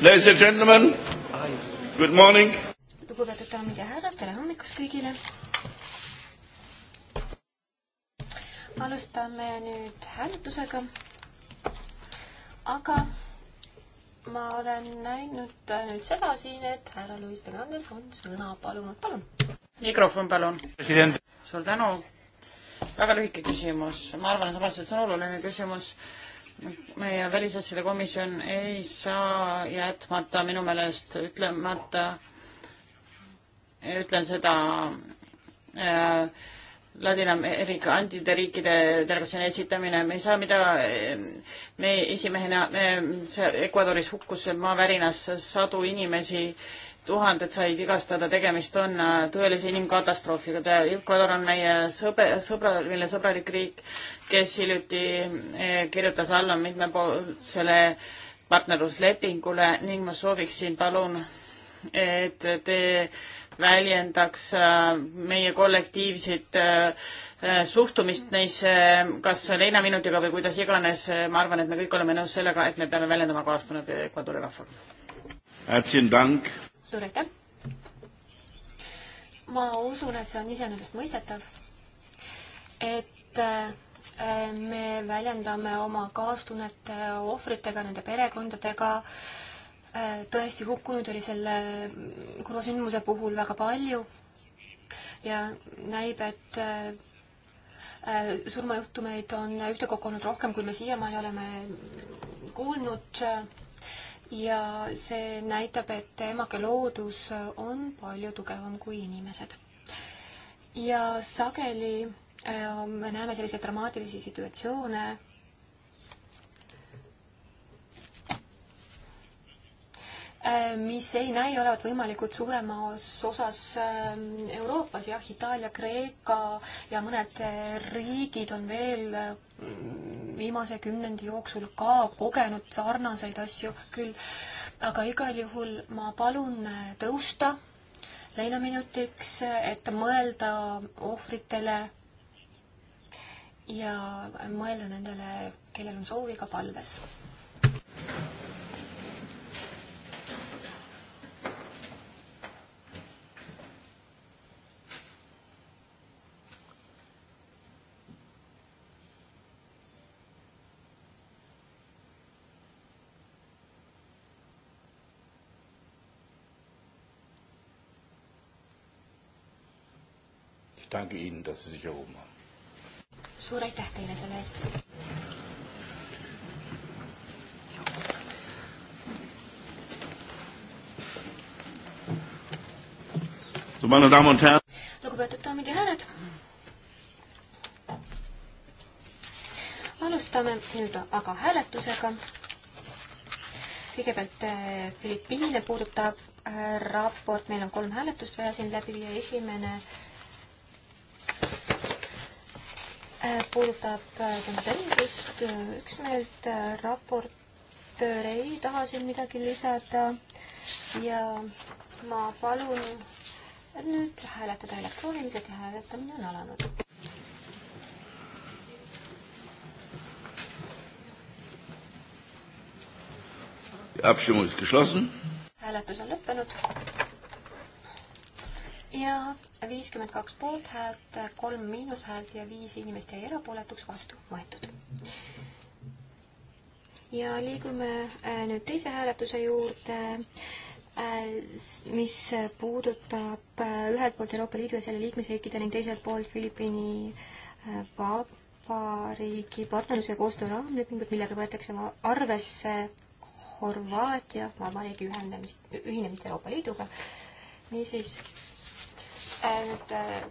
Ladies and gentlemen, good morning. lugupeetud daamid ja härrad, tere hommikust kõigile. alustame nüüd hääletusega. aga ma olen näinud nüüd seda siin, et härra Luis de Grandes on sõna palunud, palun. mikrofon, palun. suur tänu. väga lühike küsimus, ma arvan samas, et see on oluline küsimus meie välisasjade komisjon ei saa jätmata minu meelest ütlemata, ütlen seda äh, Ladina-Ameerika antide riikide delegatsiooni esitamine, me ei saa, mida äh, me esimehena, Ecuadoris hukkus maavärinas sadu inimesi, tuhanded said vigastada, tegemist on äh, tõelise inimkatastroofiga. Ecuador on meie sõbe, sõbra, meile sõbralik riik kes hiljuti eh, kirjutas alla mitmepoolsele partnerluslepingule ning ma sooviksin, palun, et te väljendaks eh, meie kollektiivset eh, suhtumist neisse, kas leina minutiga või kuidas iganes, ma arvan, et me kõik oleme nõus sellega, et me peame väljendama kaastunnet Ecuadori rahvaga. suur aitäh! ma usun, et see on iseenesestmõistetav, et me väljendame oma kaastunnet äh, ohvritega, nende perekondadega, äh, tõesti hukkunud oli selle mm, kurva sündmuse puhul väga palju ja näib, et äh, surmajuhtumeid on ühtekokku olnud rohkem, kui me siiamaani oleme kuulnud ja see näitab, et emake loodus on palju tugevam kui inimesed. ja sageli Äh, me näeme selliseid dramaatilisi situatsioone. Äh, mis ei näi olevat võimalikud suuremas osas äh, Euroopas, jah, Itaalia, Kreeka ja mõned riigid on veel mm, viimase kümnendi jooksul ka kogenud sarnaseid asju küll, aga igal juhul ma palun tõusta leinaminutiks, et mõelda ohvritele ja mõelda nendele, kellel on soovi ka palves. Ich danke Ihnen, dass Sie sich erhoben haben suur aitäh teile selle eest! lugupeetud daamid ja härrad. alustame nüüd aga hääletusega. kõigepealt äh, Filipiine puudutab äh, raport, meil on kolm hääletust vaja siin läbi viia, esimene äh, puudutab konsensust, äh, äh, üksmeelt, äh, raportöör ei taha siin midagi lisada ja ma palun nüüd hääletada elektrooniliselt ja hääletamine on alanud. hääletus on lõppenud ja viiskümmend kaks poolthäält, kolm miinushäält ja viis inimest jäi erapooletuks, vastu võetud. ja liigume äh, nüüd teise hääletuse juurde, äh, mis puudutab äh, ühelt poolt Euroopa Liidu ja selle liikmesriikide ning teiselt poolt Filipiini vabariigi partnerluse ja koostöö raamlepingut, millega võetakse arvesse Horvaatia vabariigi ühendamist, ühinemist Euroopa Liiduga. niisiis Äh, nüüd äh,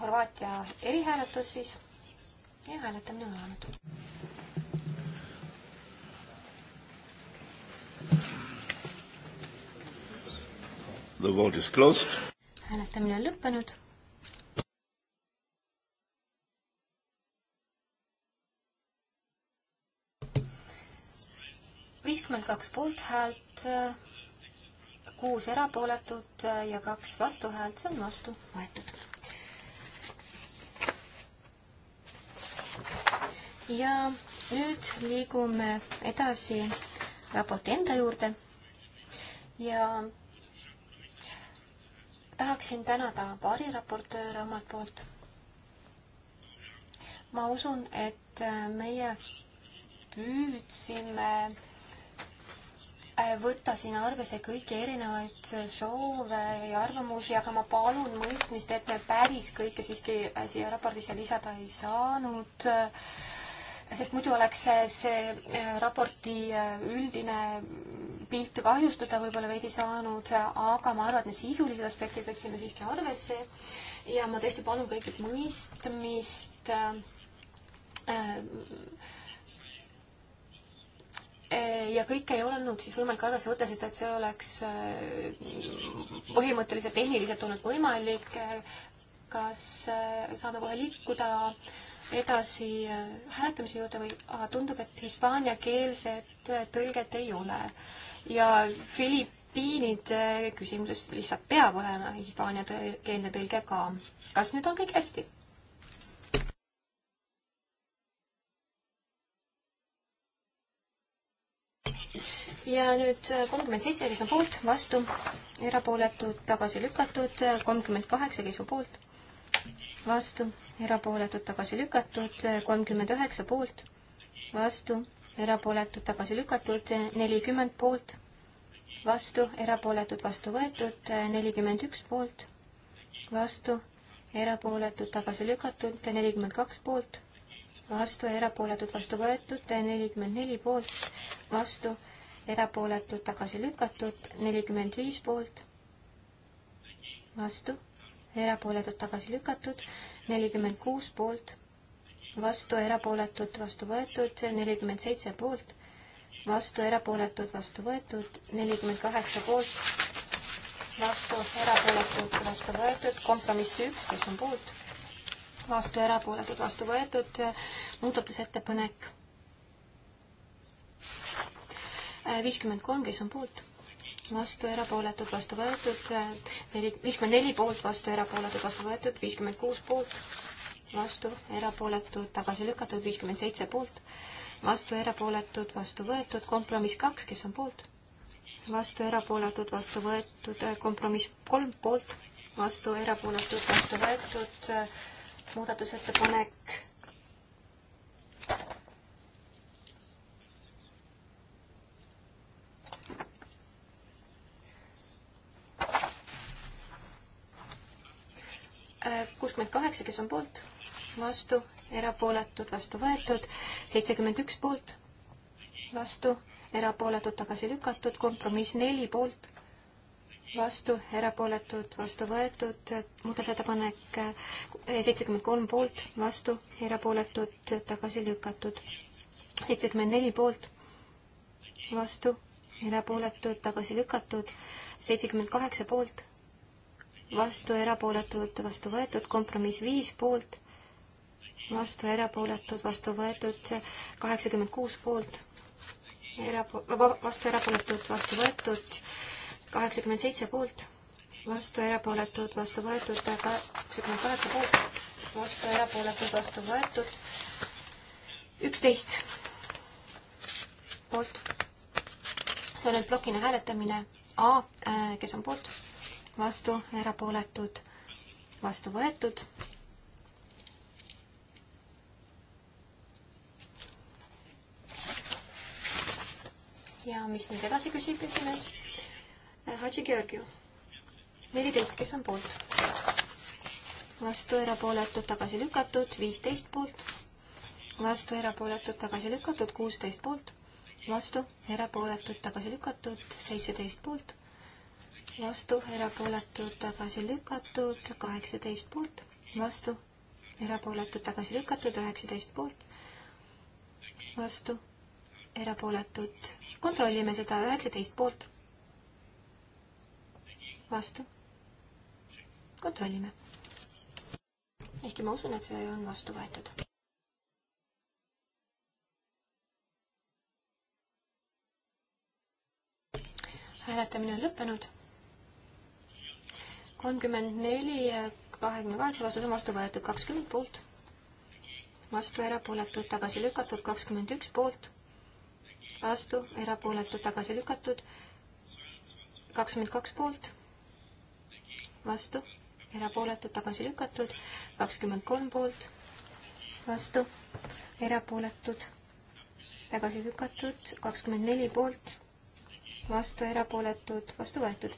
Horvaatia erihääletus siis ja hääletamine on alanud. The vote is closed. hääletamine on lõppenud. viiskümmend kaks poolthäält kuus erapooletut ja kaks vastuhäält, see on vastu võetud. ja nüüd liigume edasi raporti enda juurde ja tahaksin tänada variraportööre omalt poolt. ma usun, et meie püüdsime võtta siin arvesse kõiki erinevaid soove ja arvamusi, aga ma palun mõistmist, et me päris kõike siiski äh, siia raportisse lisada ei saanud, sest muidu oleks see äh, raporti äh, üldine pilt kahjustada võib-olla veidi saanud, aga ma arvan, et need sisulised aspektid võtsime siiski arvesse ja ma tõesti palun kõigilt mõistmist äh, Eh, ja kõike ei olnud siis võimalik arvesse võtta, sest et see oleks eh, põhimõtteliselt tehniliselt olnud võimalik. Eh, kas saame kohe liikuda edasi hääletamise juurde või ah, tundub, et hispaaniakeelset tõlget ei ole ja Filipiinide küsimuses lihtsalt peab olema hispaaniakeelne tõlge ka. kas nüüd on kõik hästi? ja nüüd äh, kolmkümmend seitse, kes on poolt, vastu, erapooletud, tagasi lükatud, kolmkümmend kaheksa, kes on poolt, vastu, erapooletud, tagasi lükatud, kolmkümmend üheksa poolt, vastu, erapooletud, tagasi lükatud, nelikümmend poolt, vastu, erapooletud, vastu võetud, nelikümmend üks poolt, vastu, erapooletud, tagasi lükatud, nelikümmend kaks poolt vastu, erapooletud, vastu võetud, nelikümmend neli poolt, vastu, erapooletud, tagasi lükatud, nelikümmend viis poolt, vastu, erapooletud, tagasi lükatud, nelikümmend kuus poolt, vastu, erapooletud, vastu võetud, nelikümmend seitse poolt, vastu, erapooletud, vastu võetud, nelikümmend kaheksa poolt, vastu, erapooletud, vastu võetud, kompromiss üks, kes on poolt vastu erapooletud, vastu võetud, muudatusettepanek viiskümmend kolm, kes on poolt, vastu erapooletud, vastu võetud, neli, viiskümmend neli poolt, vastu erapooletud, vastu võetud, viiskümmend kuus poolt, vastu erapooletud, tagasi lükatud, viiskümmend seitse poolt, vastu erapooletud, vastu võetud, kompromiss kaks, kes on poolt, vastu erapooletud, vastu võetud, kompromiss kolm poolt, vastu erapooletud, vastu võetud, muudatusettepanek. Äh, kuuskümmend kaheksa, kes on poolt, vastu, erapooletud, vastu võetud, seitsekümmend üks poolt, vastu, erapooletud, tagasi lükatud, kompromiss neli poolt vastu, erapooletud, vastu võetud, muudatusettepanek eh, seitsekümmend kolm poolt, vastu, erapooletud, tagasi lükatud. seitsekümmend neli poolt, vastu, erapooletud, tagasi lükatud, seitsekümmend kaheksa poolt, vastu, erapooletud, vastu võetud, kompromiss viis poolt, vastu, erapooletud, vastu võetud, kaheksakümmend kuus poolt, erapo-, vastu erapooletud, vastu võetud, kaheksakümmend seitse poolt, vastu erapooletud, vastu võetud, kaheksakümmend kaheksa poolt, vastu erapooletud, vastu võetud, üksteist poolt. see on nüüd plokina hääletamine A, äh, kes on poolt, vastu erapooletud, vastu võetud ja mis nüüd edasi küsib esimees? Äh, Hadži Georgiu. neliteist, kes on poolt? vastu, erapooletud, tagasi lükatud, viisteist poolt. vastu, erapooletud, tagasi lükatud, kuusteist poolt. vastu, erapooletud, tagasi lükatud, seitseteist poolt. vastu, erapooletud, tagasi lükatud, kaheksateist poolt. vastu, erapooletud, tagasi lükatud, üheksateist poolt. vastu, erapooletud, kontrollime seda, üheksateist poolt vastu. kontrollime. ehkki ma usun, et see on vastu võetud. hääletamine on lõppenud. kolmkümmend neli kahekümne kaheksa vastu on vastu võetud kakskümmend poolt, vastu erapooletud, tagasi lükatud kakskümmend üks poolt, vastu erapooletud, tagasi lükatud kakskümmend kaks poolt vastu, erapooletud, tagasi lükatud, kakskümmend kolm poolt, vastu, erapooletud, tagasi lükatud, kakskümmend neli poolt, vastu, erapooletud, vastu võetud,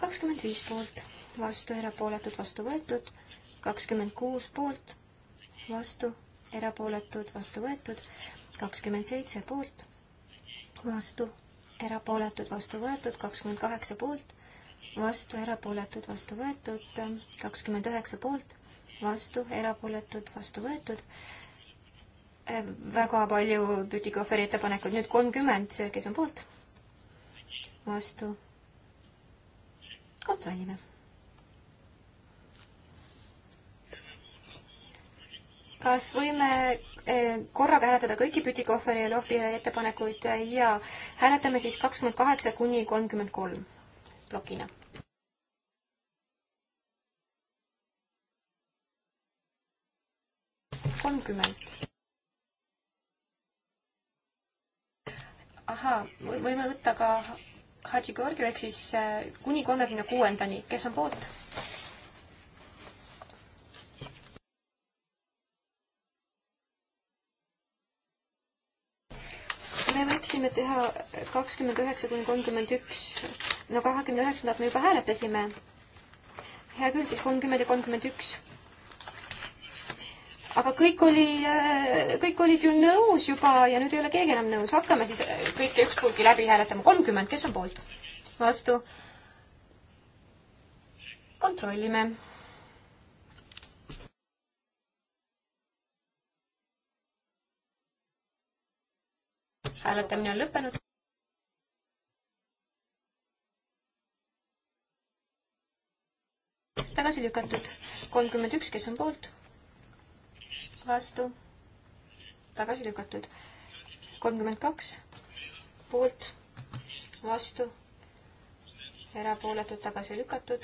kakskümmend viis poolt, vastu, erapooletud, vastu võetud, kakskümmend kuus poolt, vastu, erapooletud, vastu võetud, kakskümmend seitse poolt, vastu, erapooletud, vastu võetud, kakskümmend kaheksa poolt vastu, erapooletud, vastu võetud, kakskümmend üheksa poolt, vastu, erapooletud, vastu võetud. väga palju Pütikoferi ettepanekuid, nüüd kolmkümmend, kes on poolt, vastu. kontrollime. kas võime e, korraga hääletada kõiki Pütikoferi ja Lohvile ettepanekuid ja hääletame siis kakskümmend kaheksa kuni kolmkümmend kolm plokina kolmkümmend. ahaa, võime võtta ka Hadži Georgiev ehk siis äh, kuni kolmekümne kuuendani, kes on poolt? me võiksime teha kakskümmend üheksa kuni kolmkümmend üks, no kahekümne üheksandat me juba hääletasime. hea küll, siis kolmkümmend ja kolmkümmend üks aga kõik oli, äh, kõik olid ju nõus juba ja nüüd ei ole keegi enam nõus. hakkame siis kõike äh, ükskõik läbi hääletama. kolmkümmend, kes on poolt? vastu? kontrollime. hääletamine on lõppenud. tagasi lükatud. kolmkümmend üks, kes on poolt? vastu, tagasi lükatud. kolmkümmend kaks poolt, vastu, erapooletud, tagasi lükatud.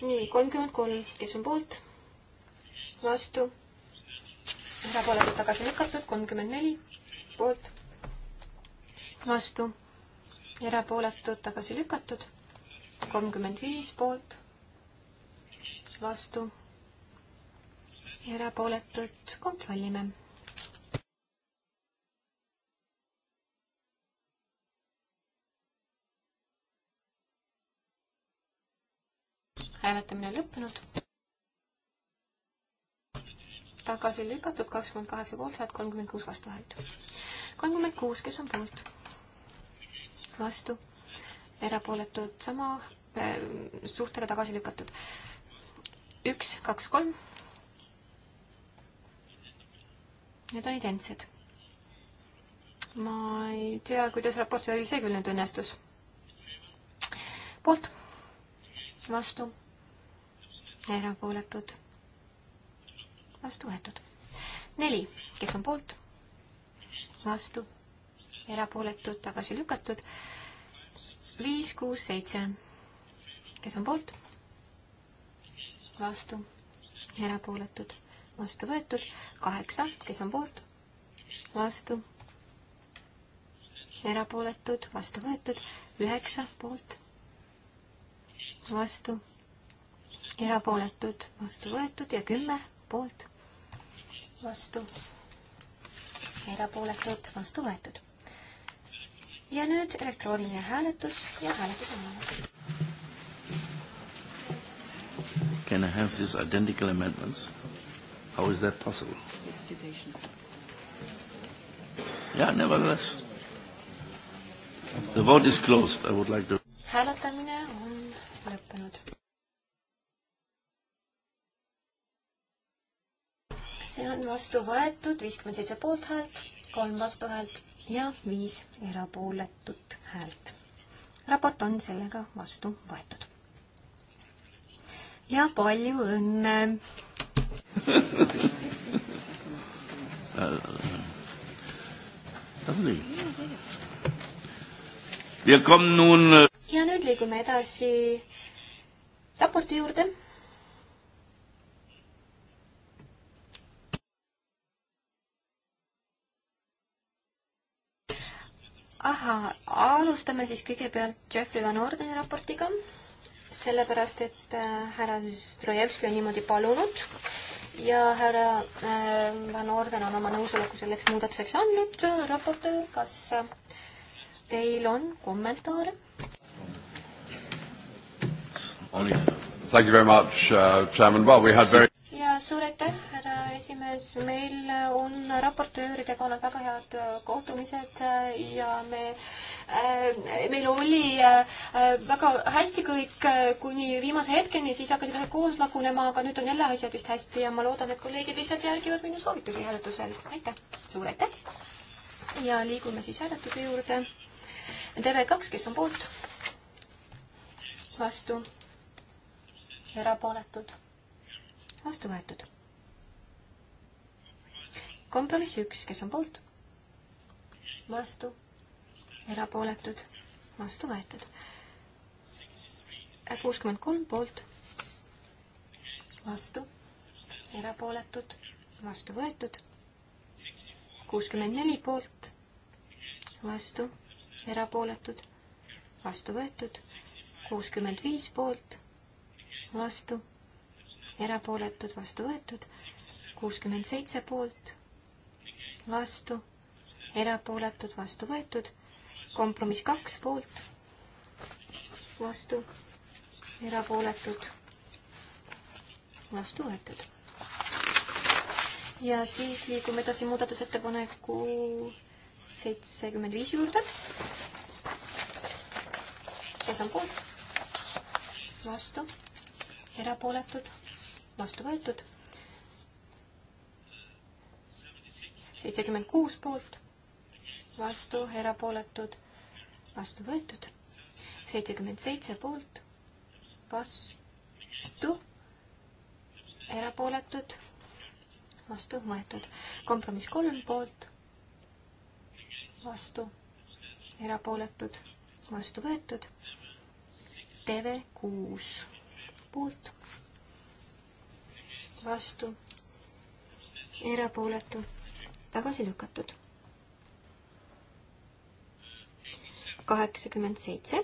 nii, kolmkümmend kolm, kes on poolt, vastu, erapooletud, tagasi lükatud, kolmkümmend neli poolt, vastu, erapooletud, tagasi lükatud, kolmkümmend viis poolt, vastu ja erapooletud kontrollime. hääletamine lõppenud. tagasi lükatud kakskümmend kaheksa poolthäält, kolmkümmend kuus vastuhäält. kolmkümmend kuus, kes on poolt? vastu, erapooletud sama äh, suhtega tagasi lükatud. üks, kaks, kolm need on identsed. ma ei tea, kuidas raportööril see küll nüüd õnnestus. poolt, vastu, erapooletud, vastu võetud. neli, kes on poolt, vastu, erapooletud, tagasi lükatud. viis, kuus, seitse, kes on poolt, vastu, erapooletud vastu võetud, kaheksa, kes on poolt, vastu, erapooletud, vastu võetud, üheksa poolt, vastu, erapooletud, vastu võetud ja kümme poolt, vastu, erapooletud, vastu võetud. ja nüüd elektrooniline hääletus ja hääletus on olemas. Can I have these identical amendments? How is that possible? It's citations. Yeah, nevertheless. The vote is closed. I would like to... Hääletamine on lõppenud. See on vastu võetud 57 poolt häält, 3 vastu häält ja 5 erapooletut häält. Raport on sellega vastu võetud. Ja palju õnne! Äh, ja nüüd liigume edasi raporti juurde ahaa, alustame siis kõigepealt Jeffrey Van Ordeni raportiga, sellepärast et äh, härra Zdrojevski on niimoodi palunud ja härra ähm, Van Orden on oma nõusoleku selleks muudatuseks andnud. raportöör, kas äh, teil on kommentaare? Thank you very much, uh, Chairman. Well, we had very suur aitäh, härra esimees, meil on raportööridega olnud väga head äh, kohtumised äh, ja me äh,, meil oli äh, äh väga hästi kõik kuni viimase hetkeni, siis hakkasid asjad koos lagunema, aga nüüd on jälle asjad vist hästi ja ma loodan, et kolleegid lihtsalt järgivad minu soovitusi hääletusel. aitäh, suur aitäh! ja liigume siis hääletuse juurde. TV2, kes on poolt? vastu? erapooletud vastu võetud. kompromiss üks, kes on poolt? vastu, erapooletud, vastu võetud. kuuskümmend kolm poolt, vastu, erapooletud, vastu võetud. kuuskümmend neli poolt, vastu, erapooletud, vastu võetud. kuuskümmend viis poolt, vastu erapooletud, vastu võetud, kuuskümmend seitse poolt, vastu, erapooletud, vastu võetud, kompromiss kaks poolt, vastu, erapooletud, vastu võetud. ja siis liigume edasi muudatusettepaneku seitsekümmend viis juurde. kes on poolt? vastu, erapooletud vastu võetud. seitsekümmend kuus poolt, vastu, erapooletud, vastu võetud. seitsekümmend seitse poolt, vastu, erapooletud, vastu võetud. kompromiss kolm poolt, vastu, erapooletud, vastu võetud. TV kuus poolt vastu, erapooletu, tagasi lükatud. kaheksakümmend seitse.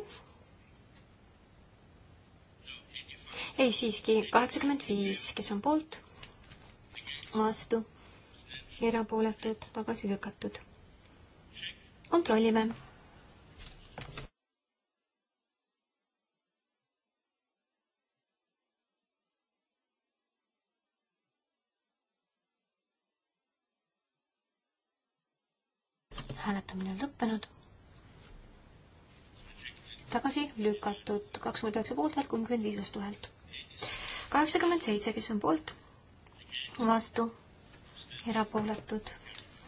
ei, siiski kaheksakümmend viis, kes on poolt, vastu, erapooletud, tagasi lükatud. kontrollime hääletamine on lõppenud. tagasi lükatud kakskümmend üheksa poolt häält, kolmkümmend viis vastu häält. kaheksakümmend seitse, kes on poolt, vastu, erapooletud,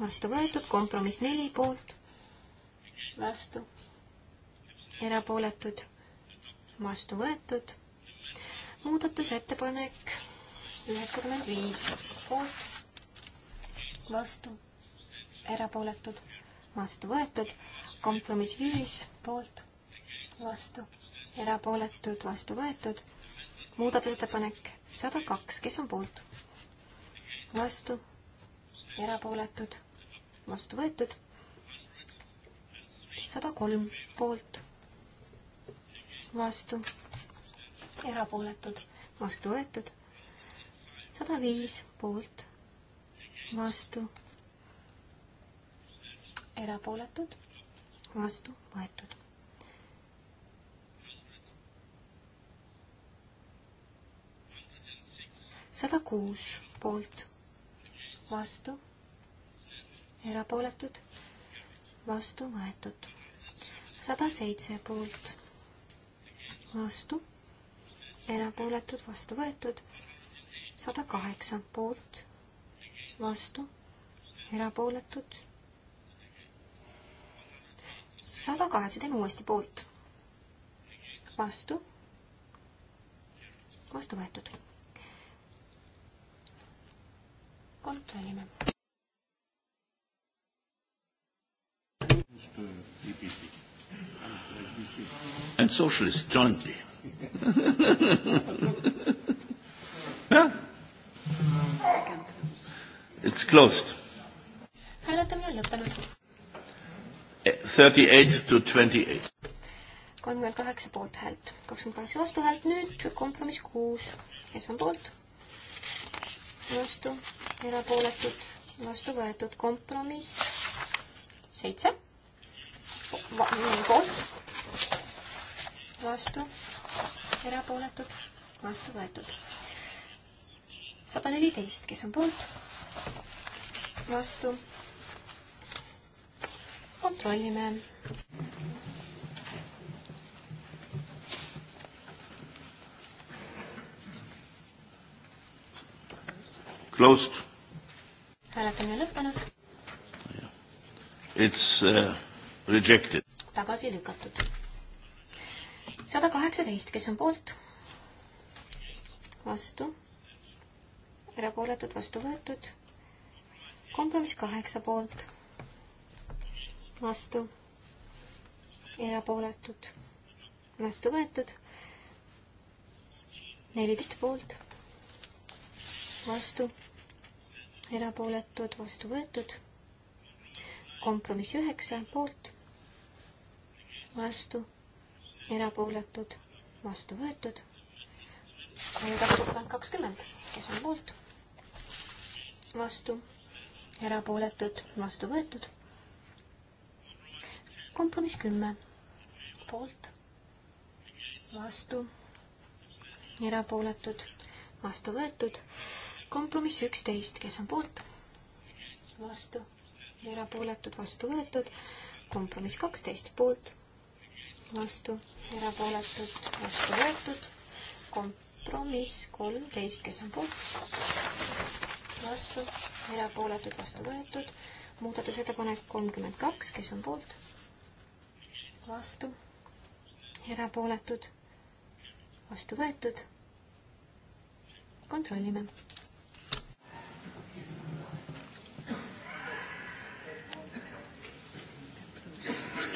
vastu võetud, kompromiss neli poolt, vastu, erapooletud, vastu võetud, muudatusettepanek üheksakümmend viis poolt, vastu, erapooletud, vastu võetud, kompromiss viis poolt, vastu, erapooletud, vastu võetud, muudatusettepanek sada kaks, kes on poolt, vastu, erapooletud, vastu võetud, sada kolm poolt, vastu, erapooletud, vastu võetud, sada viis poolt, vastu erapooletud, vastu võetud. sada kuus poolt, vastu, erapooletud, vastu võetud. sada seitse poolt, vastu, erapooletud, vastu võetud. sada kaheksa poolt, vastu, erapooletud sada kaheksakümmend uuesti poolt. vastu. vastu võetud. kontrollime. And socialists jointly jah It's closed. hääletamine on lõppenud kolmkümmend kaheksa poolthäält, kakskümmend kaheksa vastuhäält, nüüd kompromiss kuus, kes on poolt? vastu, erapooletud, vastu võetud, kompromiss seitse, poolt, vastu, erapooletud, vastu võetud. sada neliteist, kes on poolt? vastu kontrollime. Closed. hääletamine lõppenud. It's uh, rejected. tagasi lükatud. sada kaheksateist, kes on poolt? vastu. erapooletud, vastu võetud. kompromiss kaheksa poolt vastu, erapooletud, vastu võetud, neliteist poolt, vastu, erapooletud, vastu võetud, kompromiss üheksa poolt, vastu, erapooletud, vastu võetud, kakskümmend kakskümmend, kes on poolt, vastu, erapooletud, vastu võetud kompromiss kümme poolt, vastu, erapooletud, vastu võetud. kompromiss üksteist, kes on poolt, vastu, erapooletud, vastu võetud. kompromiss kaksteist poolt, vastu, erapooletud, vastu võetud. kompromiss kolmteist, kes on poolt, vastu, erapooletud, vastu võetud muudatusettepanek kolmkümmend kaks, kes on poolt? vastu, erapooletud, vastu võetud. kontrollime.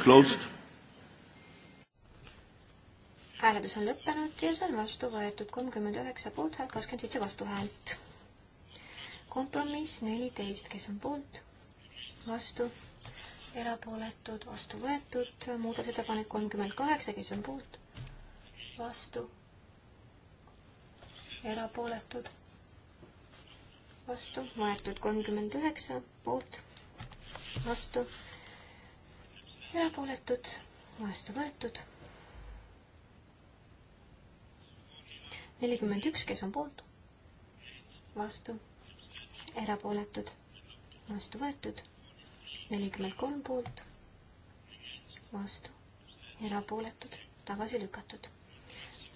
Closed. hääletus on lõppenud ja see on vastu võetud kolmkümmend üheksa poolthäält, kakskümmend seitse vastuhäält. kompromiss neliteist, kes on poolt, vastu erapooletud, vastu võetud, muudatusettepanek kolmkümmend kaheksa, kes on poolt, vastu, erapooletud, vastu võetud, kolmkümmend üheksa, poolt, vastu, erapooletud, vastu võetud, nelikümmend üks, kes on poolt, vastu, erapooletud, vastu võetud nelikümmend kolm poolt, vastu, erapooletud, tagasi lükatud.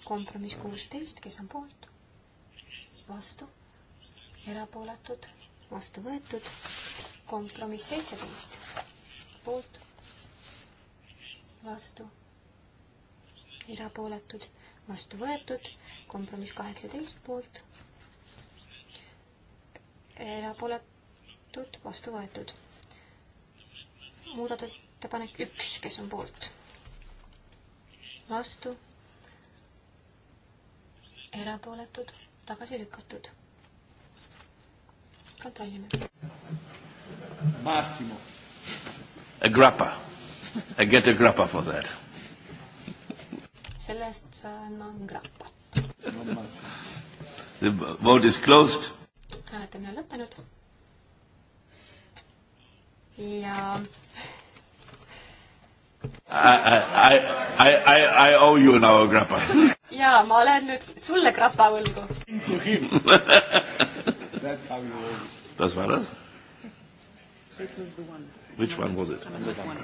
kompromiss kuusteist, kes on poolt, vastu, erapooletud, vastu võetud. kompromiss seitseteist, poolt, vastu, erapooletud, vastu võetud. kompromiss kaheksateist poolt, erapooletud, vastu võetud muudatusettepanek üks, kes on poolt? vastu? erapooletud, tagasi lükatud. kontrollime. Massimo. A grappa. I get a grappa for that. selle eest saan ma grappat. The vote is closed. hääletamine on lõppenud ja I, I, I, I owe you now grapa. jaa, ma olen nüüd sulle grapa võlgu. That's how you owe me. Das war das? It was the one. Which one was it?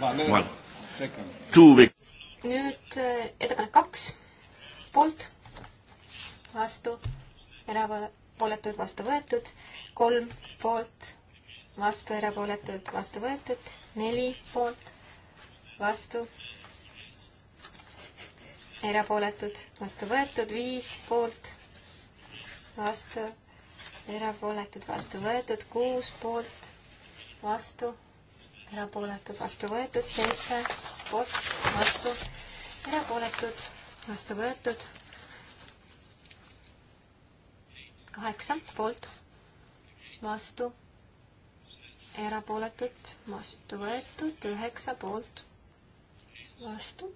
One. one. Second. Two. nüüd äh, ettepanek kaks. poolt, vastu, erapooletud, vastu võetud. kolm poolt vastu, erapooletud, vastu võetud, neli poolt, vastu, erapooletud, vastu võetud, viis poolt, vastu, erapooletud, vastu võetud, kuus poolt, vastu, erapooletud, vastu võetud, seitse poolt, vastu, erapooletud, vastu võetud, kaheksa poolt, vastu erapooletut, vastu võetud, üheksa poolt, vastu,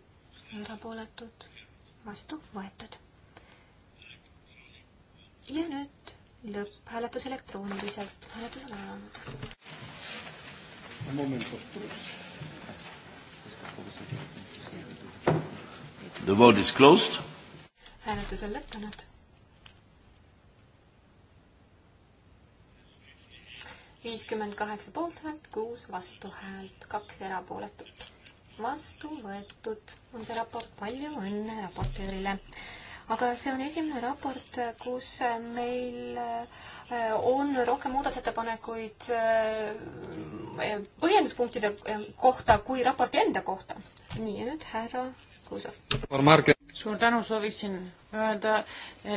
erapooletut, vastu võetud. ja nüüd lõpphääletus elektrooniliselt, hääletus on alanud. moment, vastus. The vote is closed. hääletus on lõppenud viiskümmend kaheksa poolthäält, kuus vastuhäält, kaks erapooletut. vastu võetud on see raport, palju õnne raportöörile. aga see on esimene raport, kus meil äh, on rohkem muudatusettepanekuid äh, põhjenduspunktide äh, kohta kui raporti enda kohta. nii, nüüd härra Kuusov. suur tänu, sooviksin öelda,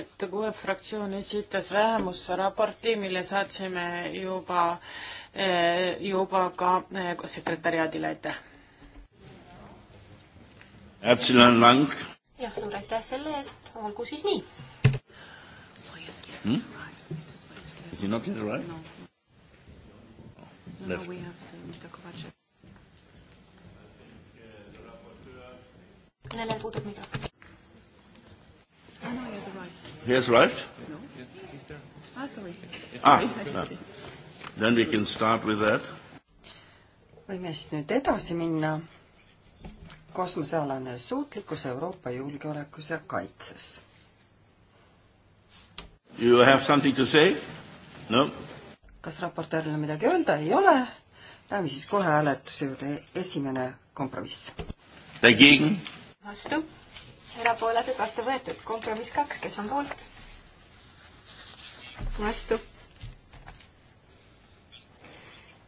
et kuue fraktsioon esitas vähemusse raporti, mille saatsime juba, eh, juba ka eh, sekretäriaadile, aitäh. jah, suur aitäh selle eest, olgu siis nii hmm?. Is he not yet arrived? No. No, no, we have to, Mr. Kovacev. Lelel puudub mikrofon. He has arrived? No. He's there. Ah, sorry. Ah, no. Then we can start with that. võime siis nüüd edasi minna kosmosealane suutlikkus Euroopa julgeolekus ja kaitses. You have something to say? no? kas raportööril on midagi öelda? ei ole. Lähme siis kohe hääletuse juurde. esimene kompromiss. Dagegen? vastu, erapooletud, vastu võetud, kompromiss kaks, kes on poolt? vastu.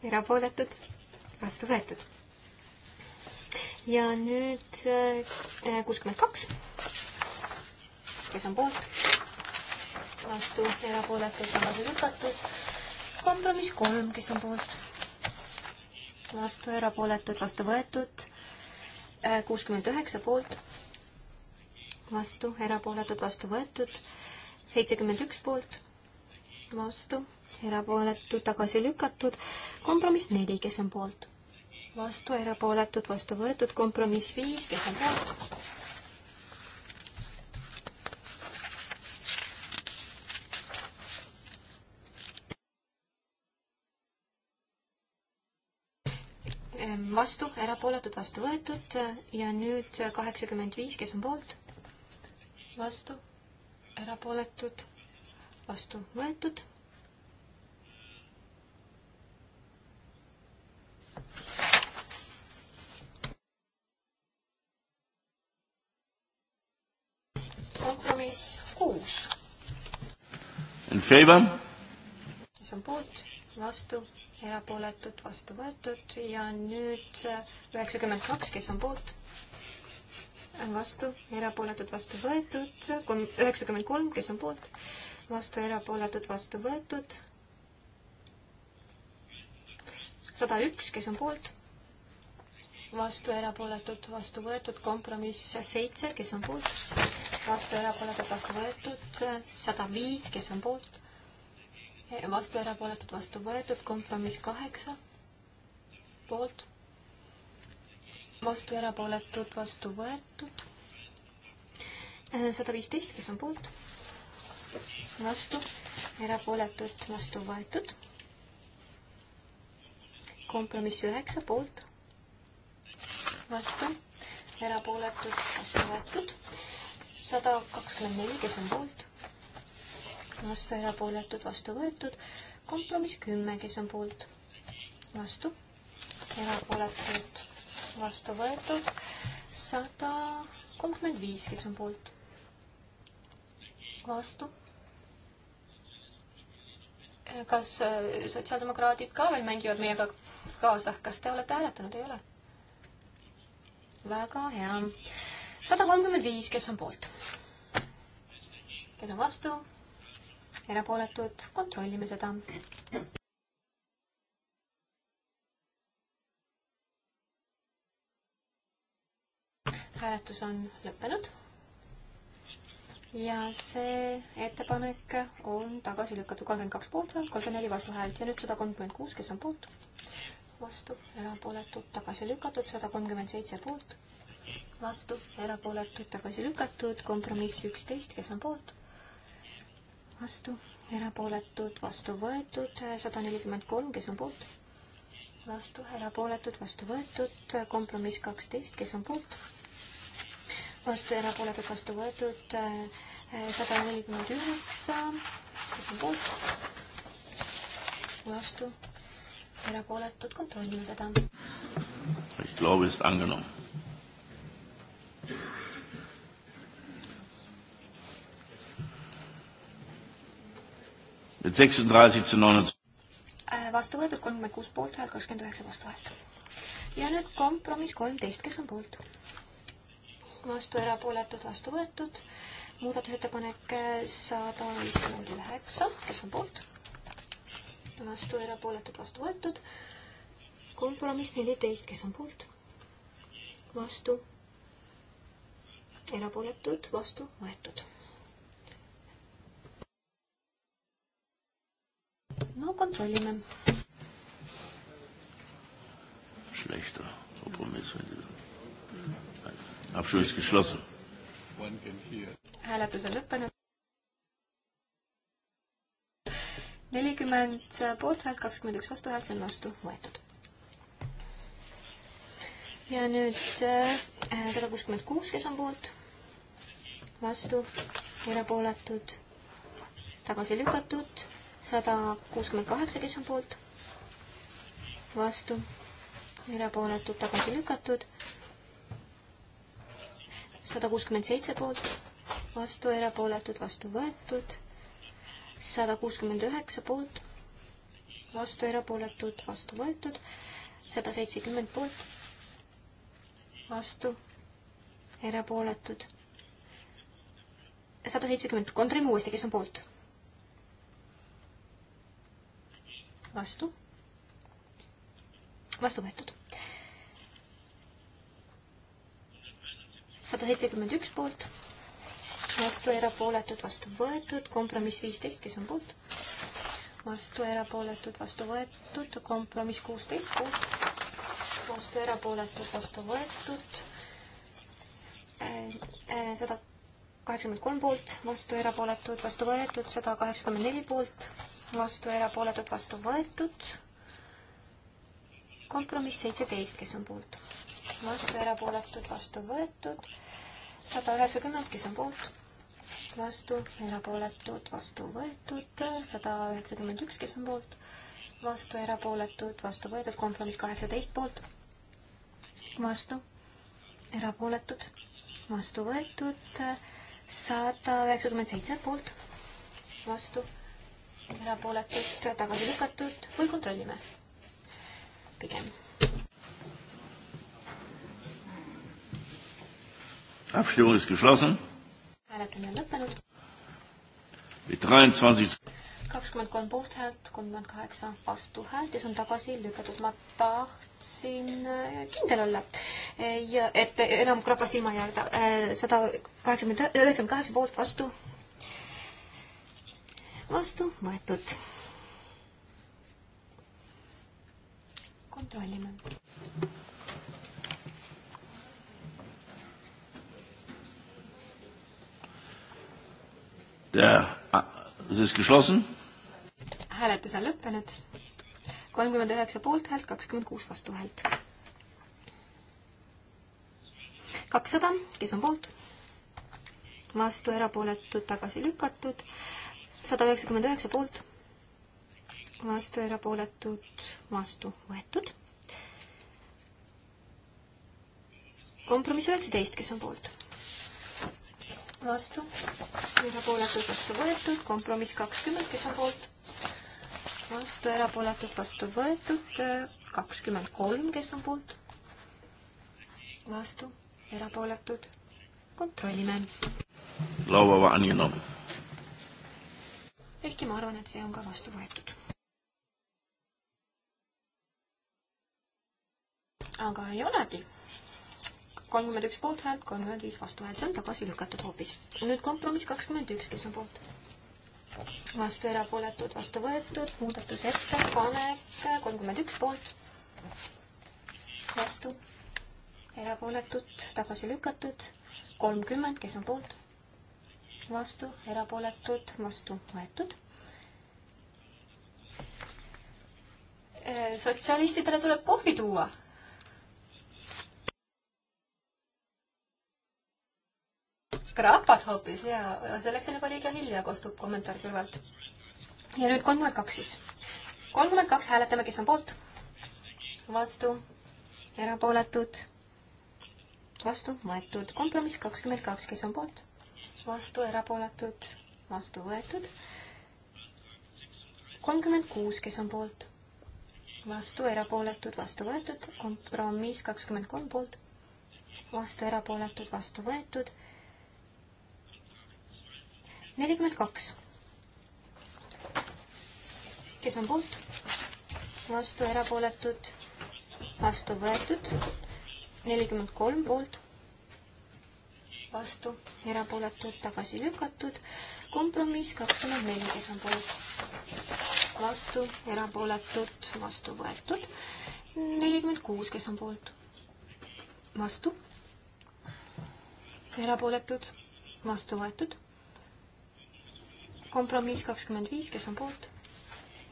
erapooletud, vastu võetud. ja nüüd äh, kuuskümmend kaks, kes on poolt? vastu, erapooletud, tagasi lükatud. kompromiss kolm, kes on poolt? vastu, erapooletud, vastu võetud kuuskümmend üheksa poolt, vastu, erapooletud, vastu võetud, seitsekümmend üks poolt, vastu, erapooletud, tagasi lükatud, kompromiss neli, kes on poolt, vastu, erapooletud, vastu võetud, kompromiss viis, kes on poolt vastu, erapooletud, vastu võetud ja nüüd kaheksakümmend viis, kes on poolt, vastu, erapooletud, vastu võetud. kompromiss kuus. In favor? kes on poolt, vastu erapooletud, vastu võetud ja nüüd üheksakümmend kaks, kes on poolt, vastu, erapooletud, vastu võetud, üheksakümmend kolm, kes on poolt, vastu, erapooletud, vastu võetud, sada üks, kes on poolt, vastu, erapooletud, vastu võetud, kompromiss seitse, kes on poolt, vastu, erapooletud, vastu võetud, sada viis, kes on poolt vastu erapooletud, vastu võetud, kompromiss kaheksa, poolt, vastu erapooletud, vastu võetud, äh, sada viisteist, kes on poolt, vastu, erapooletud, vastu võetud, kompromiss üheksa, poolt, vastu, erapooletud, vastu võetud, sada kakskümmend neli, kes on poolt vastu erapooletud, vastu võetud. kompromiss kümme, kes on poolt, vastu, erapooletud, vastu võetud. sada kolmkümmend viis, kes on poolt, vastu. kas äh, sotsiaaldemokraadid ka veel mängivad meiega kaasa, kas te olete hääletanud, ei ole? väga hea. sada kolmkümmend viis, kes on poolt? kes on vastu? erapooletud, kontrollime seda. hääletus on lõppenud. ja see ettepanek on tagasi lükatud kolmkümmend kaks poolthäält, kolmkümmend neli vastuhäält ja nüüd sada kolmkümmend kuus, kes on poolt, vastu, erapooletud, tagasi lükatud, sada kolmkümmend seitse poolt, vastu, erapooletud, tagasi lükatud, kompromiss üksteist, kes on poolt vastu, erapooletud, vastu võetud, sada nelikümmend kolm, kes on poolt, vastu, erapooletud, vastu võetud, kompromiss kaksteist, kes on poolt, vastu, erapooletud, vastu võetud, sada nelikümmend üheksa, kes on poolt, vastu, erapooletud, kontrollime seda. Ich glaube, ist angenommen Äh, vastu võetud kolmkümmend kuus poolthäält, kakskümmend üheksa vastuhäält. ja nüüd kompromiss kolmteist, kes on poolt? vastu erapooletud, vastu võetud. muudatusettepanek äh, sada viiskümmend üheksa, kes on poolt? vastu erapooletud, vastu võetud. kompromiss neliteist, kes on poolt? vastu erapooletud, vastu võetud no kontrollime. Schlechter. Abschluss ist geschlossen. hääletus on lõppenud. nelikümmend poolthäält, kakskümmend üks vastuhäält, see on vastu võetud. ja nüüd äh, sada kuuskümmend kuus, kes on poolt, vastu, erapooletud, tagasi lükatud sada kuuskümmend kaheksa, kes on poolt, vastu, erapooletud, tagasi lükatud. sada kuuskümmend seitse poolt, vastu, erapooletud, vastu võetud. sada kuuskümmend üheksa poolt, vastu, erapooletud, vastu võetud. sada seitsekümmend poolt, vastu, erapooletud. sada seitsekümmend, kontrollime uuesti, kes on poolt vastu, vastu võetud. sada seitsekümmend üks poolt, vastu erapooletud, vastu võetud, kompromiss viisteist, kes on poolt, vastu erapooletud, vastu võetud, kompromiss kuusteist poolt, vastu erapooletud, vastu võetud, äh, äh, sada kaheksakümmend kolm poolt, vastu erapooletud, vastu võetud, sada kaheksakümmend neli poolt, vastu, erapooletud, vastu võetud. kompromiss seitseteist, kes on poolt, vastu, erapooletud, vastu võetud. sada üheksakümmend, kes on poolt, vastu, erapooletud, vastu võetud. sada üheksakümmend üks, kes on poolt, vastu, erapooletud, vastu võetud. kompromiss kaheksateist poolt, vastu, erapooletud, vastu võetud sada üheksakümmend seitse poolt, vastu erapooletud, tagasi lükatud või kontrollime pigem. Abstimmung ist geschlossen. hääletamine on lõppenud. kakskümmend kolm poolthäält, kolmkümmend kaheksa vastuhäält ja see on tagasi lükatud. ma tahtsin äh, kindel olla ja et enam krapast ilma jääda. Äh, sada kaheksakümmend, üheksakümmend kaheksa poolt vastu vastu võetud. kontrollime. hääletus on lõppenud. kolmkümmend üheksa poolthäält, kakskümmend kuus vastuhäält. kakssada, kes on poolt? vastu, erapooletud, tagasi lükatud sada üheksakümmend üheksa poolt, vastu erapooletud, vastu võetud. kompromiss üheksateist, kes on poolt? vastu, erapooletud, vastu võetud, kompromiss kakskümmend, kes on poolt? vastu, erapooletud, vastu võetud, kakskümmend kolm, kes on poolt? vastu, erapooletud, kontrollime. laupäeva on ju noh ehkki ma arvan, et see on ka vastu võetud. aga ei olegi. kolmkümmend üks poolthäält, kolmkümmend viis vastuhäält, see on tagasi lükatud hoopis. nüüd kompromiss kakskümmend üks, kes on poolt? vastu erapooletud, vastu võetud, muudatusettepanek kolmkümmend üks poolt. vastu, erapooletud, tagasi lükatud, kolmkümmend, kes on poolt vastu, erapooletud, vastu võetud. Äh, sotsialistidele tuleb kohvi tuua. krapad hoopis ja selleks on juba liiga hilja, kostub kommentaar kõrvalt. ja nüüd kolmkümmend kaks siis. kolmkümmend kaks hääletame, kes on poolt, vastu, erapooletud vastu võetud. kompromiss kakskümmend kaks, kes on poolt? vastu erapooletud, vastu võetud. kolmkümmend kuus, kes on poolt, vastu erapooletud, vastu võetud, kompromiss kakskümmend kolm poolt, vastu erapooletud, vastu võetud. nelikümmend kaks. kes on poolt, vastu erapooletud, vastu võetud, nelikümmend kolm poolt vastu, erapooletud, tagasi lükatud. kompromiss kakskümmend neli, kes on poolt, vastu, erapooletud, vastu võetud. nelikümmend kuus, kes on poolt, vastu, erapooletud, vastu võetud. kompromiss kakskümmend viis, kes on poolt,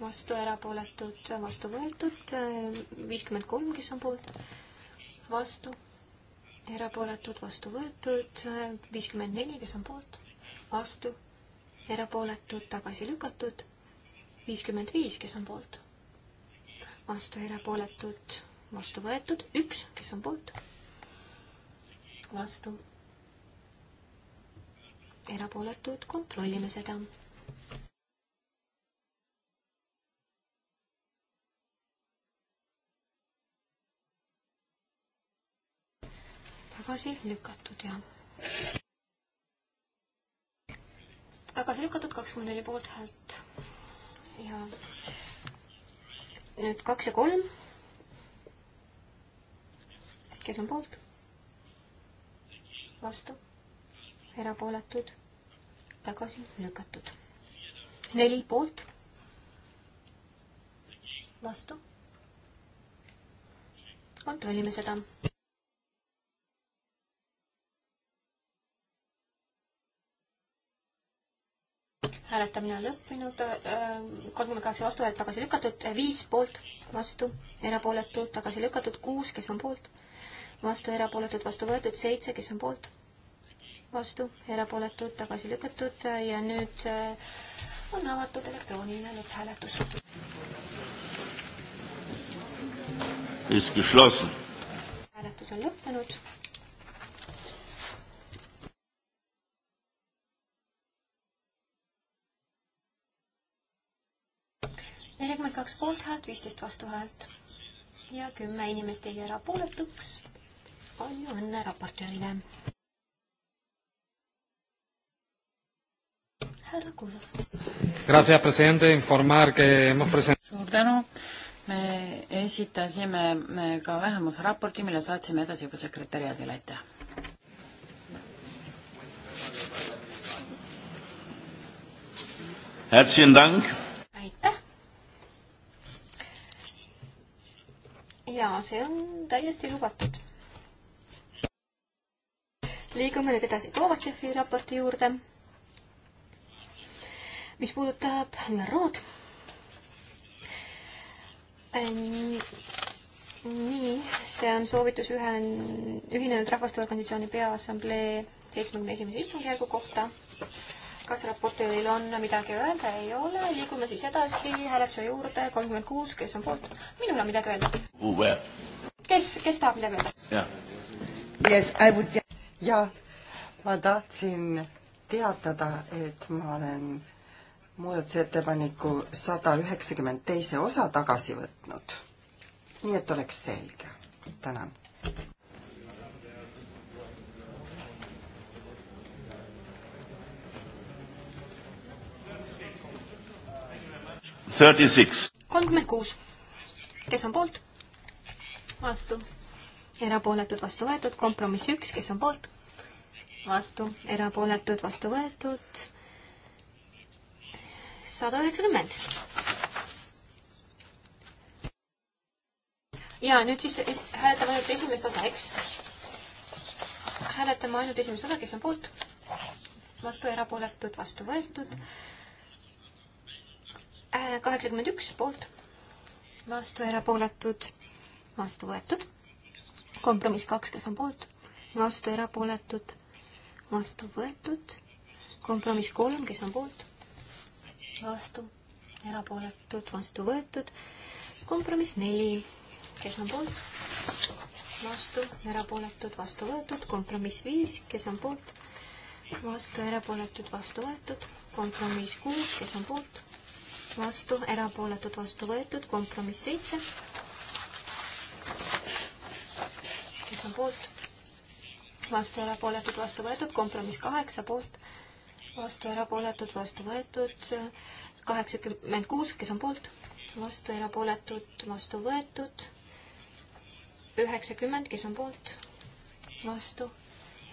vastu, erapooletud, vastu võetud. viiskümmend kolm, kes on poolt, vastu erapooletud, vastu võetud, viiskümmend neli, kes on poolt, vastu, erapooletud, tagasi lükatud, viiskümmend viis, kes on poolt, vastu, erapooletud, vastu võetud, üks, kes on poolt, vastu, erapooletud, kontrollime seda tagasi lükatud ja tagasi lükatud kakskümmend neli poolthäält. ja nüüd kaks ja kolm. kes on poolt? vastu, erapooletud, tagasi lükatud. neli poolt, vastu. kontrollime seda. hääletamine on lõppenud, äh, kolmkümmend kaheksa vastuhäält tagasi lükatud, äh, viis poolt, vastu, erapooletud, tagasi lükatud, kuus, kes on poolt, vastu, erapooletud, vastu võetud, seitse, kes on poolt, vastu, erapooletud, tagasi lükatud äh, ja nüüd on avatud elektrooniline lõpphääletus. hääletus on lõppenud nelikümmend kaks poolthäält, viisteist vastuhäält ja kümme inimest jäi erapooletuks. palju õnne raportöörile. härra Kuusov. suur tänu. me esitasime me ka vähemusraporti, mille saatsime edasi juba sekretäriaadile, aitäh. Herzlichen Dank. ja see on täiesti lubatud. liigume nüüd edasi Kovatšefi raporti juurde, mis puudutab ÜRO-d nii, see on soovitus ühen, Ühinenud Rahvaste Organisatsiooni Peaassamblee seitsmekümne esimese istungjärgu kohta kas raportööril on midagi öelda? ei ole, liigume siis edasi hääletuse juurde, kolmkümmend kuus, kes on poolt? minul on midagi öelda. kes, kes tahab midagi öelda? Yes, I would ja ma tahtsin teatada, et ma olen muudatusettepaneku sada üheksakümmend teise osa tagasi võtnud. nii et oleks selge. tänan. kolmkümmend kuus, kes on poolt? vastu, erapooletud, vastu võetud, kompromiss üks, kes on poolt? vastu, erapooletud, vastu võetud, sada üheksakümmend. ja nüüd siis hääletame ainult esimest osa, eks? hääletame ainult esimest osa, kes on poolt? vastu, erapooletud, vastu võetud mm. -hmm Äh, kaheksakümmend üks poolt, vastu erapooletud, vastu võetud. kompromiss kaks, kes on poolt, vastu erapooletud, vastu võetud. kompromiss kolm, kes on poolt, vastu erapooletud, vastu võetud. kompromiss neli, kes on poolt, vastu erapooletud, vastu võetud. kompromiss viis, kes on poolt, vastu erapooletud, vastu võetud. kompromiss kuus, kes on poolt vastu, erapooletud, vastu võetud, kompromiss seitse. kes on poolt? vastu, erapooletud, vastu võetud, kompromiss kaheksa poolt, vastu, erapooletud, vastu võetud, kaheksakümmend kuus, kes on poolt, vastu, erapooletud, vastu võetud, üheksakümmend, kes on poolt, vastu,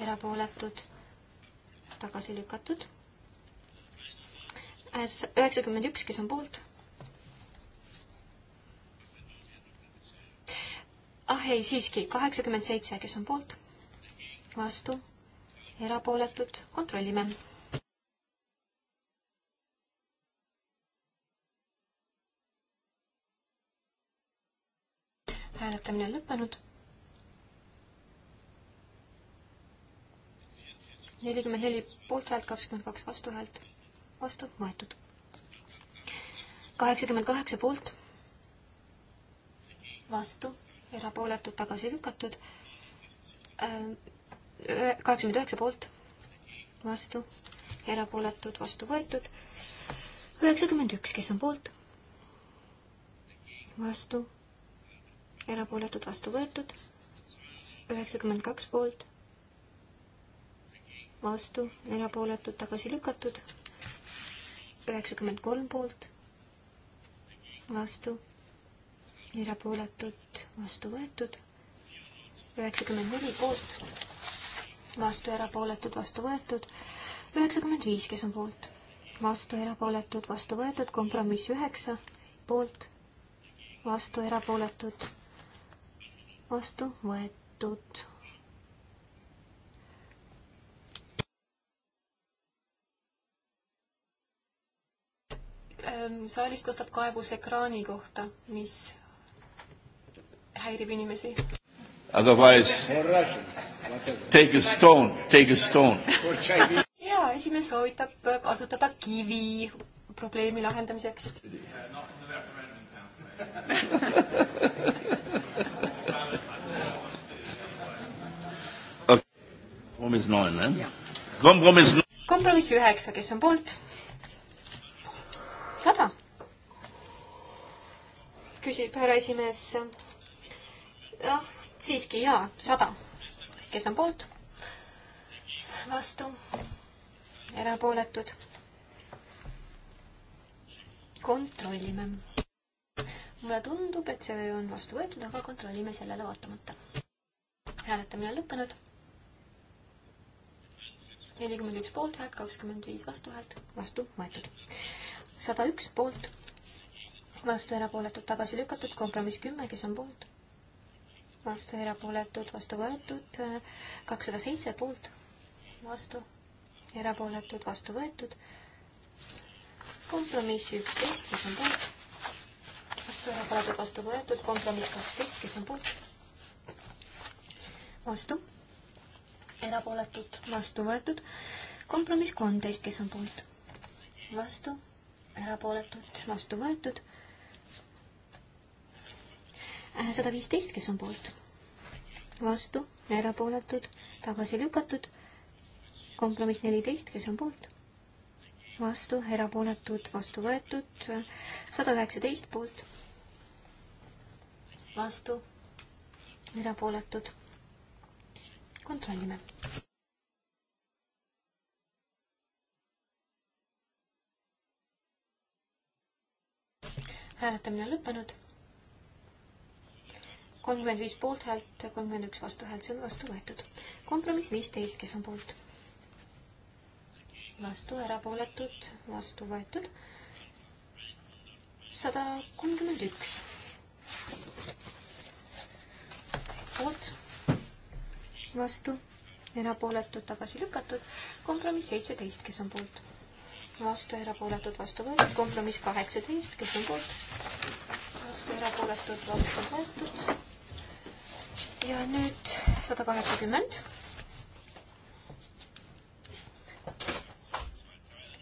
erapooletud, tagasi lükatud üheksakümmend üks, kes on poolt? ah ei, siiski, kaheksakümmend seitse, kes on poolt? vastu, erapooletud, kontrollime. hääletamine on lõppenud. nelikümmend neli poolthäält, kakskümmend kaks vastuhäält vastu võetud. kaheksakümmend kaheksa poolt, vastu, erapooletud, tagasi lükatud. Äh, kaheksakümmend üheksa poolt, vastu, erapooletud, vastu võetud. üheksakümmend üks, kes on poolt, vastu, erapooletud, vastu võetud. üheksakümmend kaks poolt vastu, erapooletud, tagasi lükatud, üheksakümmend kolm poolt, vastu, erapooletud, vastu võetud, üheksakümmend neli poolt, vastu, erapooletud, vastu võetud, üheksakümmend viis, kes on poolt, vastu, erapooletud, vastu võetud, kompromiss üheksa, poolt, vastu, erapooletud, vastu võetud Ehm, saalist kostab kaebus ekraani kohta, mis häirib inimesi. Otherwise take a stone, take a stone. ja esimees soovitab kasutada kivi probleemi lahendamiseks okay.. kompromiss neun, jah? kompromiss. kompromiss üheksa, kes on poolt? sada? küsib härra esimees. jah, siiski jaa, sada. kes on poolt? vastu? erapooletud? kontrollime. mulle tundub, et see on vastu võetud, aga kontrollime sellele vaatamata. hääletamine on lõppenud. nelikümmend üks poolthäält, kakskümmend viis vastuhäält, vastu võetud vastu sada üks poolt, vastu erapooletud, tagasi lükatud, kompromiss kümme, kes on poolt, vastu erapooletud, vastu võetud, kakssada seitse poolt, vastu erapooletud, vastu võetud, kompromiss üksteist, kes on poolt, vastu erapooletud, vastu võetud, kompromiss kaksteist, kes on poolt, vastu, erapooletud, vastu võetud, kompromiss kolmteist, kes on poolt, vastu erapooletud, vastu võetud. Äh, sada viisteist, kes on poolt, vastu, erapooletud, tagasi lükatud. kompromiss neliteist, kes on poolt, vastu, erapooletud, vastu võetud. sada üheksateist poolt, vastu, erapooletud. kontrollime. hääletamine on lõppenud. kolmkümmend viis poolthäält, kolmkümmend üks vastuhäält, see on vastu võetud. kompromiss viisteist, kes on poolt? vastu, erapooletud, vastu võetud. sada kolmkümmend üks. poolt, vastu, erapooletud, tagasi lükatud. kompromiss seitseteist, kes on poolt? vastu, erapooletud, vastu võetud, kompromiss kaheksateist, kes on poolt, vastu, erapooletud, vastu võetud. ja nüüd sada kaheksakümmend.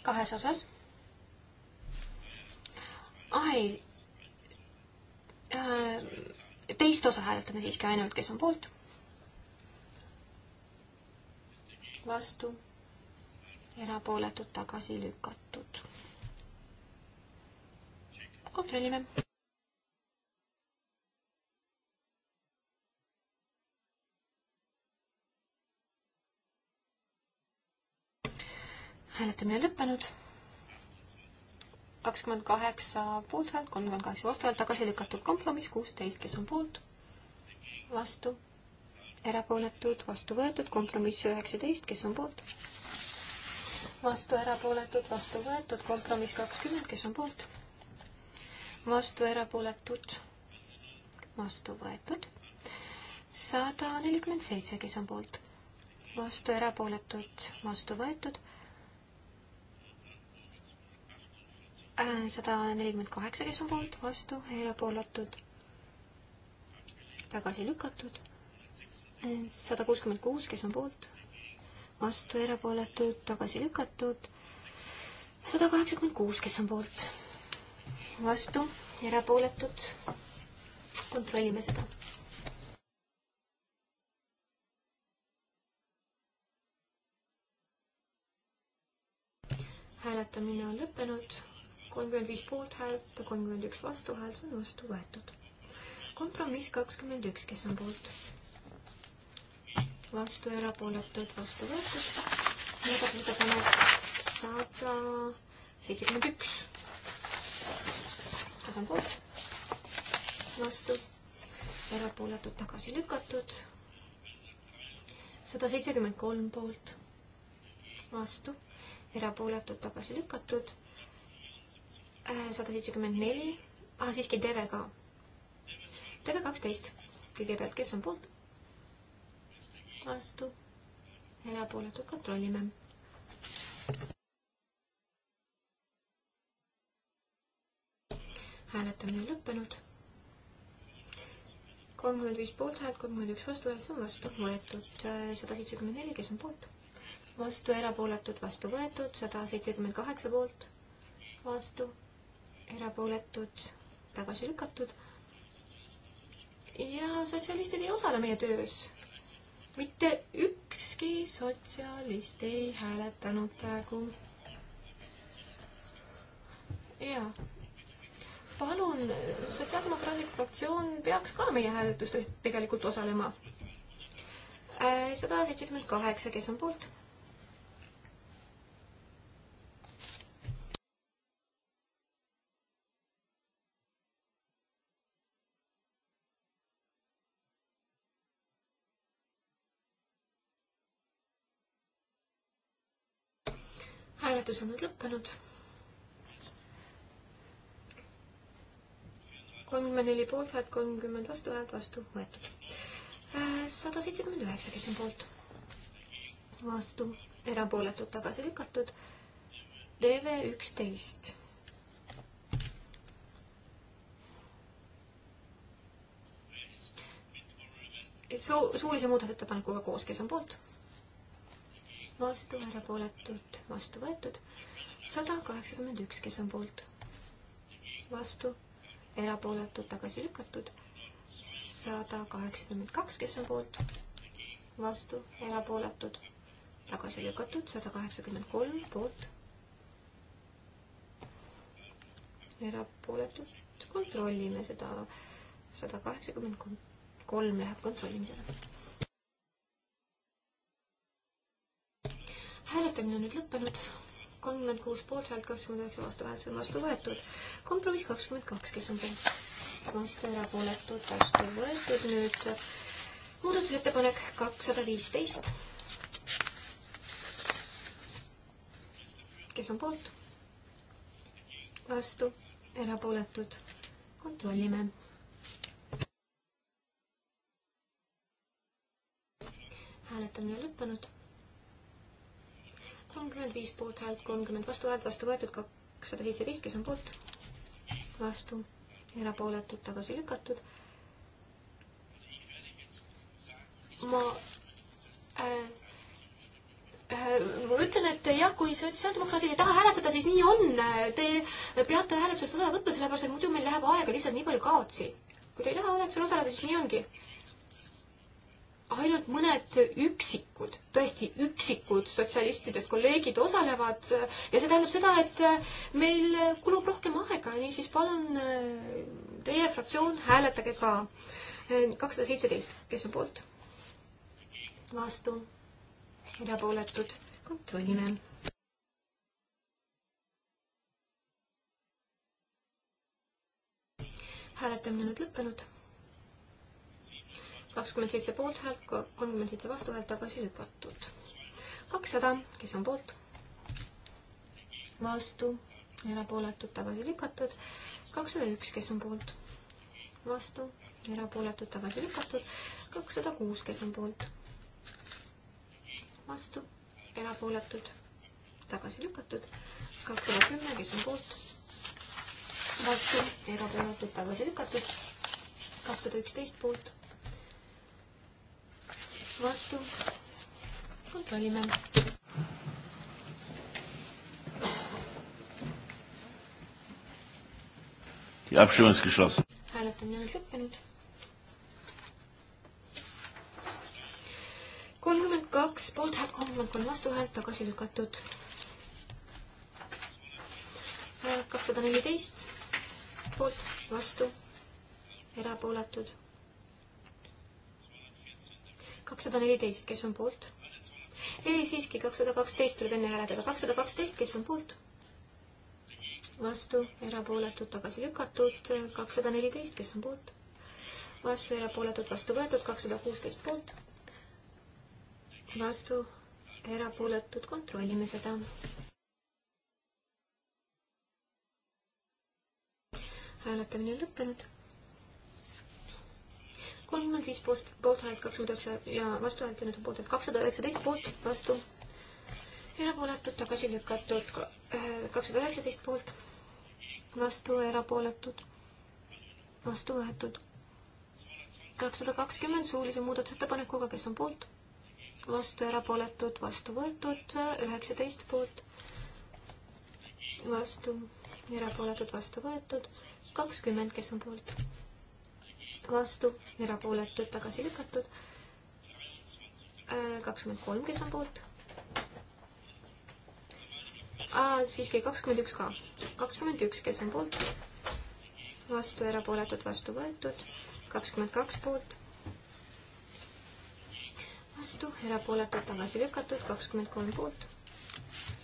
kahes osas. ah äh, ei. teist osa hääletame siiski ainult, kes on poolt. vastu erapooletud tagasi lükatud. kontrollime. hääletamine lõppenud. kakskümmend kaheksa poolthäält, kolmkümmend kaheksa vastuhäält, tagasi lükatud kompromiss kuusteist, kes on poolt, vastu, erapooletud, vastu võetud, kompromiss üheksateist, kes on poolt vastu erapooletud, vastu võetud, kompromiss kakskümmend, kes on poolt? vastu erapooletud, vastu võetud. sada nelikümmend seitse, kes on poolt? vastu erapooletud, vastu võetud. Äh, sada nelikümmend kaheksa, kes on poolt, vastu erapooletud, tagasi lükatud. Äh, sada kuuskümmend kuus, kes on poolt vastu, erapooletud, tagasi lükatud. sada kaheksakümmend kuus, kes on poolt, vastu, erapooletud. kontrollime seda. hääletamine on lõppenud, kolmkümmend viis poolthäält, kolmkümmend üks vastuhäält, see on vastu võetud. kompromiss kakskümmend üks, kes on poolt vastu, erapooletud, vastu võetud. muudatusettepanek sada seitsekümmend üks. kes on poolt? vastu, erapooletud, tagasi lükatud. sada seitsekümmend kolm poolt, vastu, erapooletud, tagasi lükatud. Äh, sada seitsekümmend neli, ah, siiski TV ka. TV kaksteist kõigepealt, kes on poolt? vastu, erapooletud kontrollime. hääletamine lõppenud. kolmkümmend viis poolthäält, kolmkümmend üks vastuhääl, see on vastu võetud. sada seitsekümmend neli, kes on poolt? vastu, erapooletud, vastu võetud, sada seitsekümmend kaheksa poolt, vastu, erapooletud, tagasi lükatud. ja sotsialistid ei osale meie töös mitte ükski sotsialist ei hääletanud praegu. jaa. palun, Sotsiaaldemokraatlik fraktsioon peaks ka meie hääletustes tegelikult osalema. sada seitsekümmend kaheksa, kes on poolt? hääletus on nüüd lõppenud. kolmkümmend neli poolthäält, kolmkümmend vastuhäält, vastu võetud. sada seitsekümmend üheksa, kes on poolt? vastu, erapooletud, tagasi lükatud. TV üksteist soo-, suulise muudatusettepanekuga koos, kes on poolt? vastu, erapooletud, vastu võetud. sada kaheksakümmend üks, kes on poolt, vastu, erapooletud, tagasi lükatud. sada kaheksakümmend kaks, kes on poolt, vastu, erapooletud, tagasi lükatud. sada kaheksakümmend kolm, poolt, erapooletud. kontrollime seda, sada kaheksakümmend kolm läheb kontrollimisele hääletamine on nüüd lõppenud. kolmkümmend kuus poolthäält, kakskümmend üheksa vastuhäält, see on vastu võetud. kompromiss kakskümmend kaks, kes on poolt? vastu erapooletud, vastu võetud. nüüd muudatusettepanek kakssada viisteist. kes on poolt? vastu, erapooletud. kontrollime hääletamine lõppenud kolmkümmend viis poolthäält, kolmkümmend vastuhäält, vastu võetud kakssada seitseteist, kes on poolt, vastu, erapooletud, tagasi lükatud. ma äh, ma äh, ütlen, et jah, kui sotsiaaldemokraadid ei taha hääletada, siis nii on. Te peate hääletusest osa võtma, sellepärast et muidu meil läheb aega lihtsalt nii palju kaotsi. kui te ei taha hääletusel osaleda, siis nii ongi ainult mõned üksikud, tõesti üksikud sotsialistidest kolleegid osalevad äh, ja see tähendab seda, et äh, meil äh, kulub rohkem aega, niisiis palun teie fraktsioon, hääletage ka. kakssada seitseteist, kes on poolt? vastu? erapooletud? kontrollime. hääletamine on nüüd lõppenud kakskümmend seitse poolthäält, kolmkümmend seitse vastuhäält tagasi lükatud. kakssada, kes on poolt, vastu, erapooletud, tagasi lükatud. kakssada üks, kes on poolt, vastu, erapooletud, tagasi lükatud. kakssada kuus, kes on poolt, vastu, erapooletud, tagasi lükatud. kakssada kümme, kes on poolt, vastu, erapooletud, tagasi lükatud. kakssada üksteist poolt vastu, kontrollime. hääletamine on lõppenud. kolmkümmend kaks poolthäält, kolmkümmend kolm vastuhäält, tagasi lükatud. kakssada neliteist poolt, vastu, erapooletud kakssada neliteist, kes on poolt? ei, siiski kakssada kaksteist tuleb enne hääletada, kakssada kaksteist, kes on poolt? vastu, erapooletud, tagasi lükatud, kakssada neliteist, kes on poolt? vastu, erapooletud, vastu võetud, kakssada kuusteist poolt. vastu, erapooletud, kontrollime seda. hääletamine on lõppenud kolmkümmend viis poolt, poolthäält kakssada üheksa ja vastuhäält ja nüüd on poolthäält kakssada üheksateist poolt, vastu. erapooletud, tagasi lükatud äh, kakssada üheksateist poolt, vastu, erapooletud, vastu võetud. kakssada kakskümmend suulise muudatusettepanekuga, kes on poolt, vastu, erapooletud, vastu võetud, üheksateist poolt, vastu, erapooletud, vastu võetud, kakskümmend, kes on poolt vastu, erapooletud, tagasi lükatud. Äh, kakskümmend kolm, kes on poolt? siiski kakskümmend üks ka. kakskümmend üks, kes on poolt? vastu, erapooletud, vastu võetud. kakskümmend kaks poolt. vastu, erapooletud, tagasi lükatud. kakskümmend kolm poolt.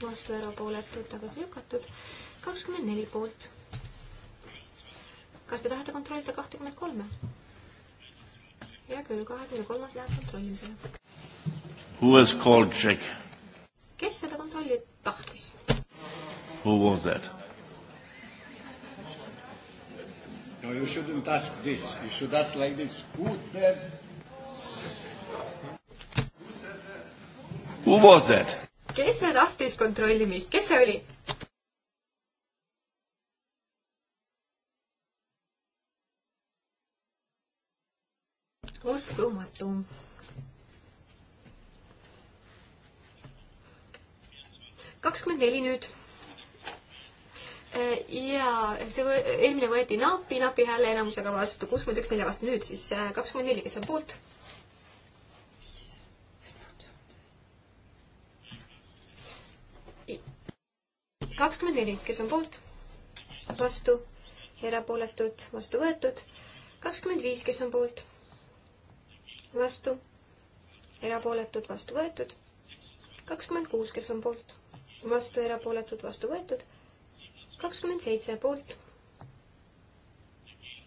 vastu, erapooletud, tagasi lükatud. kakskümmend neli poolt kas te tahate kontrollida kahtekümmet kolme? hea küll, kahekümne kolmas läheb kontrollimisele. Who has called check? kes seda kontrolli tahtis? Who was that? No, you shouldn't ask this. You should ask like this. Who said? Who said that? Who was that? kes see tahtis kontrollimist, kes see oli? uskumatum. kakskümmend neli nüüd. ja see eelmine võeti napi, napi hääle enamusega vastu, kuuskümmend üks nelja vastu, nüüd siis äh, kakskümmend neli, kes on poolt? kakskümmend neli, kes on poolt, vastu, erapooletud, vastu võetud, kakskümmend viis, kes on poolt vastu, erapooletud, vastu võetud. kakskümmend kuus, kes on poolt, vastu, erapooletud, vastu võetud. kakskümmend seitse poolt,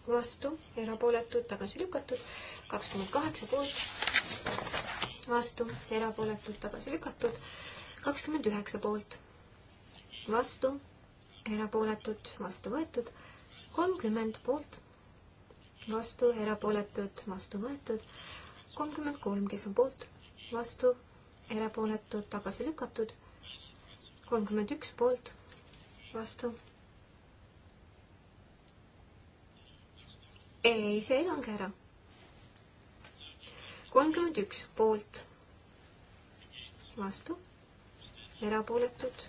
vastu, erapooletud, tagasi lükatud. kakskümmend kaheksa poolt, vastu, erapooletud, tagasi lükatud. kakskümmend üheksa poolt, vastu, erapooletud, vastu võetud. kolmkümmend poolt vastu, erapooletud, vastu võetud kolmkümmend kolm, kes on poolt, vastu, erapooletud, tagasi lükatud. kolmkümmend üks poolt, vastu. ei, see ei lange ära. kolmkümmend üks poolt, vastu, erapooletud,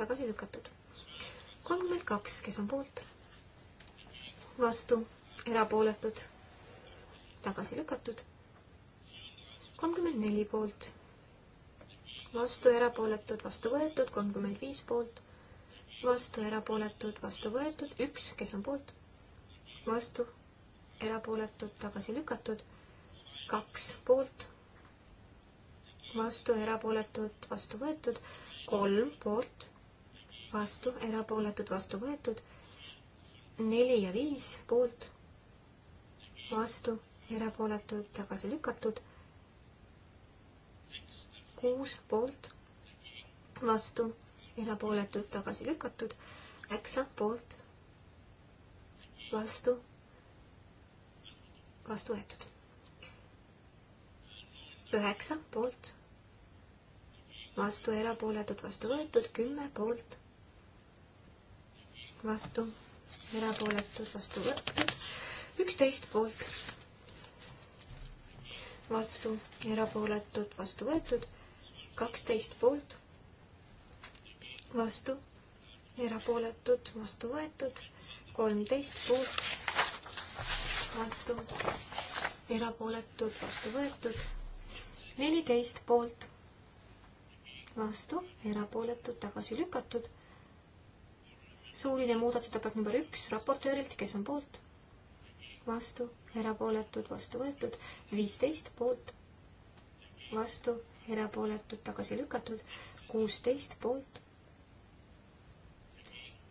tagasi lükatud. kolmkümmend kaks, kes on poolt, vastu, erapooletud tagasi lükatud. kolmkümmend neli poolt, vastu erapooletud, vastu võetud, kolmkümmend viis poolt, vastu erapooletud, vastu võetud, üks, kes on poolt, vastu erapooletud, tagasi lükatud, kaks poolt, vastu erapooletud, vastu võetud, kolm poolt, vastu erapooletud, vastu võetud, neli ja viis poolt, vastu erapooletud, tagasi lükatud. kuus poolt, vastu, erapooletud, tagasi lükatud. Äksa poolt, vastu, vastu võetud. üheksa poolt, vastu, erapooletud, vastu võetud, kümme poolt, vastu, erapooletud, vastu võetud, üksteist poolt vastu, erapooletud, vastu võetud, kaksteist poolt, vastu, erapooletud, vastu võetud, kolmteist poolt, vastu, erapooletud, vastu võetud, neliteist poolt, vastu, erapooletud, tagasi lükatud, suuline muudatusettepanek number üks raportöörilt, kes on poolt vastu, erapooletud, vastu võetud, viisteist poolt, vastu, erapooletud, tagasi lükatud, kuusteist poolt,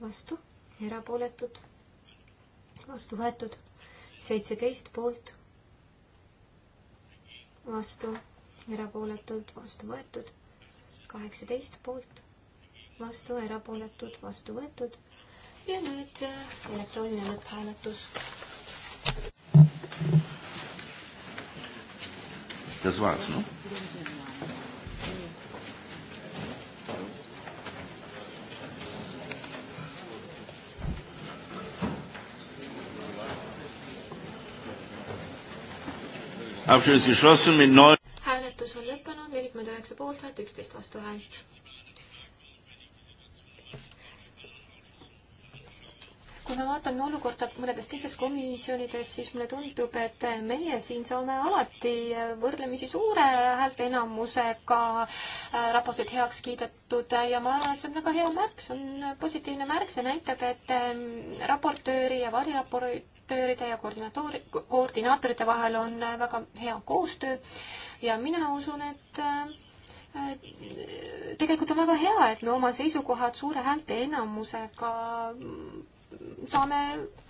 vastu, erapooletud, vastu võetud, seitseteist poolt, vastu, erapooletud, vastu võetud, kaheksateist poolt, vastu, erapooletud, vastu võetud ja nüüd äh, elektrooniline lõpphääletus Das war's, ne? Abschluss geschlossen mit neun. hääletus on lõppenud, nelikümmend üheksa poolthäält, üksteist vastuhäält. kui ma vaatan olukorda mõnedes teistes komisjonides, siis mulle tundub, et meie siin saame alati võrdlemisi suure häälteenamusega äh, raportid heaks kiidetud ja ma arvan, et see on väga hea märk, see on positiivne märk, see näitab, et ähm, raportööri ja variraportööri direktööride ja koordinaatori, koordinaatorite vahel on väga hea koostöö ja mina usun, et äh, äh, tegelikult on väga hea, et me oma seisukohad suure häälte enamusega saame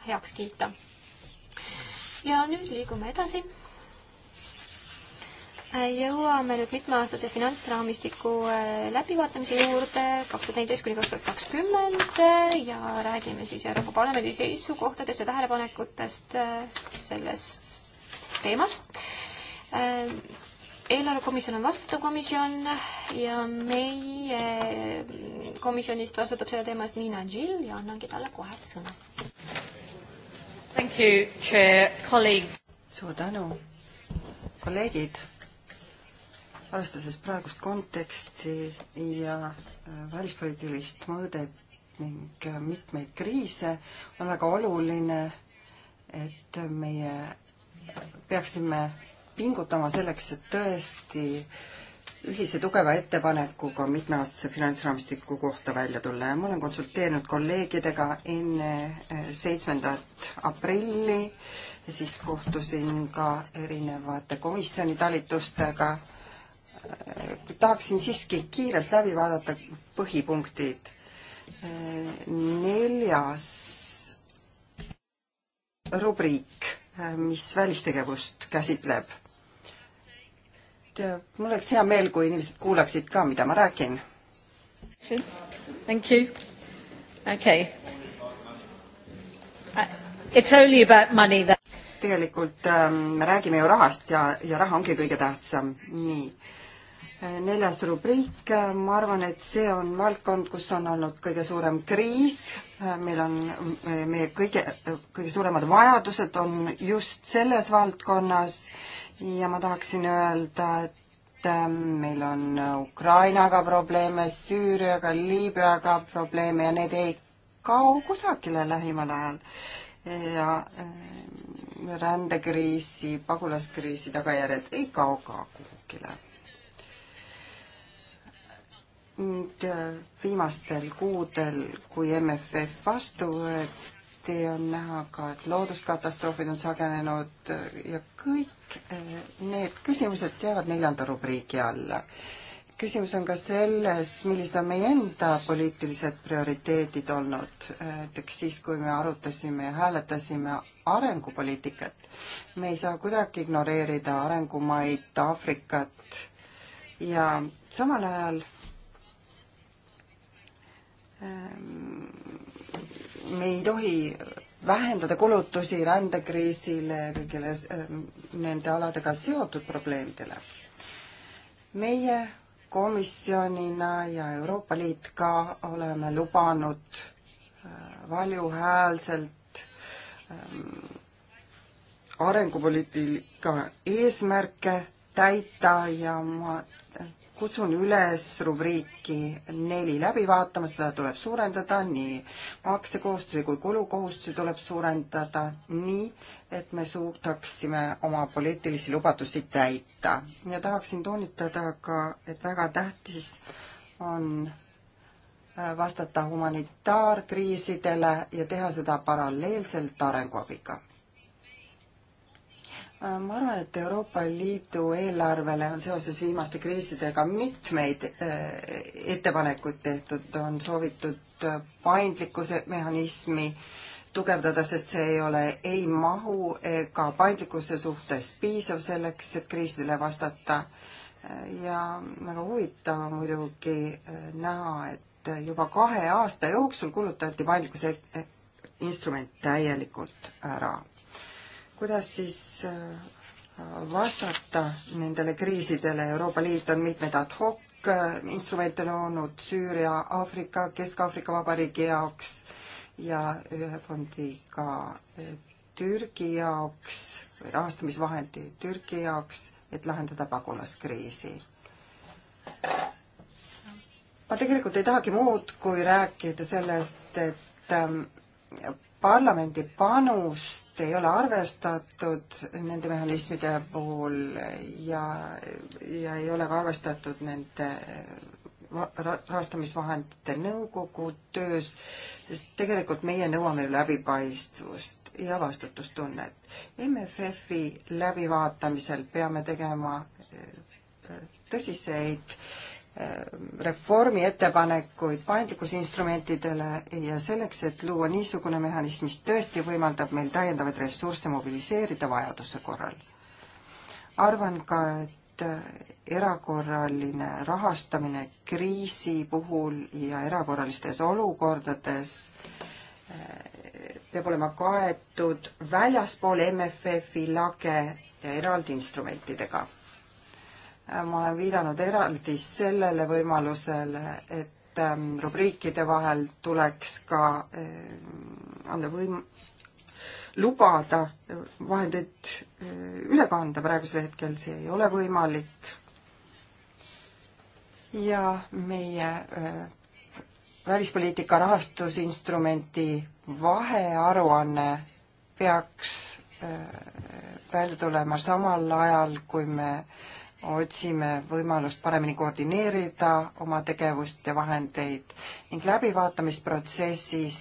heaks kiita. ja nüüd liigume edasi. jõuame nüüd mitmeaastase finantsraamistiku äh, läbivaatamise juurde kaks tuhat neliteist kuni kaks tuhat kakskümmend ja räägime siis Euroopa Parlamendi seisukohtadest ja tähelepanekutest äh, selles teemas äh, eelarvekomisjon on vastutav komisjon ja meie komisjonist vastutab selle teema eest Niina Jill ja annangi talle kohe sõna. Thank you, chair, colleagues. suur tänu, kolleegid. arvestades praegust konteksti ja äh, välispoliitilist mõõdet ning äh, mitmeid kriise, on väga oluline, et meie peaksime pingutama selleks, et tõesti ühise tugeva ettepanekuga mitmeaastase finantsraamistiku kohta välja tulla ja ma olen konsulteerinud kolleegidega enne eh, seitsmendat aprilli, siis kohtusin ka erinevate komisjoni talitustega. Eh, tahaksin siiski kiirelt läbi vaadata põhipunktid. Eh, neljas rubriik, mis välistegevust käsitleb Äh, mul oleks hea meel, kui inimesed kuulaksid ka, mida ma räägin. Thank you. Okay. Uh, it's only about money that tegelikult ähm, me räägime ju rahast ja, ja raha ongi kõige tähtsam. nii. Äh, neljas rubriik, äh, ma arvan, et see on valdkond, kus on olnud kõige suurem kriis. meil on, meie kõige, kõige suuremad vajadused on just selles valdkonnas äh, ja ma tahaksin öelda, et ähm, meil on Ukrainaga probleeme, Süüriaga, Liibüaga probleeme ja need ei kao kusagile lähimal ajal. ja ähm, rändekriisi, pagulaskriisi tagajärjed ei kao ka kuhugile ning äh, viimastel kuudel, kui MFF vastu võeti, samuti on näha ka, et looduskatastroofid on sagenenud ja kõik eh, need küsimused jäävad neljanda rubriigi alla. küsimus on ka selles, millised on meie enda poliitilised prioriteedid olnud, näiteks siis, kui me arutasime ja hääletasime arengupoliitikat. me ei saa kuidagi ignoreerida arengumaid, Aafrikat ja samal ajal ähm, me ei tohi vähendada kulutusi rändekriisile, kõigile ähm, nende aladega seotud probleemidele. meie komisjonina ja Euroopa Liit ka oleme lubanud äh, valjuhäälselt ähm, arengupoliitika eesmärke täita ja ma kutsun üles rubriiki neli läbi vaatama, seda tuleb suurendada, nii maksekohustusi kui kulukohustusi tuleb suurendada, nii et me suudaksime oma poliitilisi lubadusi täita. ja tahaksin toonitada ka, et väga tähtis on äh, vastata humanitaarkriisidele ja teha seda paralleelselt arenguabiga ma arvan, et Euroopa Liidu eelarvele on seoses viimaste kriisidega mitmeid eh, ettepanekuid tehtud, on soovitud eh, paindlikkuse mehhanismi tugevdada, sest see ei ole ei mahu ega eh, paindlikkuse suhtes piisav selleks, et kriisidele vastata. ja väga huvitav on muidugi näha, et juba kahe aasta jooksul kulutati paindlikkuse instrument täielikult ära kuidas siis äh, vastata nendele kriisidele, Euroopa Liit on mitmeid ad hoc äh, instrumente loonud Süüria, Aafrika, Kesk-Aafrika Vabariigi jaoks ja ühe fondi ka äh, Türgi jaoks või rahastamisvahendi Türgi jaoks, et lahendada pagulaskriisi. ma tegelikult ei tahagi muud, kui rääkida sellest, et ähm, parlamendi panust ei ole arvestatud nende mehhanismide puhul ja, ja ei ole ka arvestatud nende rahastamisvahendite nõukogu töös, sest tegelikult meie nõuame läbipaistvust ja vastutustunnet. MFF-i läbivaatamisel peame tegema eh, tõsiseid äh, reformi ettepanekuid paindlikkusinstrumentidele ja selleks, et luua niisugune mehhanism, mis tõesti võimaldab meil täiendavaid ressursse mobiliseerida vajaduse korral. arvan ka, et erakorraline rahastamine kriisi puhul ja erakorralistes olukordades eh, peab olema kaetud väljaspool MFF-i lage ja eraldi instrumentidega Äh, ma olen viidanud eraldi sellele võimalusele, et ähm, rubriikide vahel tuleks ka äh, anda võim-, lubada äh, vahendeid üle kanda, praegusel hetkel see ei ole võimalik. ja meie välispoliitika rahastusinstrumenti vahearuanne peaks välja tulema samal ajal, kui me äh, otsime võimalust paremini koordineerida oma tegevust ja vahendeid ning läbivaatamisprotsessis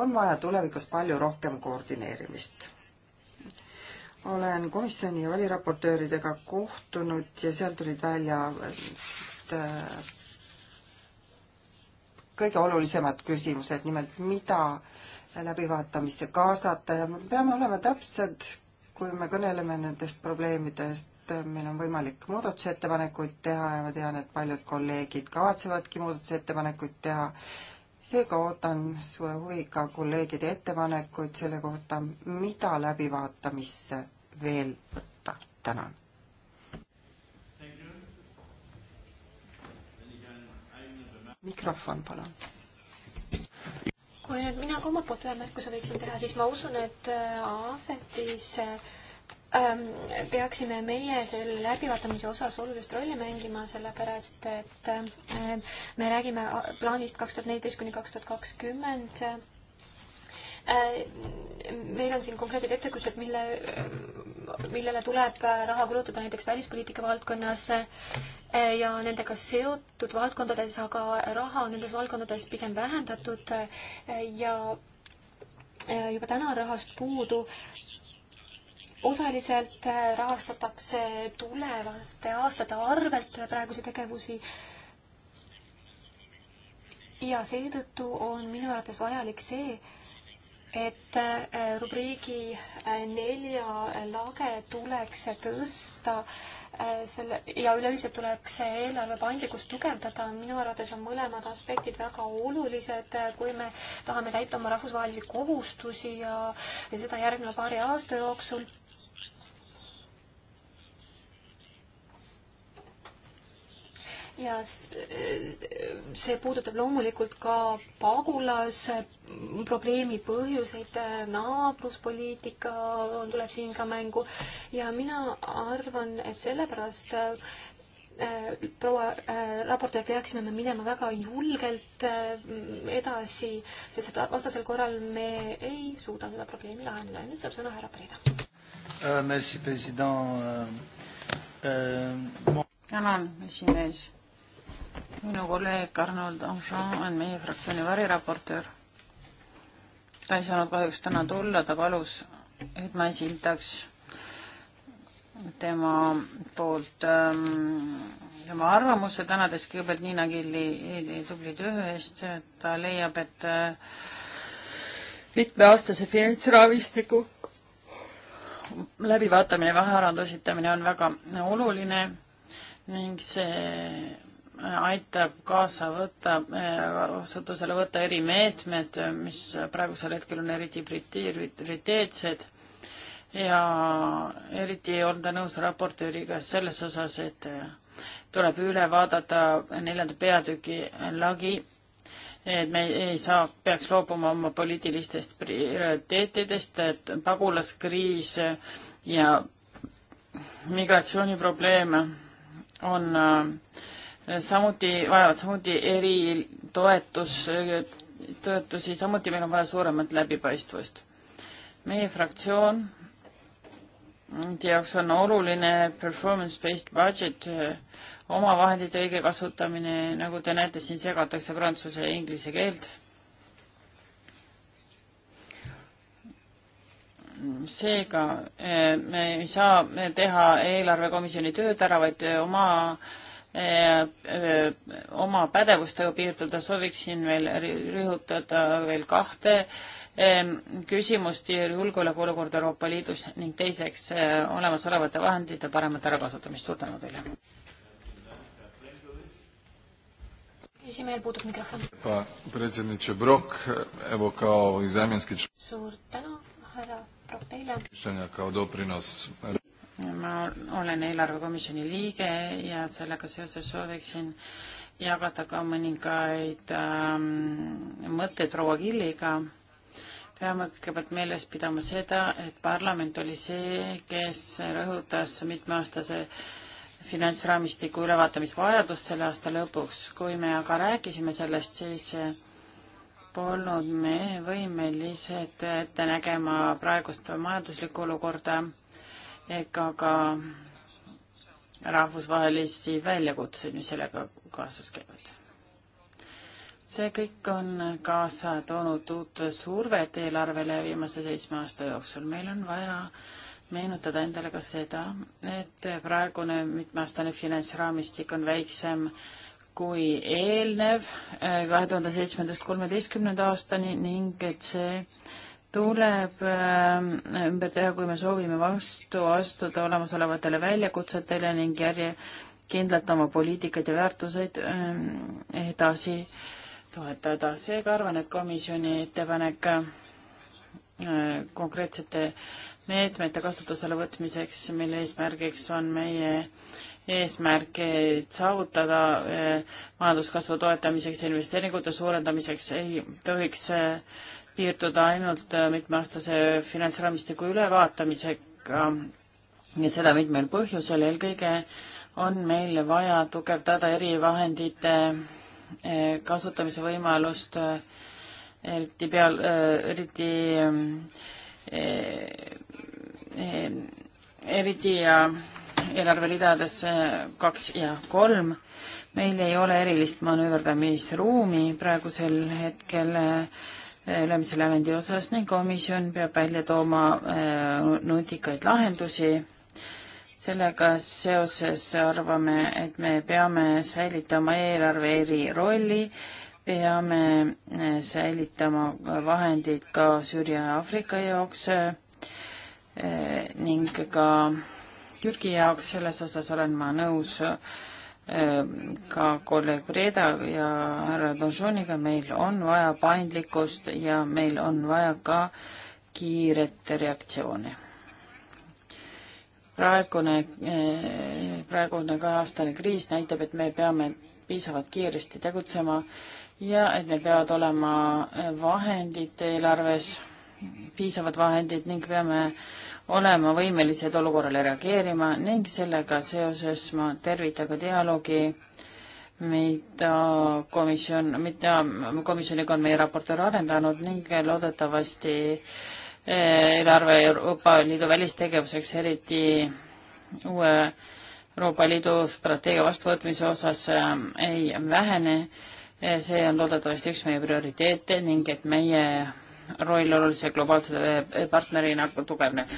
on vaja tulevikus palju rohkem koordineerimist. olen komisjoni valiraportööridega kohtunud ja seal tulid välja äh, kõige olulisemad küsimused, nimelt mida läbivaatamisse kaasata ja me peame olema täpsed, kui me kõneleme nendest probleemidest, et meil on võimalik muudatusettepanekuid teha ja ma tean, et paljud kolleegid kavatsevadki muudatusettepanekuid teha. seega ootan suure huviga kolleegide ettepanekuid selle kohta, mida läbivaatamisse veel võtta. tänan. mikrofon, palun kui nüüd mina ka omalt poolt ühe märkuse võiksin teha, siis ma usun, et äh, Ahvetis äh, Ähm, peaksime meie selle läbivaatamise osas olulist rolli mängima, sellepärast et ähm, me räägime äh, plaanist kaks tuhat neliteist kuni kaks tuhat kakskümmend. Äh, meil on siin konkreetsed ettekujutused, mille, äh, millele tuleb raha kulutada näiteks välispoliitika valdkonnas ja nendega seotud valdkondades, aga raha on nendes valdkondades pigem vähendatud ja juba täna on rahast puudu osaliselt äh, rahastatakse tulevaste aastate arvelt praegusi tegevusi. ja seetõttu on minu arvates vajalik see, et äh, rubriigi äh, nelja lage tuleks tõsta selle ja üleüldiselt tuleks eelarve paindlikkust tugevdada, minu arvates on mõlemad aspektid väga olulised, kui me tahame täita oma rahvusvahelisi kohustusi ja, ja seda järgneva paari aasta jooksul ja see puudutab loomulikult ka pagulasprobleemi põhjuseid, naabruspoliitika tuleb siin ka mängu ja mina arvan, et sellepärast äh, proua äh, raportöör, peaksime me minema väga julgelt äh, edasi, sest et vastasel korral me ei suuda seda probleemi lahendada ja nüüd saab sõna härra Preeda uh,. Merci, president uh,. Uh, tänan, esimees minu kolleeg Arnold Anjean on meie fraktsiooni variraportöör. ta ei saanud kahjuks täna tulla, ta palus, et ma esindaks tema poolt ähm, tema arvamuse, tänades kõigepealt Niina Killi tubli töö eest, ta leiab, et äh, mitmeaastase finantsraamistiku läbivaatamine, vahearanduse esitamine on väga oluline ning see aitab kaasa võtta, eh, vastutusele võtta erimeetmed, mis praegusel hetkel on eriti prioriteetsed ja eriti ei olda nõus raportööriga selles osas, et tuleb üle vaadata neljanda peatüki lagi, et me ei saa, peaks loobuma oma poliitilistest prioriteetidest, et pagulaskriis ja migratsiooniprobleem on äh, samuti, vajavad samuti eritoetus, toetusi, samuti meil on vaja suuremat läbipaistvust. meie fraktsioon jaoks on oluline performance-based budget, omavahendite õige kasutamine, nagu te näete, siin segatakse prantsuse ja inglise keelt. seega eh, me ei saa teha eelarvekomisjoni tööd ära, vaid oma äh, Eh, eh, oma pädevustega piirduda, sooviksin veel rõhutada veel kahte eh, küsimust julgeolekuolukord Euroopa Liidus ning teiseks olemasolevate vahendite paremat ärakasutamist. suur tänu teile. esimehel puudub mikrofon. suur tänu, härra Brok, teile ma olen eelarvekomisjoni liige ja sellega seoses sooviksin jagada ka mõningaid ähm, mõtteid proua Killiga. peame kõigepealt meeles pidama seda, et parlament oli see, kes rõhutas mitmeaastase finantsraamistiku ülevaatamisvajadust selle aasta lõpuks. kui me aga rääkisime sellest, siis äh, polnud me võimelised ette nägema praegust majanduslikku olukorda ega ka rahvusvahelisi väljakutseid, mis sellega kaasas käivad. see kõik on kaasa toonud uut survet eelarvele viimase seitsme aasta jooksul. meil on vaja meenutada endale ka seda, et praegune mitmeaastane finantsraamistik on väiksem kui eelnev eh, kahe tuhande seitsmendast kolmeteistkümnenda aastani ning et see tuleb äh, ümber teha, kui me soovime vastu astuda olemasolevatele väljakutsetele ning järjekindlalt oma poliitikaid ja väärtuseid ähm, edasi toetada. seega arvan, et komisjoni ettepanek äh, konkreetsete meetmete kasutusele võtmiseks, mille eesmärgiks on meie eesmärke saavutada äh, majanduskasvu toetamiseks ja investeeringute suurendamiseks ei tohiks äh, piirduda ainult äh, mitmeaastase finantsraamistiku ülevaatamisega ja seda mitmel põhjusel, eelkõige on meil vaja tugevdada erivahendite äh, kasutamise võimalust, äh, eriti peal, eriti ähm, eriti eelarveridades kaks ja kolm. meil ei ole erilist manööverdamisruumi praegusel hetkel äh, ülemise lävendi osas ning komisjon peab välja tooma äh, nutikaid lahendusi. sellega seoses arvame, et me peame säilitama eelarve erirolli, peame äh, säilitama vahendid ka Süüria ja Aafrika jaoks äh, ning ka Türgi jaoks, selles osas olen ma nõus äh, Äh, ka kolleeg Breda ja härra Donžoniga, meil on vaja paindlikkust ja meil on vaja ka kiiret reaktsiooni. praegune, äh, praegune kaheaastane kriis näitab, et me peame piisavalt kiiresti tegutsema ja et meil peavad olema vahendid eelarves, piisavad vahendid ning peame olema võimelised olukorrale reageerima ning sellega seoses ma tervitan ka dialoogi, mida komisjon, mida komisjoniga on meie raportöör arendanud ning loodetavasti eh, eelarve Euroopa Liidu välistegevuseks, eriti uue Euroopa Liidu strateegia vastuvõtmise osas eh, ei vähene. Eh, see on loodetavasti üks meie prioriteete ning et meie roll olulise globaalse eh, partnerina tugevneb.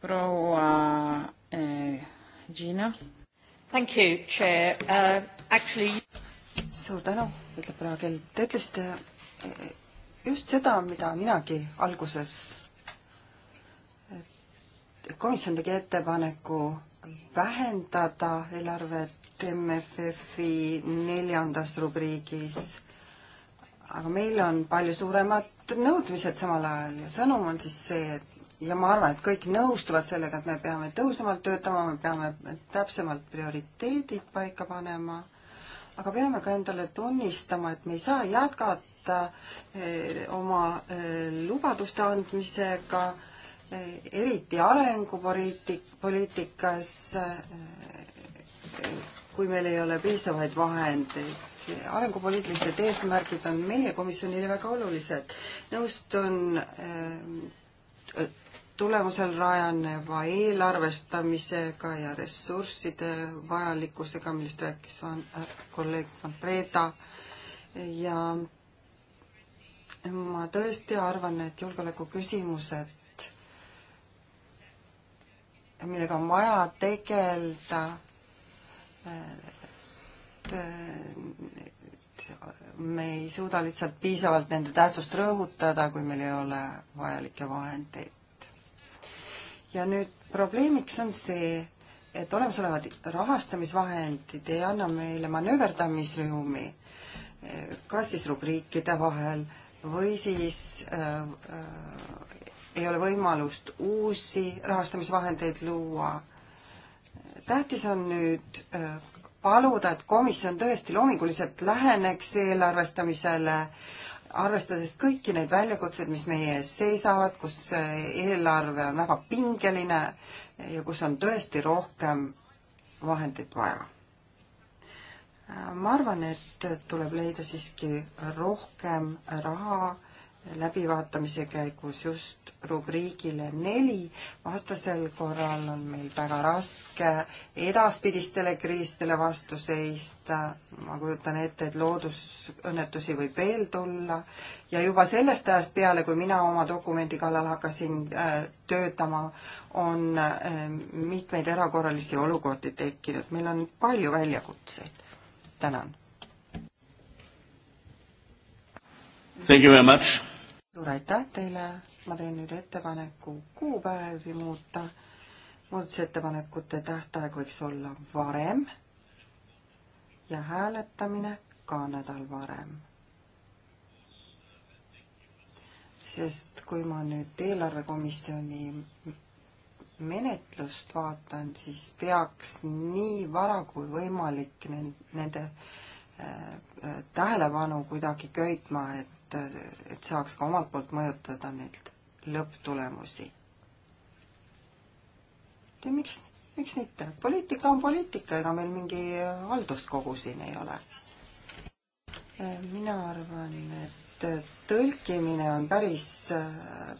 proua eh, Gina. Thank you, chair uh,. Actually. suur tänu, ütleb proua Kell. Te ütlesite eh, just seda, mida minagi alguses. komisjon tegi ettepaneku vähendada eelarvet MFF-i neljandas rubriigis aga meil on palju suuremad nõudmised samal ajal ja sõnum on siis see, et ja ma arvan, et kõik nõustuvad sellega, et me peame tõhusamalt töötama, me peame täpsemalt prioriteedid paika panema, aga peame ka endale tunnistama, et me ei saa jätkata eh, oma eh, lubaduste andmisega, eh, eriti arengupoliitik-, poliitikas, kui meil ei ole piisavaid vahendeid arengupoliitilised eesmärgid on meie komisjonile väga olulised. nõustun äh, tulemusel rajaneva eelarvestamisega ja ressursside vajalikkusega, millest rääkis van, äh, kolleeg Van Breda ja ma tõesti arvan, et julgeolekuküsimused millega on vaja tegeleda. Äh, et me ei suuda lihtsalt piisavalt nende tähtsust rõhutada, kui meil ei ole vajalikke vahendeid. ja nüüd probleemiks on see, et olemasolevad rahastamisvahendid ei anna meile manööverdamisruumi, kas siis rubriikide vahel või siis äh, äh, ei ole võimalust uusi rahastamisvahendeid luua. tähtis on nüüd äh, paluda, et komisjon tõesti loominguliselt läheneks eelarvestamisele, arvestades kõiki neid väljakutseid, mis meie ees seisavad, kus eelarve on väga pingeline ja kus on tõesti rohkem vahendit vaja. ma arvan, et tuleb leida siiski rohkem raha läbivaatamise käigus just rubriigile neli, vastasel korral on meil väga raske edaspidistele kriisidele vastu seista, ma kujutan ette, et loodusõnnetusi võib veel tulla ja juba sellest ajast peale, kui mina oma dokumendi kallal hakkasin äh, töötama, on äh, mitmeid erakorralisi olukordi tekkinud, meil on palju väljakutseid. tänan! Thank you very much suur aitäh teile, ma teen nüüd ettepaneku kuupäevi muuta. muudatusettepanekute tähtaeg võiks olla varem ja hääletamine ka nädal varem. sest kui ma nüüd eelarvekomisjoni menetlust vaatan, siis peaks nii vara kui võimalik nende, nende äh, äh, tähelepanu kuidagi köitma, et et, et saaks ka omalt poolt mõjutada neid lõpptulemusi. ja miks, miks mitte? poliitika on poliitika, ega meil mingi halduskogu siin ei ole. mina arvan, et tõlkimine on päris,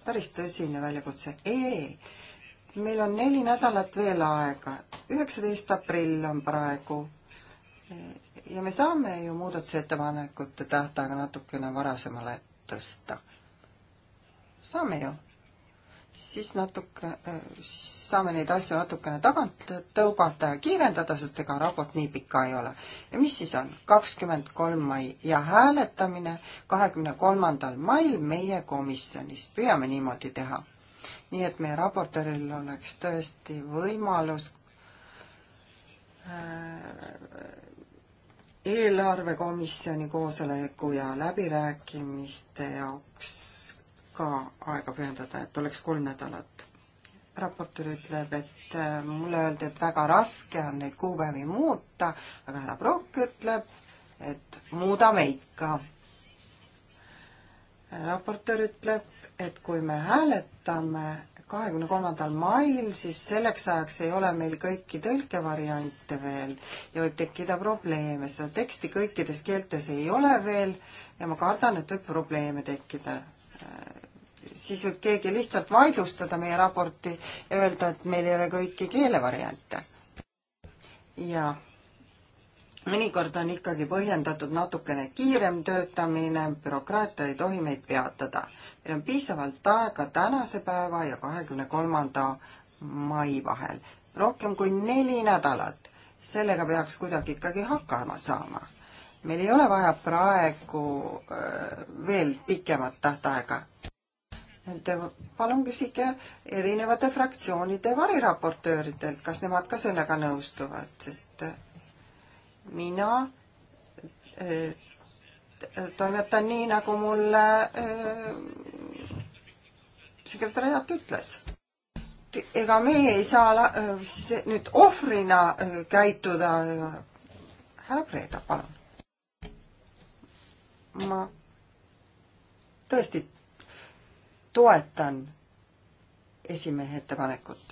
päris tõsine väljakutse e. meil on neli nädalat veel aega, üheksateist aprill on praegu ja me saame ju muudatusettepanekute tähtaega natukene varasemale tõsta. saame ju. siis natuke, äh, siis saame neid asju natukene tagant tõugata ja kiirendada, sest ega raport nii pika ei ole. ja mis siis on? kakskümmend kolm mai ja hääletamine kahekümne kolmandal mail meie komisjonis. püüame niimoodi teha nii et meie raportööril oleks tõesti võimalus äh, eelarvekomisjoni koosoleku ja läbirääkimiste jaoks ka aega pühendada, et oleks kolm nädalat. raportöör ütleb, et äh, mulle öeldi, et väga raske on neid kuupäevi muuta, aga härra Prokk ütleb, et muudame ikka. raportöör ütleb, et kui me hääletame kahekümne kolmandal mail, siis selleks ajaks ei ole meil kõiki tõlkevariante veel ja võib tekkida probleeme. seda teksti kõikides keeltes ei ole veel ja ma kardan, et võib probleeme tekkida. Äh, siis võib keegi lihtsalt vaidlustada meie raporti ja öelda, et meil ei ole kõiki keelevariante. jaa mõnikord on ikkagi põhjendatud natukene kiirem töötamine, bürokraatia ei tohi meid peatada. meil on piisavalt aega tänase päeva ja kahekümne kolmanda mai vahel, rohkem kui neli nädalat. sellega peaks kuidagi ikkagi hakkama saama. meil ei ole vaja praegu veel pikemat tähtaega. et palun küsige erinevate fraktsioonide variraportööridelt, kas nemad ka sellega nõustuvad, sest mina eh, toimetan nii, nagu mulle eh, sekretäriat ütles. ega meie ei saa nüüd ohvrina eh, käituda. härra Preeda, palun. ma tõesti toetan esimehe ettepanekut.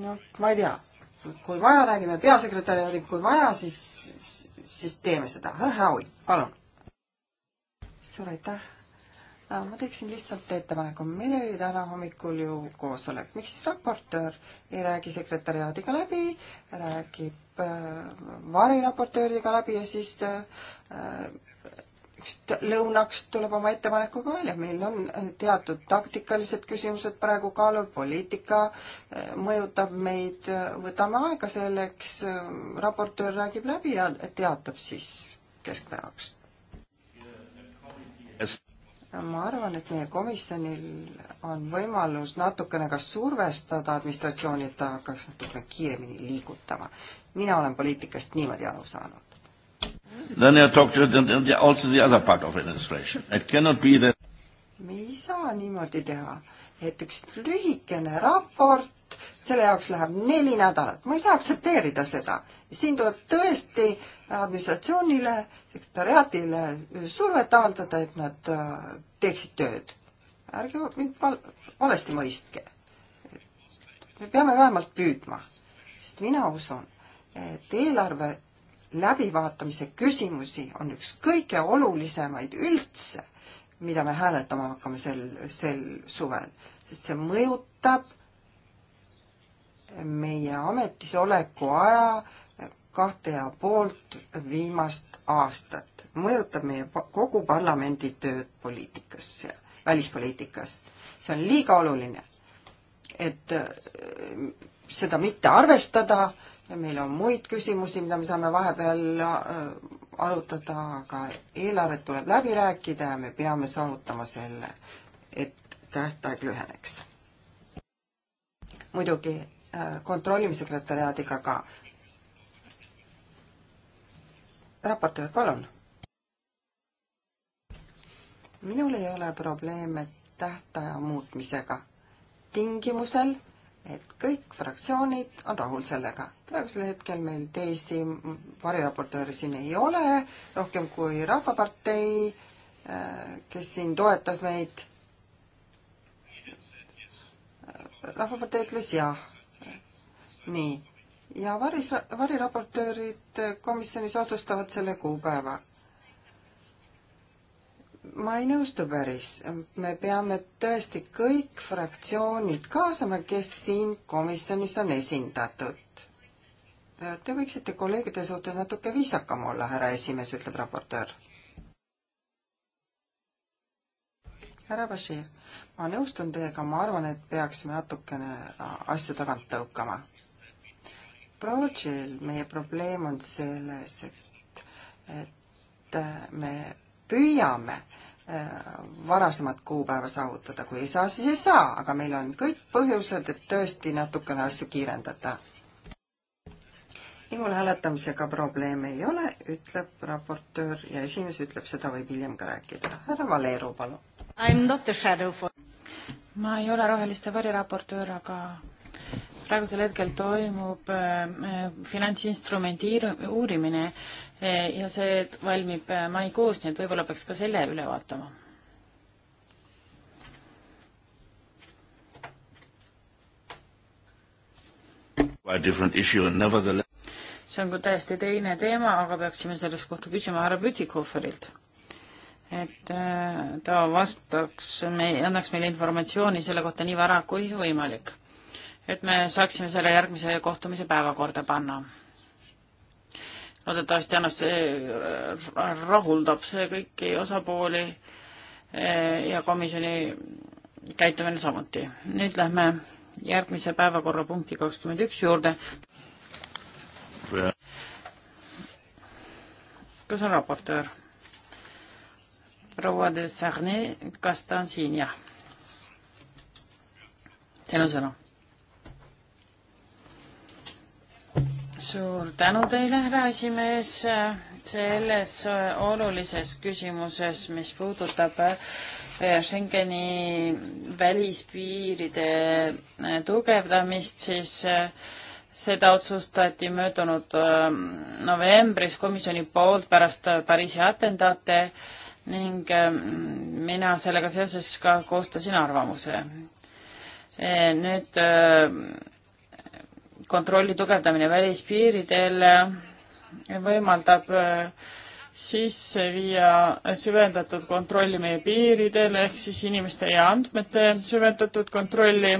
noh, ma ei tea, kui vaja, räägime peasekretäriga, kui vaja, siis, siis teeme seda. härra Haavi, palun. suur aitäh. Äh, ma teeksin lihtsalt ettepaneku, meil oli täna hommikul ju koosolek, miks raportöör ei räägi sekretäriaadiga läbi, räägib äh, variraportööriga läbi ja siis äh, lõunaks tuleb oma ettepanekuga välja, meil on äh, teatud taktikalised küsimused praegu kaalul, poliitika äh, mõjutab meid, äh, võtame aega selleks, raportöör räägib läbi ja teatab siis keskpäevaks. ma arvan, et meie komisjonil on võimalus natukene ka survestada administratsiooni, et ta hakkaks natukene kiiremini liigutama. mina olen poliitikast niimoodi aru saanud Then you talk to the, also the other part of administration. It cannot be that me ei saa niimoodi teha, et üks lühikene raport, selle jaoks läheb neli nädalat, ma ei saa aktsepteerida seda. siin tuleb tõesti administratsioonile, sekretariaadile survet avaldada, et nad äh, teeksid tööd. ärge mind val-, valesti mõistke. me peame vähemalt püüdma, sest mina usun, et eelarve läbivaatamise küsimusi on üks kõige olulisemaid üldse, mida me hääletama hakkame sel, sel suvel, sest see mõjutab meie ametis oleku aja kahte ja poolt viimast aastat, mõjutab meie kogu parlamendi tööd poliitikas ja välispoliitikas. see on liiga oluline, et äh, seda mitte arvestada meil on muid küsimusi, mida me saame vahepeal äh, arutada, aga eelarvet tuleb läbi rääkida ja me peame saavutama selle, et tähtaeg lüheneks. muidugi äh, kontrollime sekretäriaadiga ka. raportöör, palun. minul ei ole probleeme tähtaja muutmisega tingimusel et kõik fraktsioonid on rahul sellega. praegusel hetkel meil teisi variraportööre siin ei ole, rohkem kui Rahvapartei, äh, kes siin toetas meid. rahvapartei ütles jah. nii, ja varis, variraportöörid komisjonis otsustavad selle kuupäeva ma ei nõustu päris, me peame tõesti kõik fraktsioonid kaasama, kes siin komisjonis on esindatud. Te võiksite kolleegide suhtes natuke viisakam olla, härra esimees, ütleb raportöör. härra Bashir, ma nõustun teiega, ma arvan, et peaksime natukene asju tagant tõukama. proua Jill, meie probleem on selles, et, et me püüame äh, varasemat kuupäeva saavutada, kui ei saa, siis ei saa, aga meil on kõik põhjused, et tõesti natukene asju kiirendada. minul hääletamisega probleeme ei ole, ütleb raportöör ja esimees ütleb, seda võib hiljem ka rääkida. härra Valeru, palun. For... ma ei ole roheliste variraportöör, aga praegusel hetkel toimub äh, äh finantsinstrumendi uurimine Eh, ja see valmib eh, maikuus, nii et võib-olla peaks ka selle üle vaatama. see on küll täiesti teine teema, aga peaksime sellest kohta küsima härra Pütikoferilt. et eh, ta vastaks, me, annaks meile informatsiooni selle kohta nii vara kui võimalik. et me saaksime selle järgmise kohtumise päevakorda panna loodetavasti annab see, äh, rahuldab see kõiki osapooli äh, ja komisjoni käitumine samuti. nüüd lähme järgmise päevakorrapunkti kakskümmend üks juurde. kas on raportöör? proua de Sarnay, kas ta on siin? jah. Teil on sõna suur tänu teile, härra esimees, selles olulises küsimuses, mis puudutab äh, Schengeni välispiiride äh, tugevdamist, siis äh, seda otsustati möödunud novembris komisjoni poolt pärast Pariisi atendaate ning mina sellega seoses ka koostasin arvamuse. nüüd kontrolli tugevdamine välispiiridel võimaldab äh, sisse viia süvendatud kontrolli meie piiridel ehk siis inimeste ja andmete süvendatud kontrolli.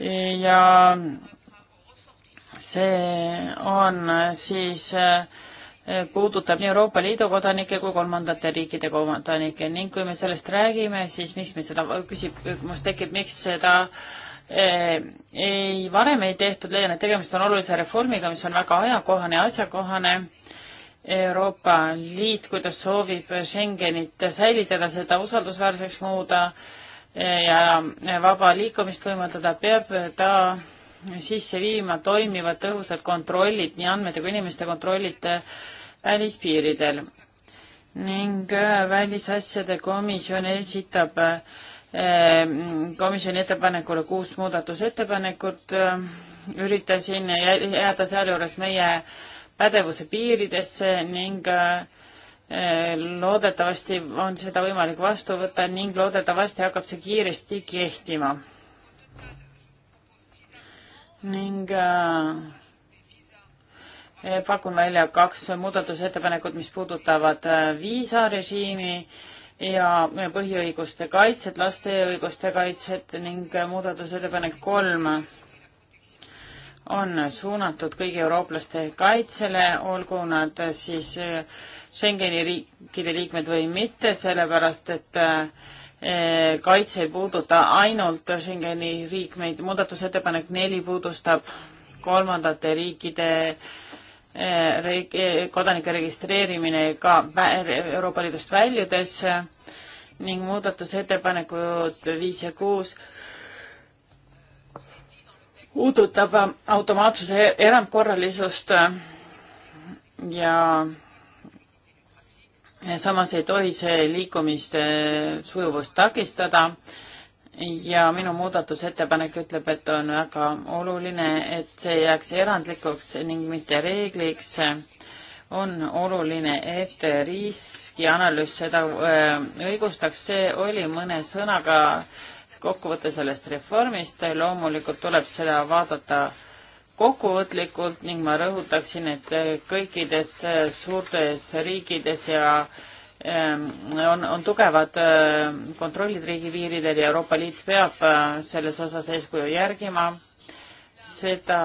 ja see on siis äh, puudutab nii Euroopa Liidu kodanikke kui kolmandate riikide kodanikke ning kui me sellest räägime, siis miks me seda, küsib, must tekib, miks seda äh, Äh, ei, varem ei tehtud, leian, et tegemist on olulise reformiga, mis on väga ajakohane ja asjakohane. Euroopa Liit, kui ta soovib Schengenit säilitada, seda usaldusväärseks muuda äh, ja vaba liikumist võimaldada, peab ta sisse viima toimivad tõhusad kontrollid, nii andmete kui inimeste kontrollid äh, välispiiridel. ning Välisasjade Komisjon esitab äh, Ehm, komisjoni ettepanekule kuus muudatusettepanekut, ehm, üritasin jääda sealjuures meie pädevuse piiridesse ning ehm, loodetavasti on seda võimalik vastu võtta ning loodetavasti hakkab see kiiresti kehtima. ning pakun välja kaks muudatusettepanekut, mis puudutavad viisarežiimi äh, ja põhiõiguste kaitset, laste õiguste kaitset ning muudatusettepanek kolm on suunatud kõigi eurooplaste kaitsele, olgu nad siis eh, Schengeni riikide liikmed või mitte, sellepärast et eh, kaitse ei puuduta ainult Schengeni riikmeid, muudatusettepanek neli puudustab kolmandate riikide äh, Eh, eh, kodanike registreerimine ka Euroopa Liidust väljudes eh, ning muudatusettepanekud viis ja kuus puudutab automaatsuse erandkorralisust ja samas ei tohi see liikumiste sujuvust takistada ja minu muudatusettepanek ütleb, et on väga oluline, et see jääks erandlikuks ning mitte reegliks. on oluline, et riskianalüüs seda äh, õigustaks, see oli mõne sõnaga kokkuvõte sellest reformist, loomulikult tuleb seda vaadata kokkuvõtlikult ning ma rõhutaksin, et kõikides suurtes riikides ja äh, Ehm, on, on tugevad ehm, kontrollid riigipiiridel ja Euroopa Liit peab ehm, selles osas eeskuju järgima. seda,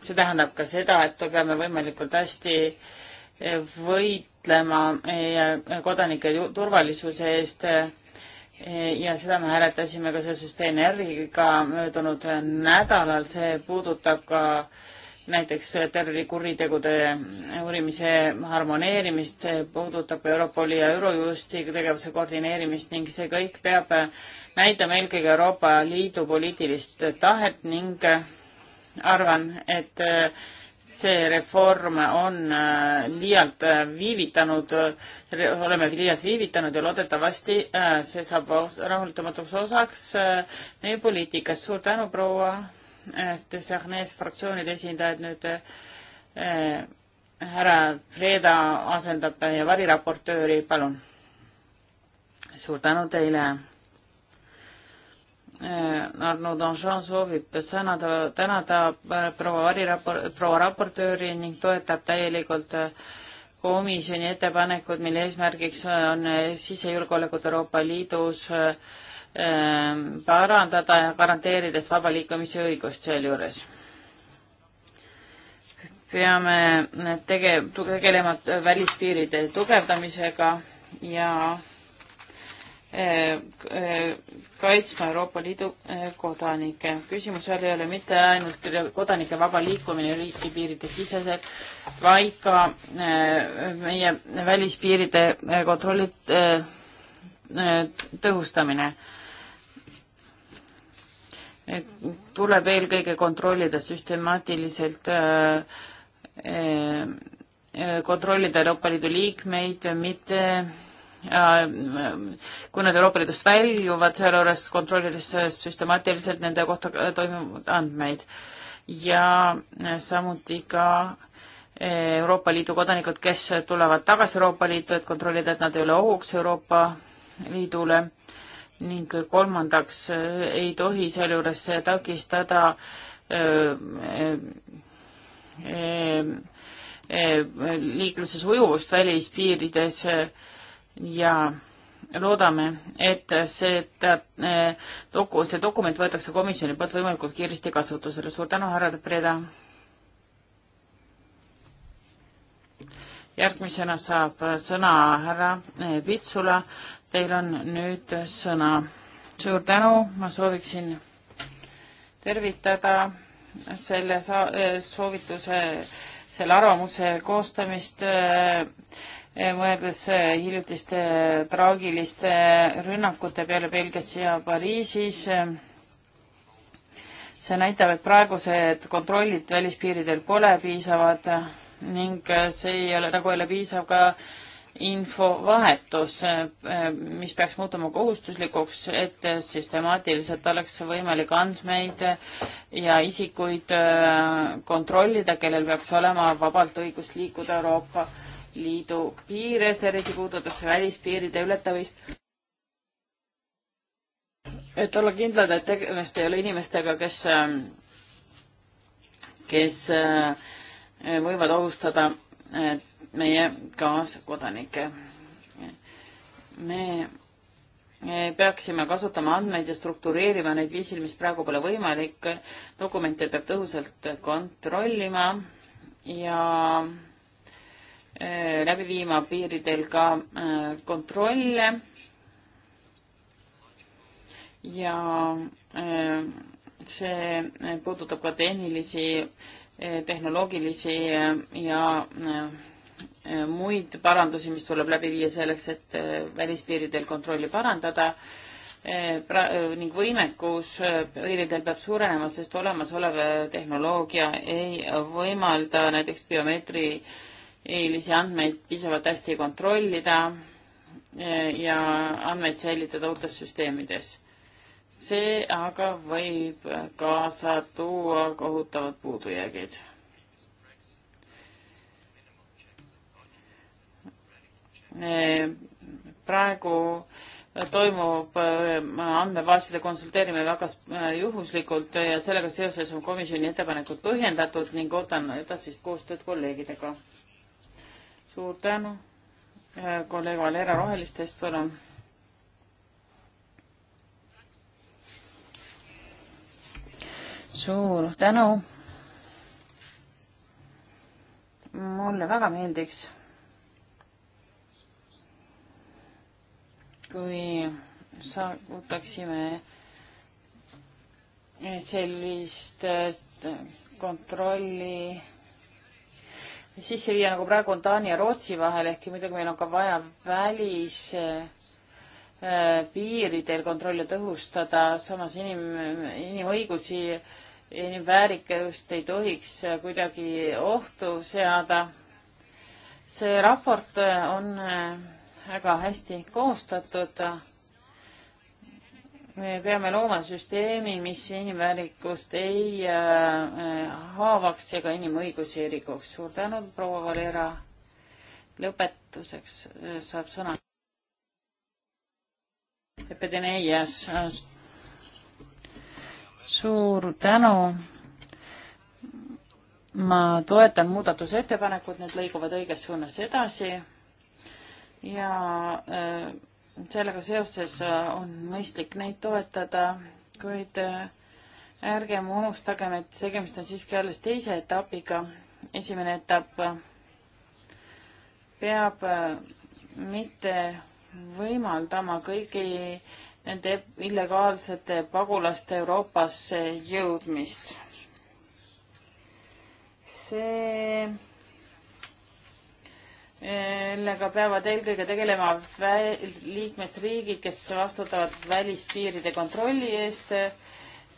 see tähendab ka seda, et peame võimalikult hästi eh, võitlema meie eh, kodanike turvalisuse eest eh, ja seda me hääletasime ka seoses PNR-iga möödunud nädalal, see puudutab ka äh, näiteks terrorikuritegude uurimise harmoneerimist, see puudutab Europoli ja Eurojusti tegevuse koordineerimist ning see kõik peab näitama eelkõige Euroopa Liidu poliitilist tahet ning arvan, et see reform on liialt viivitanud, oleme liialt viivitanud ja loodetavasti äh, see saab rahuldamatuks osaks äh, meie poliitikast. suur tänu, proua Äh, Sarnes fraktsioonide esindajad nüüd äh, härra Freda asendab ja variraportööri, palun. suur tänu teile. Äh, Arno Donjon soovib sõnada, tänada proua varirapor-, proua raportööri ning toetab täielikult komisjoni ettepanekud, mille eesmärgiks on sisejulgeolekut Euroopa Liidus äh, Ähm, parandada ja garanteerides vaba liikumise õigust sealjuures. peame tege-, tegelema välispiiride tugevdamisega ja äh, äh, kaitsma Euroopa Liidu äh, kodanikke. küsimus seal ei ole mitte ainult kodanike vaba liikumine riiki piiride siseselt, vaid ka meie välispiiride kontrollid Äh, tõhustamine. tuleb eelkõige kontrollida süstemaatiliselt, äh, äh, kontrollida Euroopa Liidu liikmeid, mitte kui nad Euroopa Liidust väljuvad, sealjuures kontrollides süstemaatiliselt nende kohta toimuvaid andmeid ja samuti ka Euroopa Liidu kodanikud, kes tulevad tagasi Euroopa Liitu, et kontrollida, et nad ei ole ohuks Euroopa Liidule ning kolmandaks ei tohi sealjuures takistada liikluses ujuvust välispiirides ja loodame, et seda doku-, see dokument võetakse komisjoni poolt võimalikult kiiresti kasutusele. suur tänu, härra Preda. järgmisena saab sõna härra Pitsula Teil on nüüd sõna. suur tänu, ma sooviksin tervitada selle soovituse, selle arvamuse koostamist, mõeldes eh, eh, hiljutiste traagiliste rünnakute peale Belgias ja Pariisis. see näitab, et praegused kontrollid välispiiridel pole piisavad ning eh, see ei ole, nagu ei ole piisav ka äh, infovahetus, eh, mis peaks muutuma kohustuslikuks, et süstemaatiliselt oleks võimalik andmeid ja isikuid eh, kontrollida, kellel peaks olema vabalt õigus liikuda Euroopa Liidu piires, eriti puudutab see välispiiride ületamist. et olla kindlad, et tegemist ei ole inimestega, kes, eh, kes võivad ohustada meie kaaskodanikke. me peaksime kasutama andmeid ja struktureerima neid viisil, mis praegu pole võimalik. dokumente peab tõhusalt kontrollima ja eh, läbi viima piiridel ka eh, kontrolle ja eh, see puudutab ka tehnilisi, tehnoloogilisi ja Äh, muid parandusi, mis tuleb läbi viia selleks, et äh, välispiiridel kontrolli parandada äh, pra-, ning võimekus piiridel peab suurenema, sest olemasolev tehnoloogia ei võimalda näiteks biomeetrilisi andmeid piisavalt hästi kontrollida ja andmeid säilitada uutes süsteemides. see aga võib kaasa tuua kohutavad puudujäägid praegu toimub äh, andmebaaside konsulteerimine väga äh, juhuslikult ja sellega seoses on komisjoni ettepanekud põhjendatud ning ootan edasist koostööd kolleegidega. suur tänu, äh, kolleeg Valera Rohelistest, palun. suur tänu. mulle väga meeldiks kui saavutaksime sellist äh, kontrolli sisse viia, nagu praegu on Taani ja Rootsi vahel, ehkki muidugi meil on ka vaja välis äh, piiridel kontrolle tõhustada, samas inim, inimõigusi, inimväärikust ei tohiks kuidagi ohtu seada. see raport on äh, väga hästi koostatud. me peame looma süsteemi, mis inimväärikust ei äh, haavaks ega inimõigusi ei rikuks. suur tänu, proua Valera. lõpetuseks äh, saab sõna. Epideemias. suur tänu ma toetan muudatusettepanekut, need lõiguvad õiges suunas edasi ja äh, sellega seoses äh, on mõistlik neid toetada, kuid äh, ärgem unustagem, et tegemist on siiski alles teise etapiga. esimene etapp peab mitte võimaldama kõigi nende illegaalsete pagulaste Euroopasse jõudmist. see millega peavad eelkõige tegelema liikmesriigid, kes vastutavad välispiiride kontrolli eest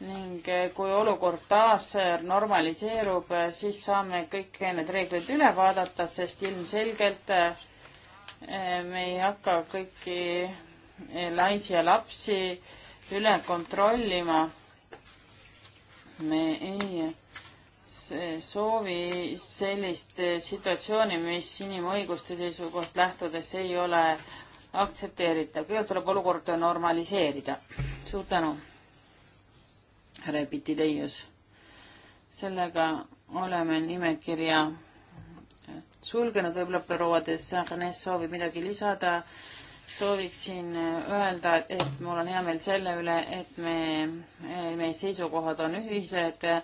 ning eh, kui olukord taas normaliseerub, siis saame kõik need reeglid üle vaadata, sest ilmselgelt eh, me ei hakka kõiki eh, naisi ja lapsi üle kontrollima. me ei soovi sellist situatsiooni, mis inimõiguste seisukohast lähtudes ei ole aktsepteeritav. kõigepealt tuleb olukorda normaliseerida. suur tänu, härra Epitideius. sellega oleme nimekirja sulgenud, võib-olla proua de Sarnes soovib midagi lisada. sooviksin öelda, et mul on hea meel selle üle, et me, meie seisukohad on ühised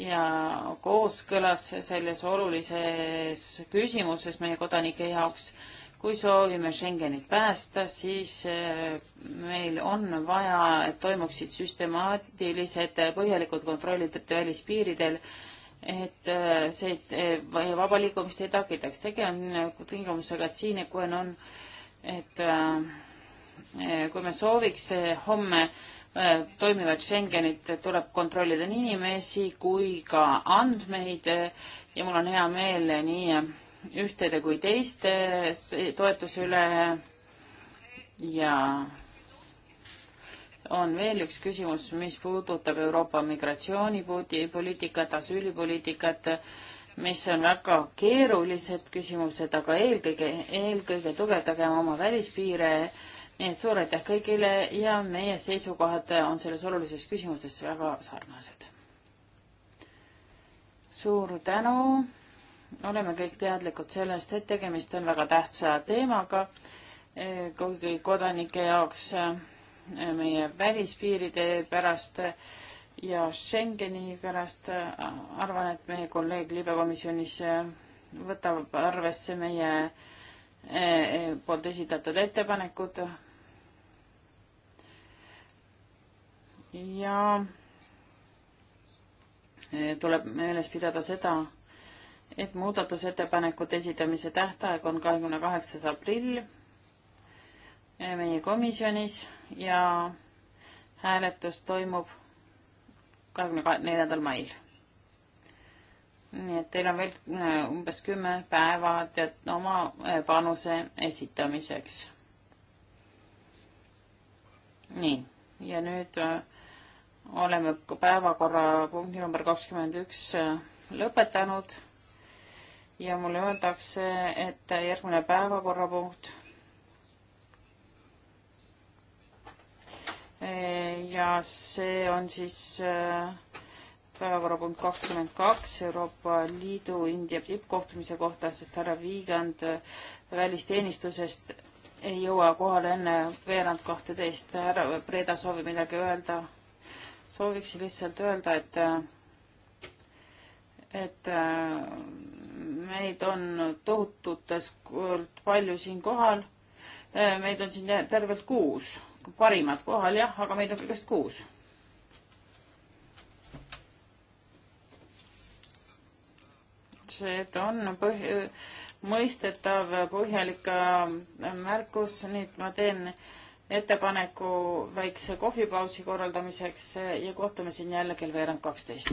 ja kooskõlas selles olulises küsimuses meie kodanike jaoks. kui soovime Schengenit päästa, siis äh, meil on vaja, et toimuksid süstemaatilised põhjalikud kontrollid välispiiridel, et äh, see äh, vaba liikumist ei takitaks. tegu on tingimusega, et siin ja kui on, on, et kui me sooviks homme Äh, toimivat Schengenit tuleb kontrollida nii inimesi kui ka andmeid ja mul on hea meel nii ühtede kui teiste toetuse üle ja on veel üks küsimus, mis puudutab Euroopa migratsioonipoliitikat, asüülipoliitikat, mis on väga keerulised küsimused, aga eelkõige, eelkõige tugevdagem oma välispiire nii et suur aitäh kõigile ja meie seisukohad on selles olulises küsimuses väga sarnased. suur tänu, oleme kõik teadlikud sellest, et tegemist on väga tähtsa teemaga eh, kõigi kodanike jaoks eh, meie välispiiride pärast ja Schengeni pärast. Eh, arvan, et meie kolleeg libekomisjonis võtab arvesse meie poolt esitatud ettepanekud ja eh, tuleb meeles pidada seda, et muudatusettepanekute esitamise tähtaeg on kahekümne kaheksas aprill eh, meie komisjonis ja hääletus toimub kahekümne neljandal mail. nii et teil on veel eh, umbes kümme päeva tead oma panuse esitamiseks. nii, ja nüüd äh, oleme päevakorrapunkti number kakskümmend üks äh, lõpetanud ja mulle öeldakse, et järgmine päevakorrapunkt äh, ja see on siis äh, päevakorrapunkt kakskümmend kaks Euroopa Liidu India tippkohtumise kohta, sest härra Viigand välisteenistusest ei jõua kohale enne veerand kahteteist. härra Preda soovib midagi öelda sooviksin lihtsalt öelda, et, et äh, meid on tohututelt palju siin kohal. Äh, meid on siin tervelt kuus, parimad kohal jah, aga meid on kõigest kuus. see on põh-, mõistetav põhjalik äh, märkus, nüüd ma teen äh, ettepaneku väikse kohvipausi korraldamiseks ja kohtume siin jälle kell veerand kaksteist.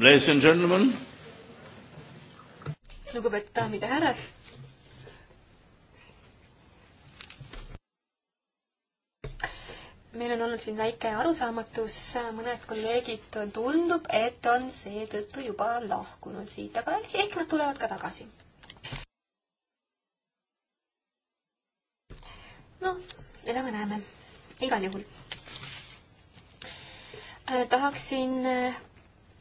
Ladies and gentlemen. lugupeetud daamid ja härrad. meil on olnud siin väike arusaamatus, mõned kolleegid, tundub, et on seetõttu juba lahkunud siit, aga ehk nad tulevad ka tagasi. noh, elame-näeme, igal juhul äh, tahaksin äh,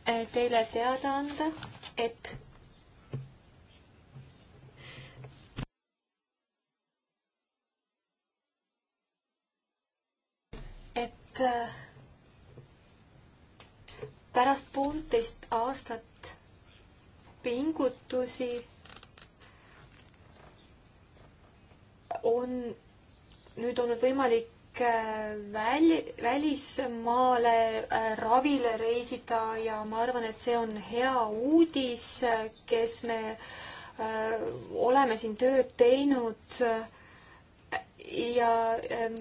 Eh, teile teada anda, et et eh, pärast poolteist aastat pingutusi on nüüd olnud võimalik väl-, välismaale äh, ravile reisida ja ma arvan, et see on hea uudis, kes me äh, oleme siin tööd teinud ja äh,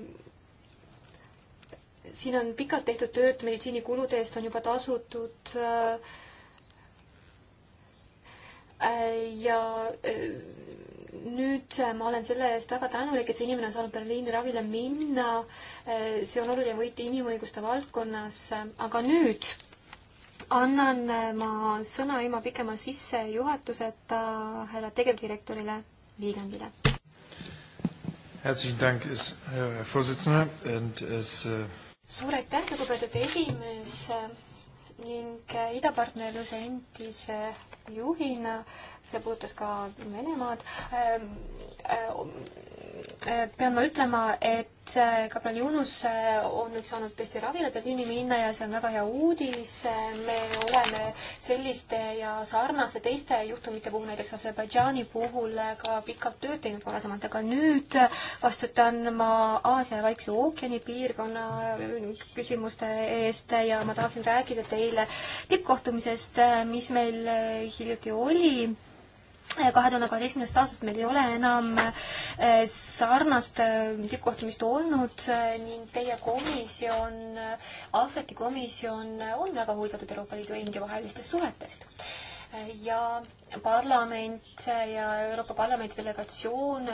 siin on pikalt tehtud tööd, meditsiinikulude eest on juba tasutud äh, ja äh, nüüd äh, ma olen selle eest väga tänulik, et see inimene on saanud Berliini ravile minna. Äh, see on oluline võit inimõiguste valdkonnas, aga nüüd annan äh, ma sõna ilma pikema sissejuhatuseta härra tegevdirektorile Viigandile. suur aitäh, lugupeetud esimees ning äh, idapartnerluse endise juhina, see puudutas ka Venemaad, ähm, äh, äh, pean ma ütlema, et Gabriel äh, Junus äh, on nüüd saanud tõesti ravile Berliini minna ja see on väga hea uudis. Äh, me oleme selliste ja sarnaste teiste juhtumite puhul, näiteks Aserbaidžaani puhul ka pikalt tööd teinud varasemalt, aga nüüd vastutan ma Aasia ja Vaikse ookeani piirkonna küsimuste eest ja ma tahaksin rääkida teile tippkohtumisest, mis meil hiljuti oli kahe tuhande kaheteistkümnendast aastast meil ei ole enam eh, sarnast eh, tippkohtumist olnud eh, ning teie komisjon, Ahveti komisjon on väga huvitatud Euroopa Liidu ja India vahelistest suhetest. ja parlament ja Euroopa Parlamendi delegatsioon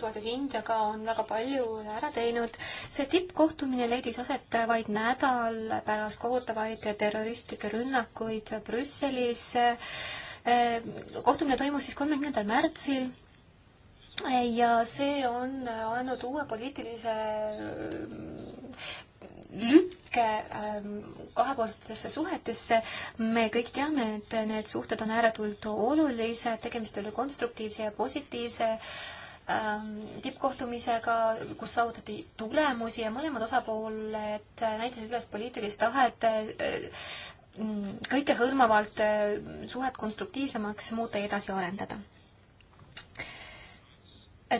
suhetes Indiaga on väga palju ära teinud. see tippkohtumine leidis aset vaid nädal pärast kohutavaid terroristlikke rünnakuid Brüsselis Äh, kohtumine toimus siis kolmekümnendal märtsil äh, ja see on äh, andnud uue poliitilise lükke kahepoolsetesse suhetesse. me kõik teame, et need suhted on ääretult olulised, tegemist oli konstruktiivse ja positiivse ähm, tippkohtumisega, kus saavutati tulemusi ja mõlemad osapooled näitasid üles poliitilist tahet kõikehõlmavalt äh, suhet konstruktiivsemaks muuta ja edasi arendada.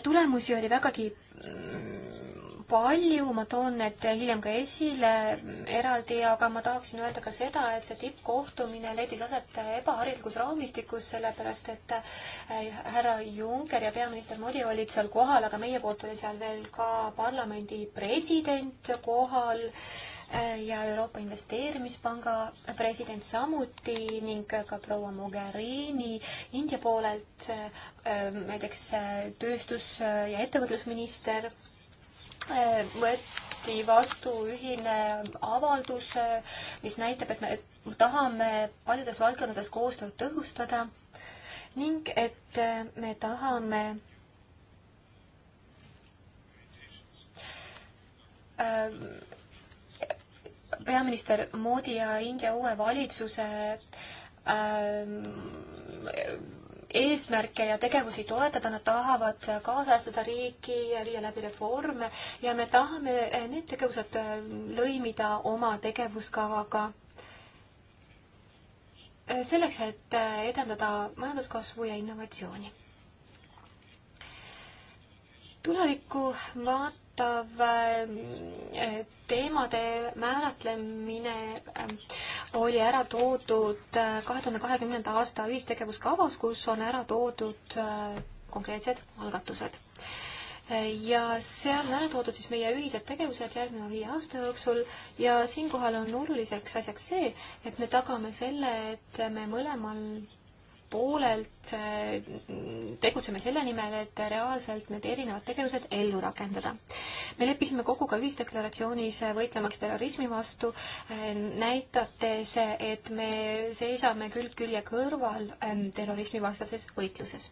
tulemusi oli vägagi mm, palju, ma toon need hiljem ka esile mm, eraldi, aga ma tahaksin öelda ka seda, et see tippkohtumine leidis aset ebaharilikus raamistikus, sellepärast et äh, härra Juncker ja peaminister Mori olid seal kohal, aga meie poolt oli seal veel ka parlamendi president kohal äh, Äh, ja Euroopa Investeerimispanga president samuti ning ka proua Mogherini India poolelt äh, näiteks äh, tööstus- ja ettevõtlusminister võeti vastu ühine avaldus, mis näitab, et me tahame paljudes valdkondades koostööd tõhustada ning et me tahame peaminister Moodi ja India uue valitsuse ähm, eesmärke ja tegevusi toetada, nad tahavad kaasajastada riiki ja viia läbi reforme ja me tahame eh, need tegevused eh, lõimida oma tegevuskavaga. Eh, selleks, et edendada majanduskasvu ja innovatsiooni tulevikku vaatav eh, teemade määratlemine eh, oli ära toodud eh, kahe tuhande kahekümnenda aasta ühistegevuskavas, kus on ära toodud konkreetsed algatused. ja seal on ära toodud siis meie ühised tegevused järgneva viie aasta jooksul ja siinkohal on oluliseks asjaks see, et me tagame selle, et me mõlemal poolelt äh, tegutseme selle nimel, et reaalselt need erinevad tegevused ellu rakendada. me leppisime kokku ka ühisdeklaratsioonis äh, võitlemaks terrorismi vastu, äh, näidates, et me seisame külg külje kõrval ähm, terrorismivastases võitluses.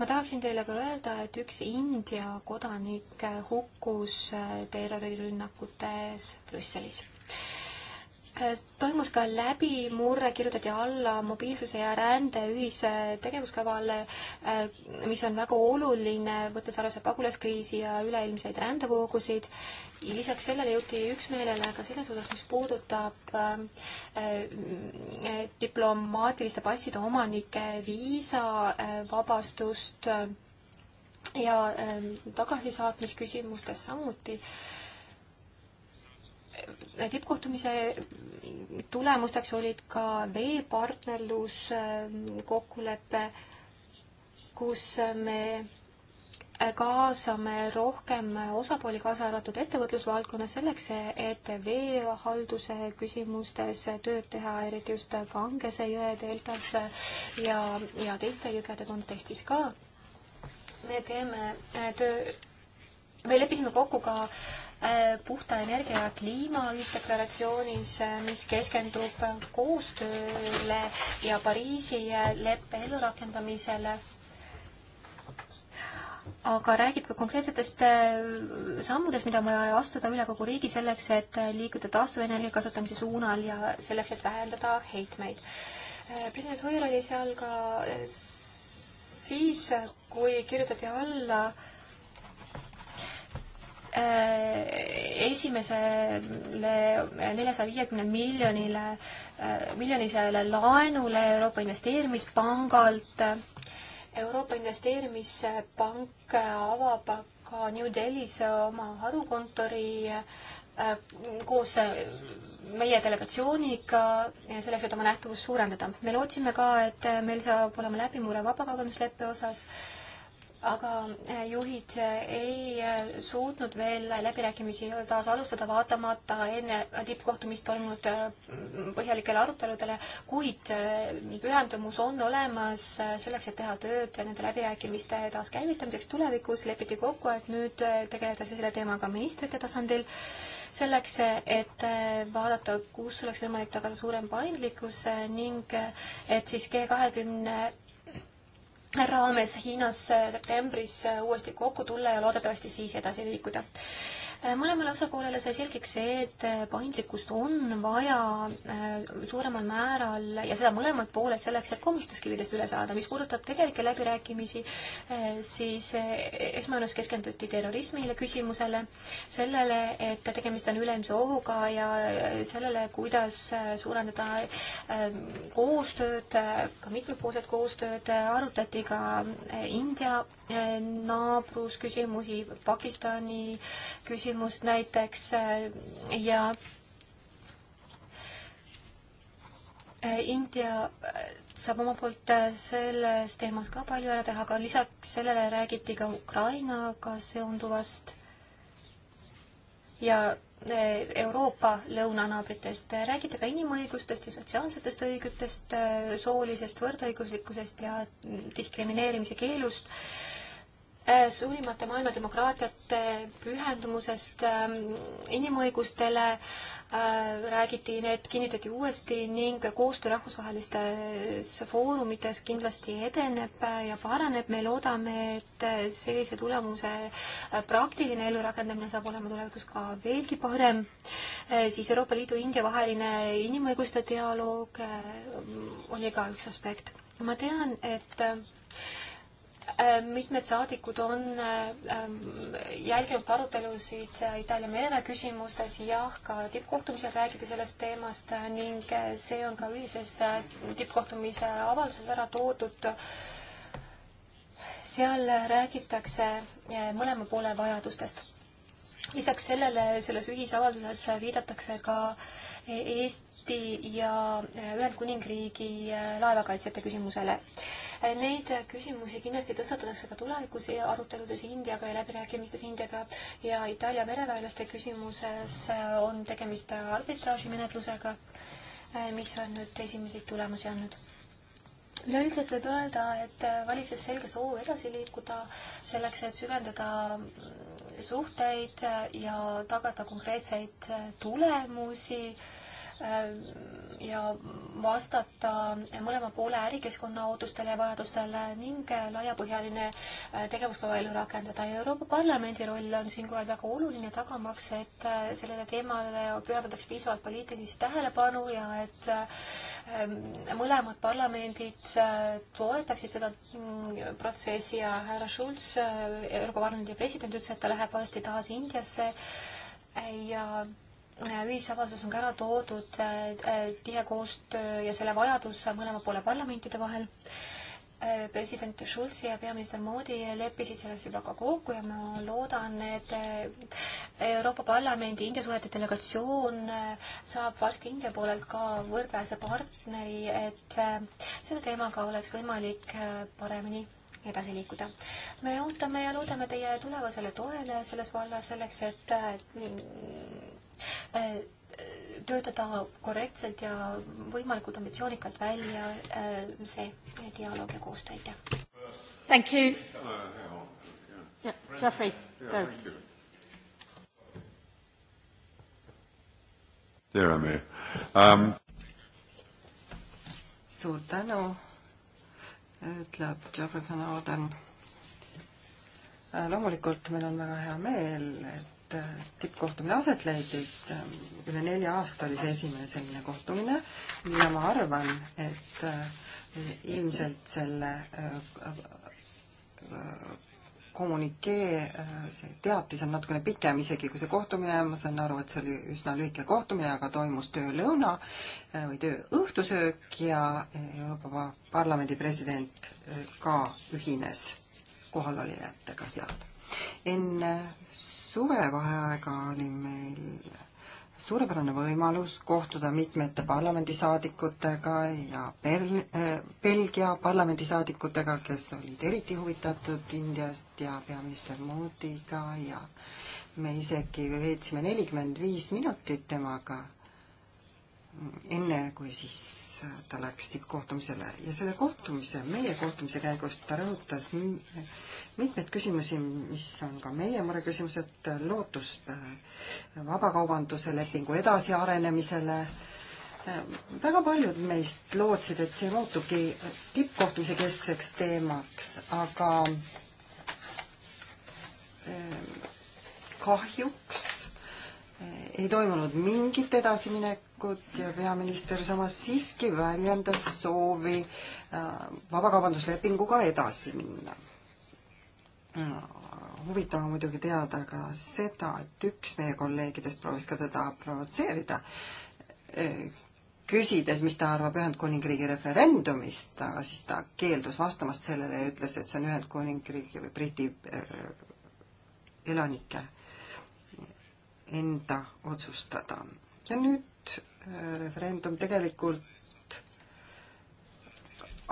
ma tahaksin teile ka öelda, et üks India kodanik hukkus terrorirünnakutes Brüsselis toimus ka läbimurre, kirjutati alla mobiilsuse ja rände ühise tegevuskavale, äh, mis on väga oluline, võttes arvesse pagulaskriisi ja üleilmseid rändevoogusid. lisaks sellele jõuti üksmeelele ka selles osas, mis puudutab äh, äh, diplomaatiliste passide omanike viisavabastust ja tagasisaatmisküsimustes samuti tippkohtumise tulemusteks olid ka veepartnerlus ähm, kokkulepe, kus me kaasame rohkem osapooli, kaasa arvatud ettevõtlusvaldkonnas, selleks, et veehalduse küsimustes tööd teha, eriti just Kangese jõe deltas ja, ja teiste jõgede kontekstis ka. me teeme äh, töö, me leppisime kokku ka äh, Äh, puhta energia ja kliima ühisdeklaratsioonis, äh, mis keskendub koostööle ja Pariisi äh, leppe ellurakendamisele. aga räägib ka konkreetsetest sammudest, mida on vaja astuda üle kogu riigi selleks, et liikuda taastuvenergia kasutamise suunal ja selleks, et vähendada heitmeid. president Hoiul oli seal ka siis, kui kirjutati alla äh, Äh, esimesele neljasaja viiekümne miljonile, äh, miljonisele laenule Euroopa Investeerimispangalt. Euroopa Investeerimispank avab ka New Delhis oma harukontori äh, koos meie delegatsiooniga selleks, et oma nähtavust suurendada. me lootsime ka, et meil saab olema läbimurre vabakaubandusleppe osas aga eh, juhid eh, ei eh, suutnud veel läbirääkimisi taas alustada, vaatamata enne tippkohtumist toimunud põhjalikele aruteludele, kuid pühendumus on olemas selleks, et teha tööd nende läbirääkimiste taaskäivitamiseks tulevikus, lepiti kokku, et nüüd tegeletakse selle teemaga ministrite tasandil, selleks, et vaadata, kus oleks võimalik tagada suurem paindlikkus ning et siis G kahekümne raames Hiinas eh, septembris eh, uuesti kokku tulla ja loodetavasti siis edasi liikuda mõlemale osapoolele sai selgeks see, et äh, paindlikkust on vaja äh, suuremal määral ja seda mõlemad pooled selleks, et komistuskividest üle saada. mis puudutab tegelikke läbirääkimisi, äh, siis esmajoones keskenduti terrorismile, küsimusele, sellele, et tegemist on ülemise ohuga ja sellele, kuidas suurendada koostööd, ka mitmepoolset koostööd, arutati ka India naabrusküsimusi, Pakistani küsimusi, küsimust näiteks äh, ja äh, India äh, saab oma poolt selles teemas ka palju ära teha, aga lisaks sellele räägiti ka Ukrainaga seonduvast ja Euroopa lõunanaabritest. räägite ka inimõigustest ja sotsiaalsetest õigutest, soolisest võrdõiguslikkusest ja diskrimineerimise keelust. Äh, suurimate maailma demokraatiate pühendumusest ähm, inimõigustele äh, räägiti, need kinnitati uuesti ning koostöö rahvusvahelistes foorumites kindlasti edeneb ja paraneb. me loodame, et äh, sellise tulemuse praktiline ellurakendamine saab olema tulevikus ka veelgi parem. siis Euroopa Liidu India vaheline inimõiguste dialoog oli ka üks aspekt. ma tean, et Äh, mitmed saadikud on äh, ähm, jälginud arutelusid äh, Itaalia mere küsimustes, jah, ka tippkohtumisel räägiti sellest teemast ning see on ka ühises tippkohtumise avalduses ära toodud. seal räägitakse mõlema poole vajadustest lisaks sellele selles ühisavalduses viidatakse ka Eesti ja Ühendkuningriigi laevakaitsjate küsimusele. Neid küsimusi kindlasti tõstatatakse ka tulevikus aruteludes Indiaga ja läbirääkimistes Indiaga ja Itaalia mereväelaste küsimuses on tegemist arbitraažimenetlusega, mis on nüüd esimesi tulemusi andnud üleüldiselt võib öelda, et valitses selge soov edasi liikuda selleks, et süvendada suhteid ja tagada konkreetseid tulemusi Äh, ja vastata mõlema poole ärikeskkonna ootustele ja vajadustele ning laiapõhjaline äh, tegevuskava ellu rakendada. ja Euroopa Parlamendi roll on siinkohal väga oluline, tagamaks, et äh, sellele teemale pühendatakse piisavalt poliitilist tähelepanu ja et mõlemad parlamendid toetaksid seda mm, protsessi ja härra Schulz, Euroopa Parlamendi president, ütles, et ta läheb varsti taas Indiasse ja ühisavalduses äh, on ka ära toodud äh, äh, tihe koostöö ja selle vajadus mõlema poole parlamentide vahel. president Schulz ja peaminister Moodi leppisid selles juba ka kokku ja ma loodan, et Euroopa Parlamendi India suhete delegatsioon saab varsti India poolelt ka võrdväärse partneri, et selle teemaga oleks võimalik paremini edasi liikuda. me ootame ja loodame teie tulevasele toele selles vallas selleks, et Äh, töötada korrektselt ja võimalikult ambitsioonikalt välja äh, see dialoog ja koostöö, aitäh! Thank you! Yeah, Jeffrey, go. Dear me. Um... suur tänu, ütleb Jeffrey van Orden. Äh, loomulikult meil on väga hea meel, et Äh, tippkohtumine aset leidis, äh, üle nelja aasta oli see esimene selline kohtumine ja ma arvan, et äh, ilmselt selle kommünikee, see teatis on natukene pikem isegi kui see kohtumine, ma saan aru, et see oli üsna lühike kohtumine, aga toimus töölõuna või töö õhtusöök ja Euroopa Parlamendi president ka ühines kohalolijatega seal. enne pärast suvevaheaega oli meil suurepärane võimalus kohtuda mitmete parlamendisaadikutega ja Bel-, äh, Belgia parlamendisaadikutega, kes olid eriti huvitatud Indiast ja peaminister Moodiga ja me isegi veetsime nelikümmend viis minutit temaga enne, kui siis ta läks tippkohtumisele ja selle kohtumise, meie kohtumise käigus ta rõhutas mitmeid küsimusi, mis on ka meie mureküsimused, lootus äh, vabakaubanduse lepingu edasiarenemisele. Äh, väga paljud meist lootsid, et see muutubki tippkohtumise keskseks teemaks, aga äh, kahjuks ei toimunud mingit edasiminekut ja peaminister samas siiski väljendas soovi äh, vabakaubanduslepinguga edasi minna. Äh, huvitav on muidugi teada ka seda, et üks meie kolleegidest proovis ka teda provotseerida, äh, küsides, mis ta arvab Ühendkuningriigi referendumist, aga siis ta keeldus vastamast sellele ja ütles, et see on Ühendkuningriigi või Briti elanike enda otsustada. ja nüüd äh, referendum tegelikult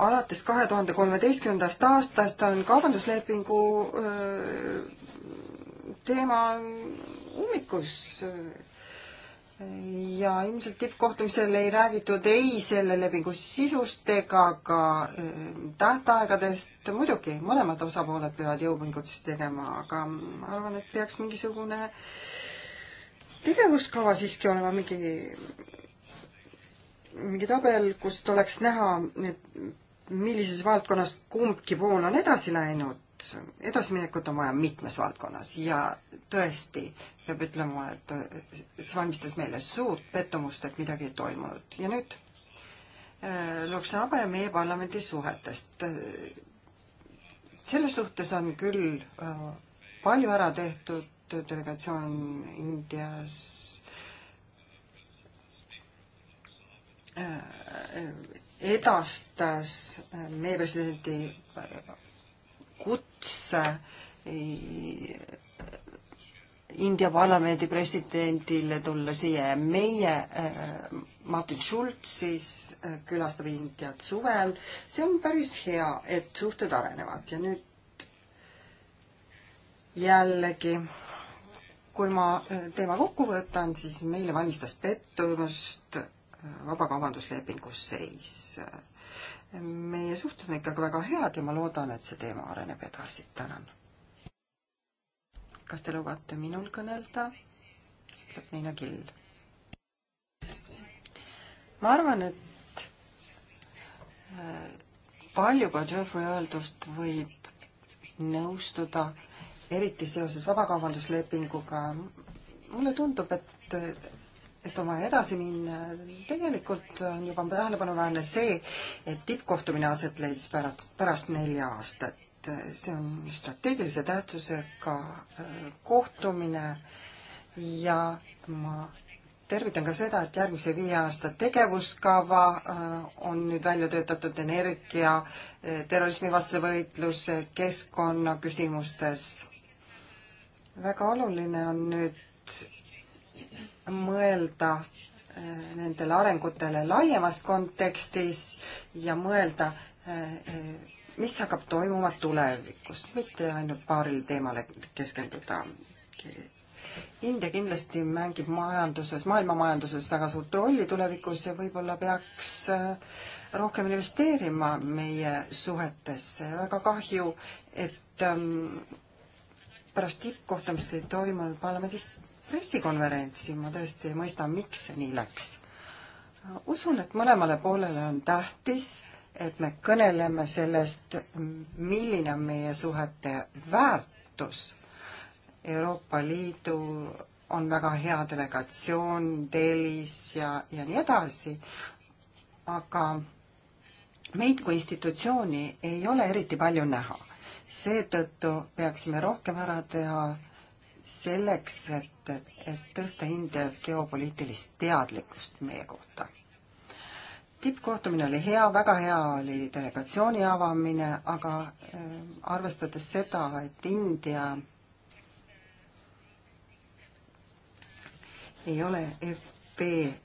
alates kahe tuhande kolmeteistkümnendast aastast on kaubanduslepingu äh, teema ummikus ja ilmselt tippkohtumisel ei räägitud ei selle lepingu sisust ega ka äh, tähtaegadest. muidugi, mõlemad osapooled peavad jõupingutusi tegema, aga ma arvan, et peaks mingisugune äh, pidevuskava siiski olema mingi, mingi tabel, kust oleks näha, et millises valdkonnas kumbki pool on edasi läinud? edasiminekut on vaja mitmes valdkonnas ja tõesti, peab ütlema, et see valmistas meile suurt pettumust, et midagi ei toimunud ja nüüd äh, Loksaaba ja meie parlamendi suhetest. Äh, selles suhtes on küll äh, palju ära tehtud, delegatsioon Indias äh, edastas meie presidendi kutse India parlamendi presidendile tulla siia ja meie äh, Martin Schulz siis äh, külastab Indiat suvel. see on päris hea, et suhted arenevad ja nüüd jällegi äh, kui ma äh, teema kokku võtan, siis meile valmistas pettumust äh, vabakaubanduslepingu seis. meie suhted on ikkagi väga head ja ma loodan, et see teema areneb edasi. tänan. kas te lubate minul kõnelda? ütleb Niina Kill. ma arvan, et äh, palju ka Jeffrey öeldust võib nõustuda eriti seoses vabakaubanduslepinguga. mulle tundub, et, et on vaja edasi minna. tegelikult on juba tähelepanuväärne see, et tippkohtumine aset leidis pärast, pärast nelja aastat. see on strateegilise tähtsusega äh, kohtumine ja ma tervitan ka seda, et järgmise viie aasta tegevuskava äh, on nüüd välja töötatud energia, äh, terrorismivastase võitluse, keskkonnaküsimustes väga oluline on nüüd mõelda äh, nendele arengutele laiemas kontekstis ja mõelda, äh, äh, mis hakkab toimuma tulevikus, mitte ainult paarile teemale keskenduda. India kindlasti mängib majanduses, maailma majanduses väga suurt rolli tulevikus ja võib-olla peaks rohkem investeerima meie suhetesse. väga kahju, et ähm, pärast tippkohtumist ei toimunud parlamendis pressikonverentsi, ma tõesti ei mõista, miks see nii läks. usun, et mõlemale poolele on tähtis, et me kõneleme sellest, milline on meie suhete väärtus. Euroopa Liidu on väga hea delegatsioon Delis ja, ja nii edasi, aga meid kui institutsiooni ei ole eriti palju näha seetõttu peaksime rohkem ära teha selleks, et, et tõsta Indias geopoliitilist teadlikkust meie kohta. tippkohtumine oli hea, väga hea oli delegatsiooni avamine, aga äh, arvestades seda, et India ei ole FP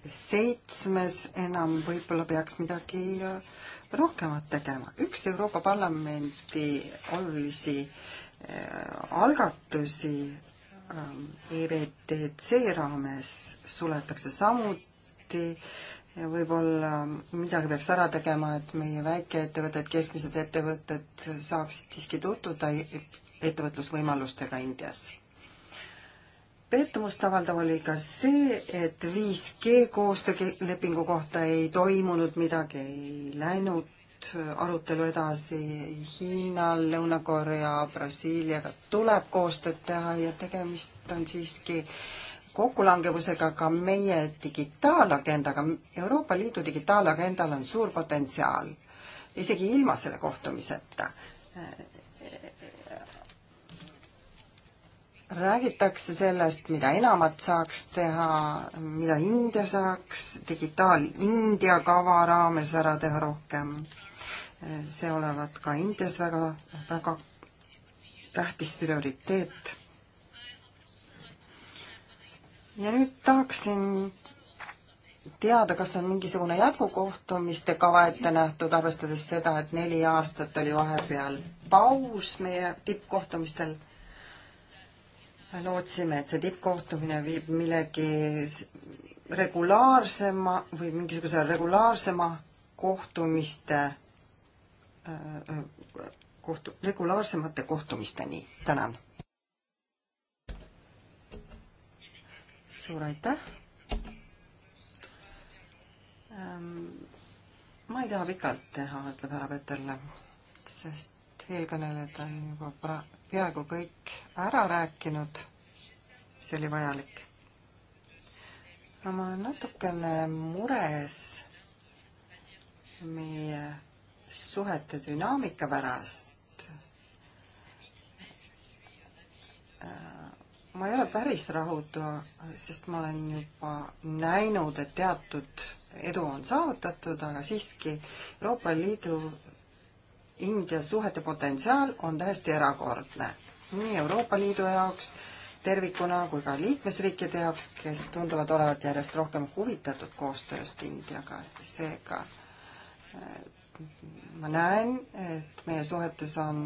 seitsmes enam, võib-olla peaks midagi äh, rohkemat tegema. üks Euroopa Parlamendi olulisi eh, algatusi EVTC eh, e raames suletakse samuti võib-olla midagi peaks ära tegema, et meie väikeettevõtted, keskmised ettevõtted saaksid siiski tutvuda e-, ettevõtlusvõimalustega Indias pettumust avaldav oli ka see, et 5G koostöölepingu kohta ei toimunud midagi, ei läinud arutelu edasi. Hiinal, Lõuna-Korea, Brasiiliaga tuleb koostööd teha ja tegemist on siiski kokkulangevusega ka meie digitaalagendaga. Euroopa Liidu digitaalagendal on suur potentsiaal, isegi ilma selle kohtumiseta räägitakse sellest, mida enamat saaks teha, mida India saaks digitaal-India kava raames ära teha rohkem. see olevat ka Indias väga, väga tähtis prioriteet. ja nüüd tahaksin teada, kas on mingisugune jätkukohtumiste kava ette nähtud, arvestades seda, et neli aastat oli vahepeal paus meie tippkohtumistel lootsime, et see tippkohtumine viib millegi regulaarsema või mingisuguse regulaarsema kohtumiste, äh, kohtu, regulaarsemate kohtumisteni. tänan. suur aitäh. ma ei taha pikalt teha, ütleb härra Peterle, sest et eelkõnelejad on juba pra-, peaaegu kõik ära rääkinud, see oli vajalik. no ma olen natukene mures meie suhete dünaamika pärast. Äh, ma ei ole päris rahutu, sest ma olen juba näinud, et teatud edu on saavutatud, aga siiski Euroopa Liidu India suhete potentsiaal on täiesti erakordne nii Euroopa Liidu jaoks tervikuna kui ka liikmesriikide jaoks, kes tunduvad olevat järjest rohkem huvitatud koostööst Indiaga. seega eh, ma näen, et meie suhetes on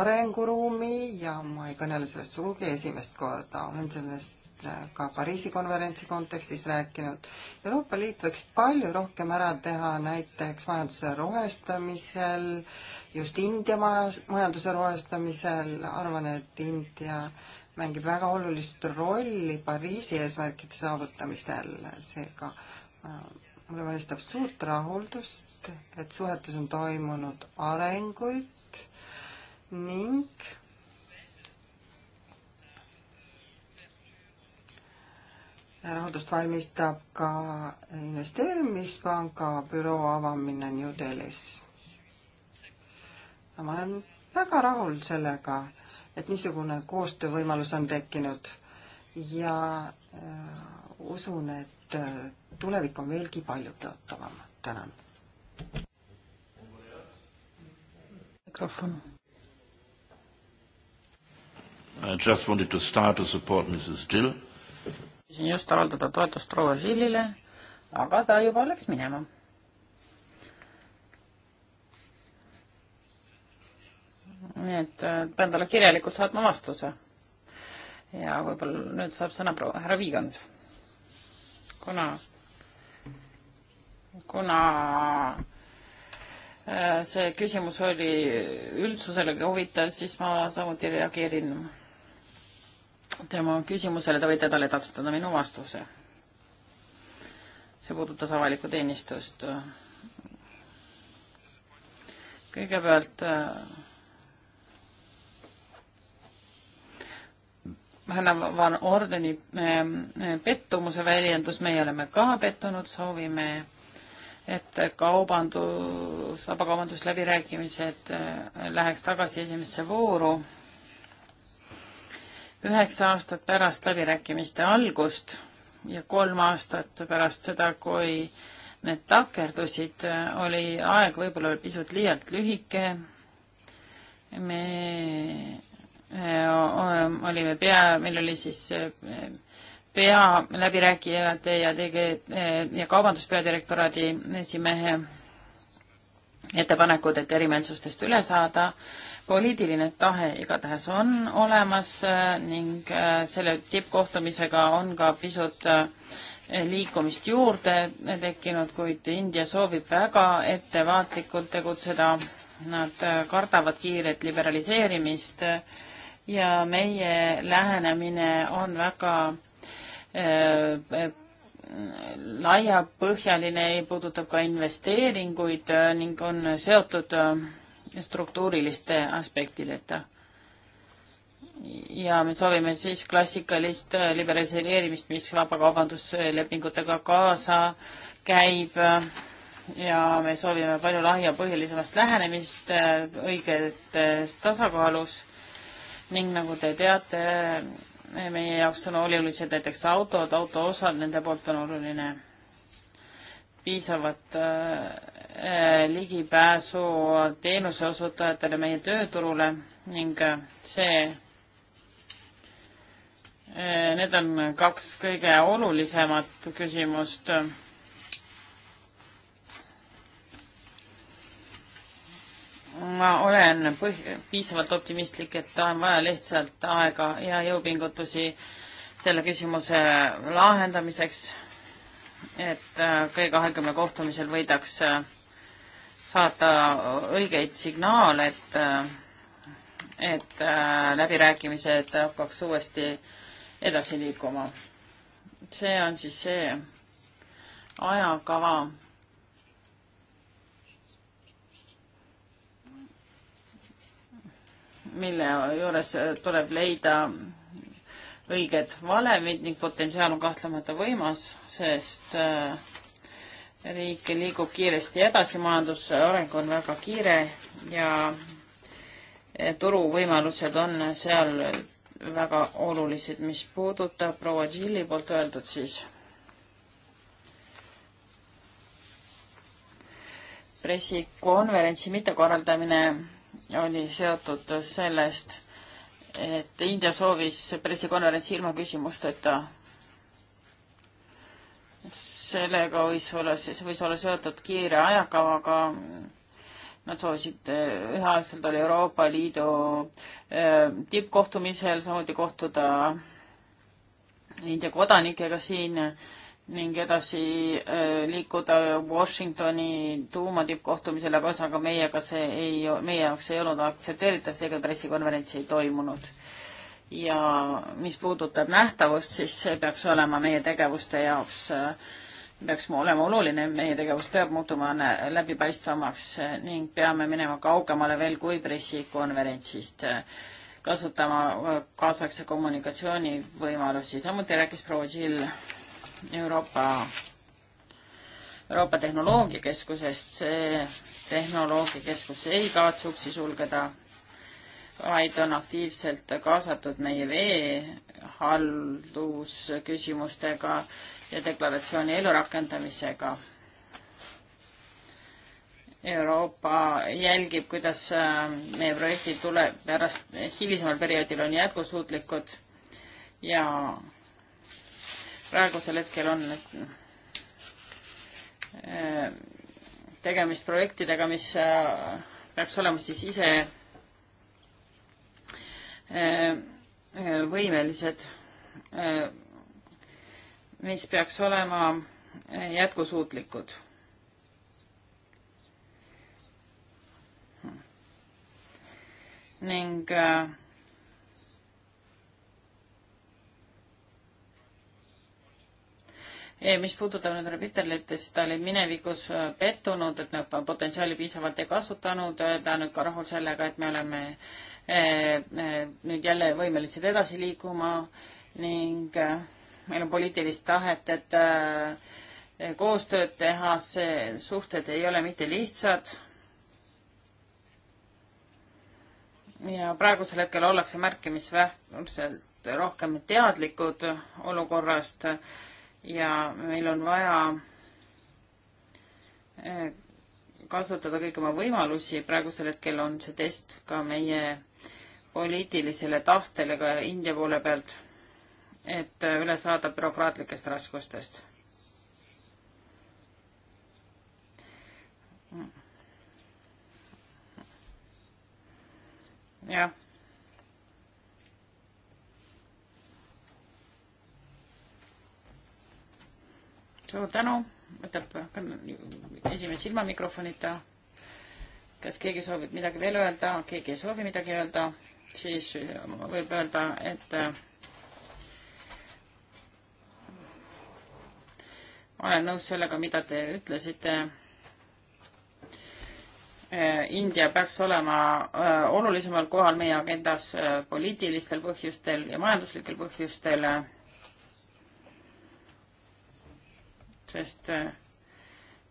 arenguruumi ja ma ei kõnele sellest sugugi esimest korda, olen sellest Äh, ka Pariisi konverentsi kontekstis rääkinud. Euroopa Liit võiks palju rohkem ära teha näiteks majanduse rohestamisel, just India majas, majanduse rohestamisel, arvan, et India mängib väga olulist rolli Pariisi eesmärkide saavutamisel, seega äh, mulle valmistab suurt rahuldust, et suhetes on toimunud arenguid ning rahandust valmistab ka investeerimispanga büroo avamine New Delhis. ma olen väga rahul sellega, et niisugune koostöövõimalus on tekkinud ja äh, usun, et äh, tulevik on veelgi palju tõotavam. tänan. mikrofon. I just wanted to start to support Mrs Jill siin just avaldada toetust proua Žillile, aga ta juba läks minema. nii et äh, pean talle kirjalikult saatma vastuse. ja võib-olla nüüd saab sõna proua härra Viigand. kuna, kuna äh, see küsimus oli üldsusele huvitav, siis ma samuti reageerin tema küsimusele, te võite talle edastada minu vastuse. see puudutas avalikku teenistust. kõigepealt äh, Hanna Van Ordeni äh, pettumuse väljendus, meie oleme ka pettunud, soovime, et kaubandus, vabakaubandusläbirääkimised äh, läheks tagasi esimesse vooru üheksa aastat pärast läbirääkimiste algust ja kolm aastat pärast seda, kui need takerdusid, oli aeg võib-olla pisut liialt lühike. me eh, eh, olime pea, meil oli siis eh, pea läbirääkijate ja tege- ja kaubandus peadirektoraadi esimehe ettepanekud, et erimeelsustest üle saada. poliitiline tahe igatahes on olemas äh, ning äh, selle tippkohtumisega on ka pisut äh, liikumist juurde tekkinud, kuid India soovib väga ettevaatlikult tegutseda. Nad kardavad kiiret liberaliseerimist ja meie lähenemine on väga laiapõhjaline, puudutab ka investeeringuid äh, ning on seotud äh, struktuuriliste aspektideta. ja me soovime siis klassikalist äh, liberaliseerimist, mis vabakaubanduslepingutega kaasa käib ja me soovime palju laiapõhjalisemast lähenemist õigetes tasakaalus ning nagu te teate, meie jaoks on olulised näiteks autod, autoosad, nende poolt on oluline piisavat äh, ligipääsu teenuseosutajatele meie tööturule ning äh, see äh,, need on kaks kõige olulisemat küsimust äh, ma olen põh-, piisavalt optimistlik, et on vaja lihtsalt aega ja jõupingutusi selle küsimuse lahendamiseks, et äh, G kahekümne kohtumisel võidaks äh, saata õigeid signaale, et, äh, et läbirääkimised hakkaks uuesti edasi liikuma. see on siis see ajakava mille juures tuleb leida õiged valemid ning potentsiaal on kahtlemata võimas, sest äh, riik liigub kiiresti edasi, majanduse areng on väga kiire ja äh, turuvõimalused on seal väga olulised, mis puudutab proua Tšilli poolt öeldud, siis pressikonverentsi mittekorraldamine oli seotud sellest, et India soovis pressikonverentsi ilma küsimusteta. sellega võis olla, siis võis olla seotud kiire ajakavaga. Nad soovisid, eh, üheaegselt oli Euroopa Liidu eh, tippkohtumisel samuti kohtuda India kodanikega siin ning edasi äh, liikuda Washingtoni tuumatippkohtumisele, aga ühesõnaga meiega see ei, meie jaoks ei olnud aktsepteeritav, seega pressikonverentsi ei toimunud. ja mis puudutab nähtavust, siis see peaks olema meie tegevuste jaoks, äh, peaks olema oluline, meie tegevus peab muutuma läbipaistvamaks äh, ning peame minema kaugemale veel kui pressikonverentsist kasutama kaasaegse kommunikatsiooni võimalusi, samuti rääkis proua Jill Euroopa, Euroopa Tehnoloogiakeskusest. see tehnoloogiakeskus ei kavatse uksi sulgeda, vaid on aktiivselt kaasatud meie veehaldusküsimustega ja deklaratsiooni elurakendamisega. Euroopa jälgib, kuidas äh, meie projektid tule-, pärast, hilisemal perioodil on jätkusuutlikud ja praegusel hetkel on äh, tegemist projektidega, mis äh, peaks olema siis ise äh, võimelised, mis peaks olema jätkusuutlikud. Hm. ning äh, Eh, mis puudutab nüüd Rebitellit, siis ta oli minevikus eh, pettunud, et nad potentsiaali piisavalt ei kasutanud, eh, ta on nüüd ka rahul sellega, et me oleme nüüd jälle võimelised edasi liikuma ning meil on poliitilist tahet, et koostööd teha, see suhted ei ole mitte lihtsad. ja praegusel hetkel ollakse märkimisväärselt rohkem teadlikud olukorrast ja meil on vaja eh, kasutada kõiki oma võimalusi, praegusel hetkel on see test ka meie poliitilisele tahtele ka India poole pealt, et eh, üle saada bürokraatlikest raskustest. jah suur tänu, võtab esimees ilma mikrofonita. kas keegi soovib midagi veel öelda, keegi ei soovi midagi öelda, siis võib öelda, et ma äh, olen nõus sellega, mida te ütlesite. Äh, India peaks olema äh, olulisemal kohal meie agendas poliitilistel põhjustel ja majanduslikel põhjustel sest äh,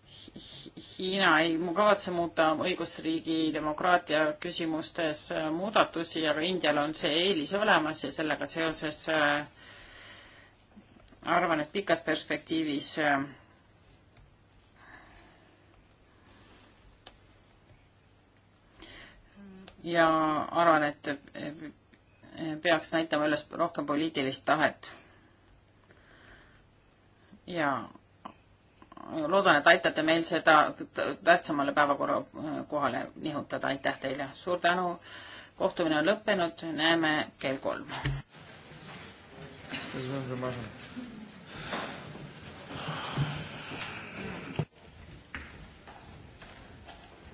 Hiina ei kavatse muuta õigusriigi demokraatia küsimustes äh, muudatusi, aga Indial on see eelis olemas ja sellega seoses äh, arvan, et pikas perspektiivis ja arvan, et peaks näitama üles rohkem poliitilist tahet. ja loodan, et aitate meil seda tähtsamale päevakorra äh, kohale nihutada, aitäh teile, suur tänu. kohtumine on lõppenud, näeme kell kolm. Thank you.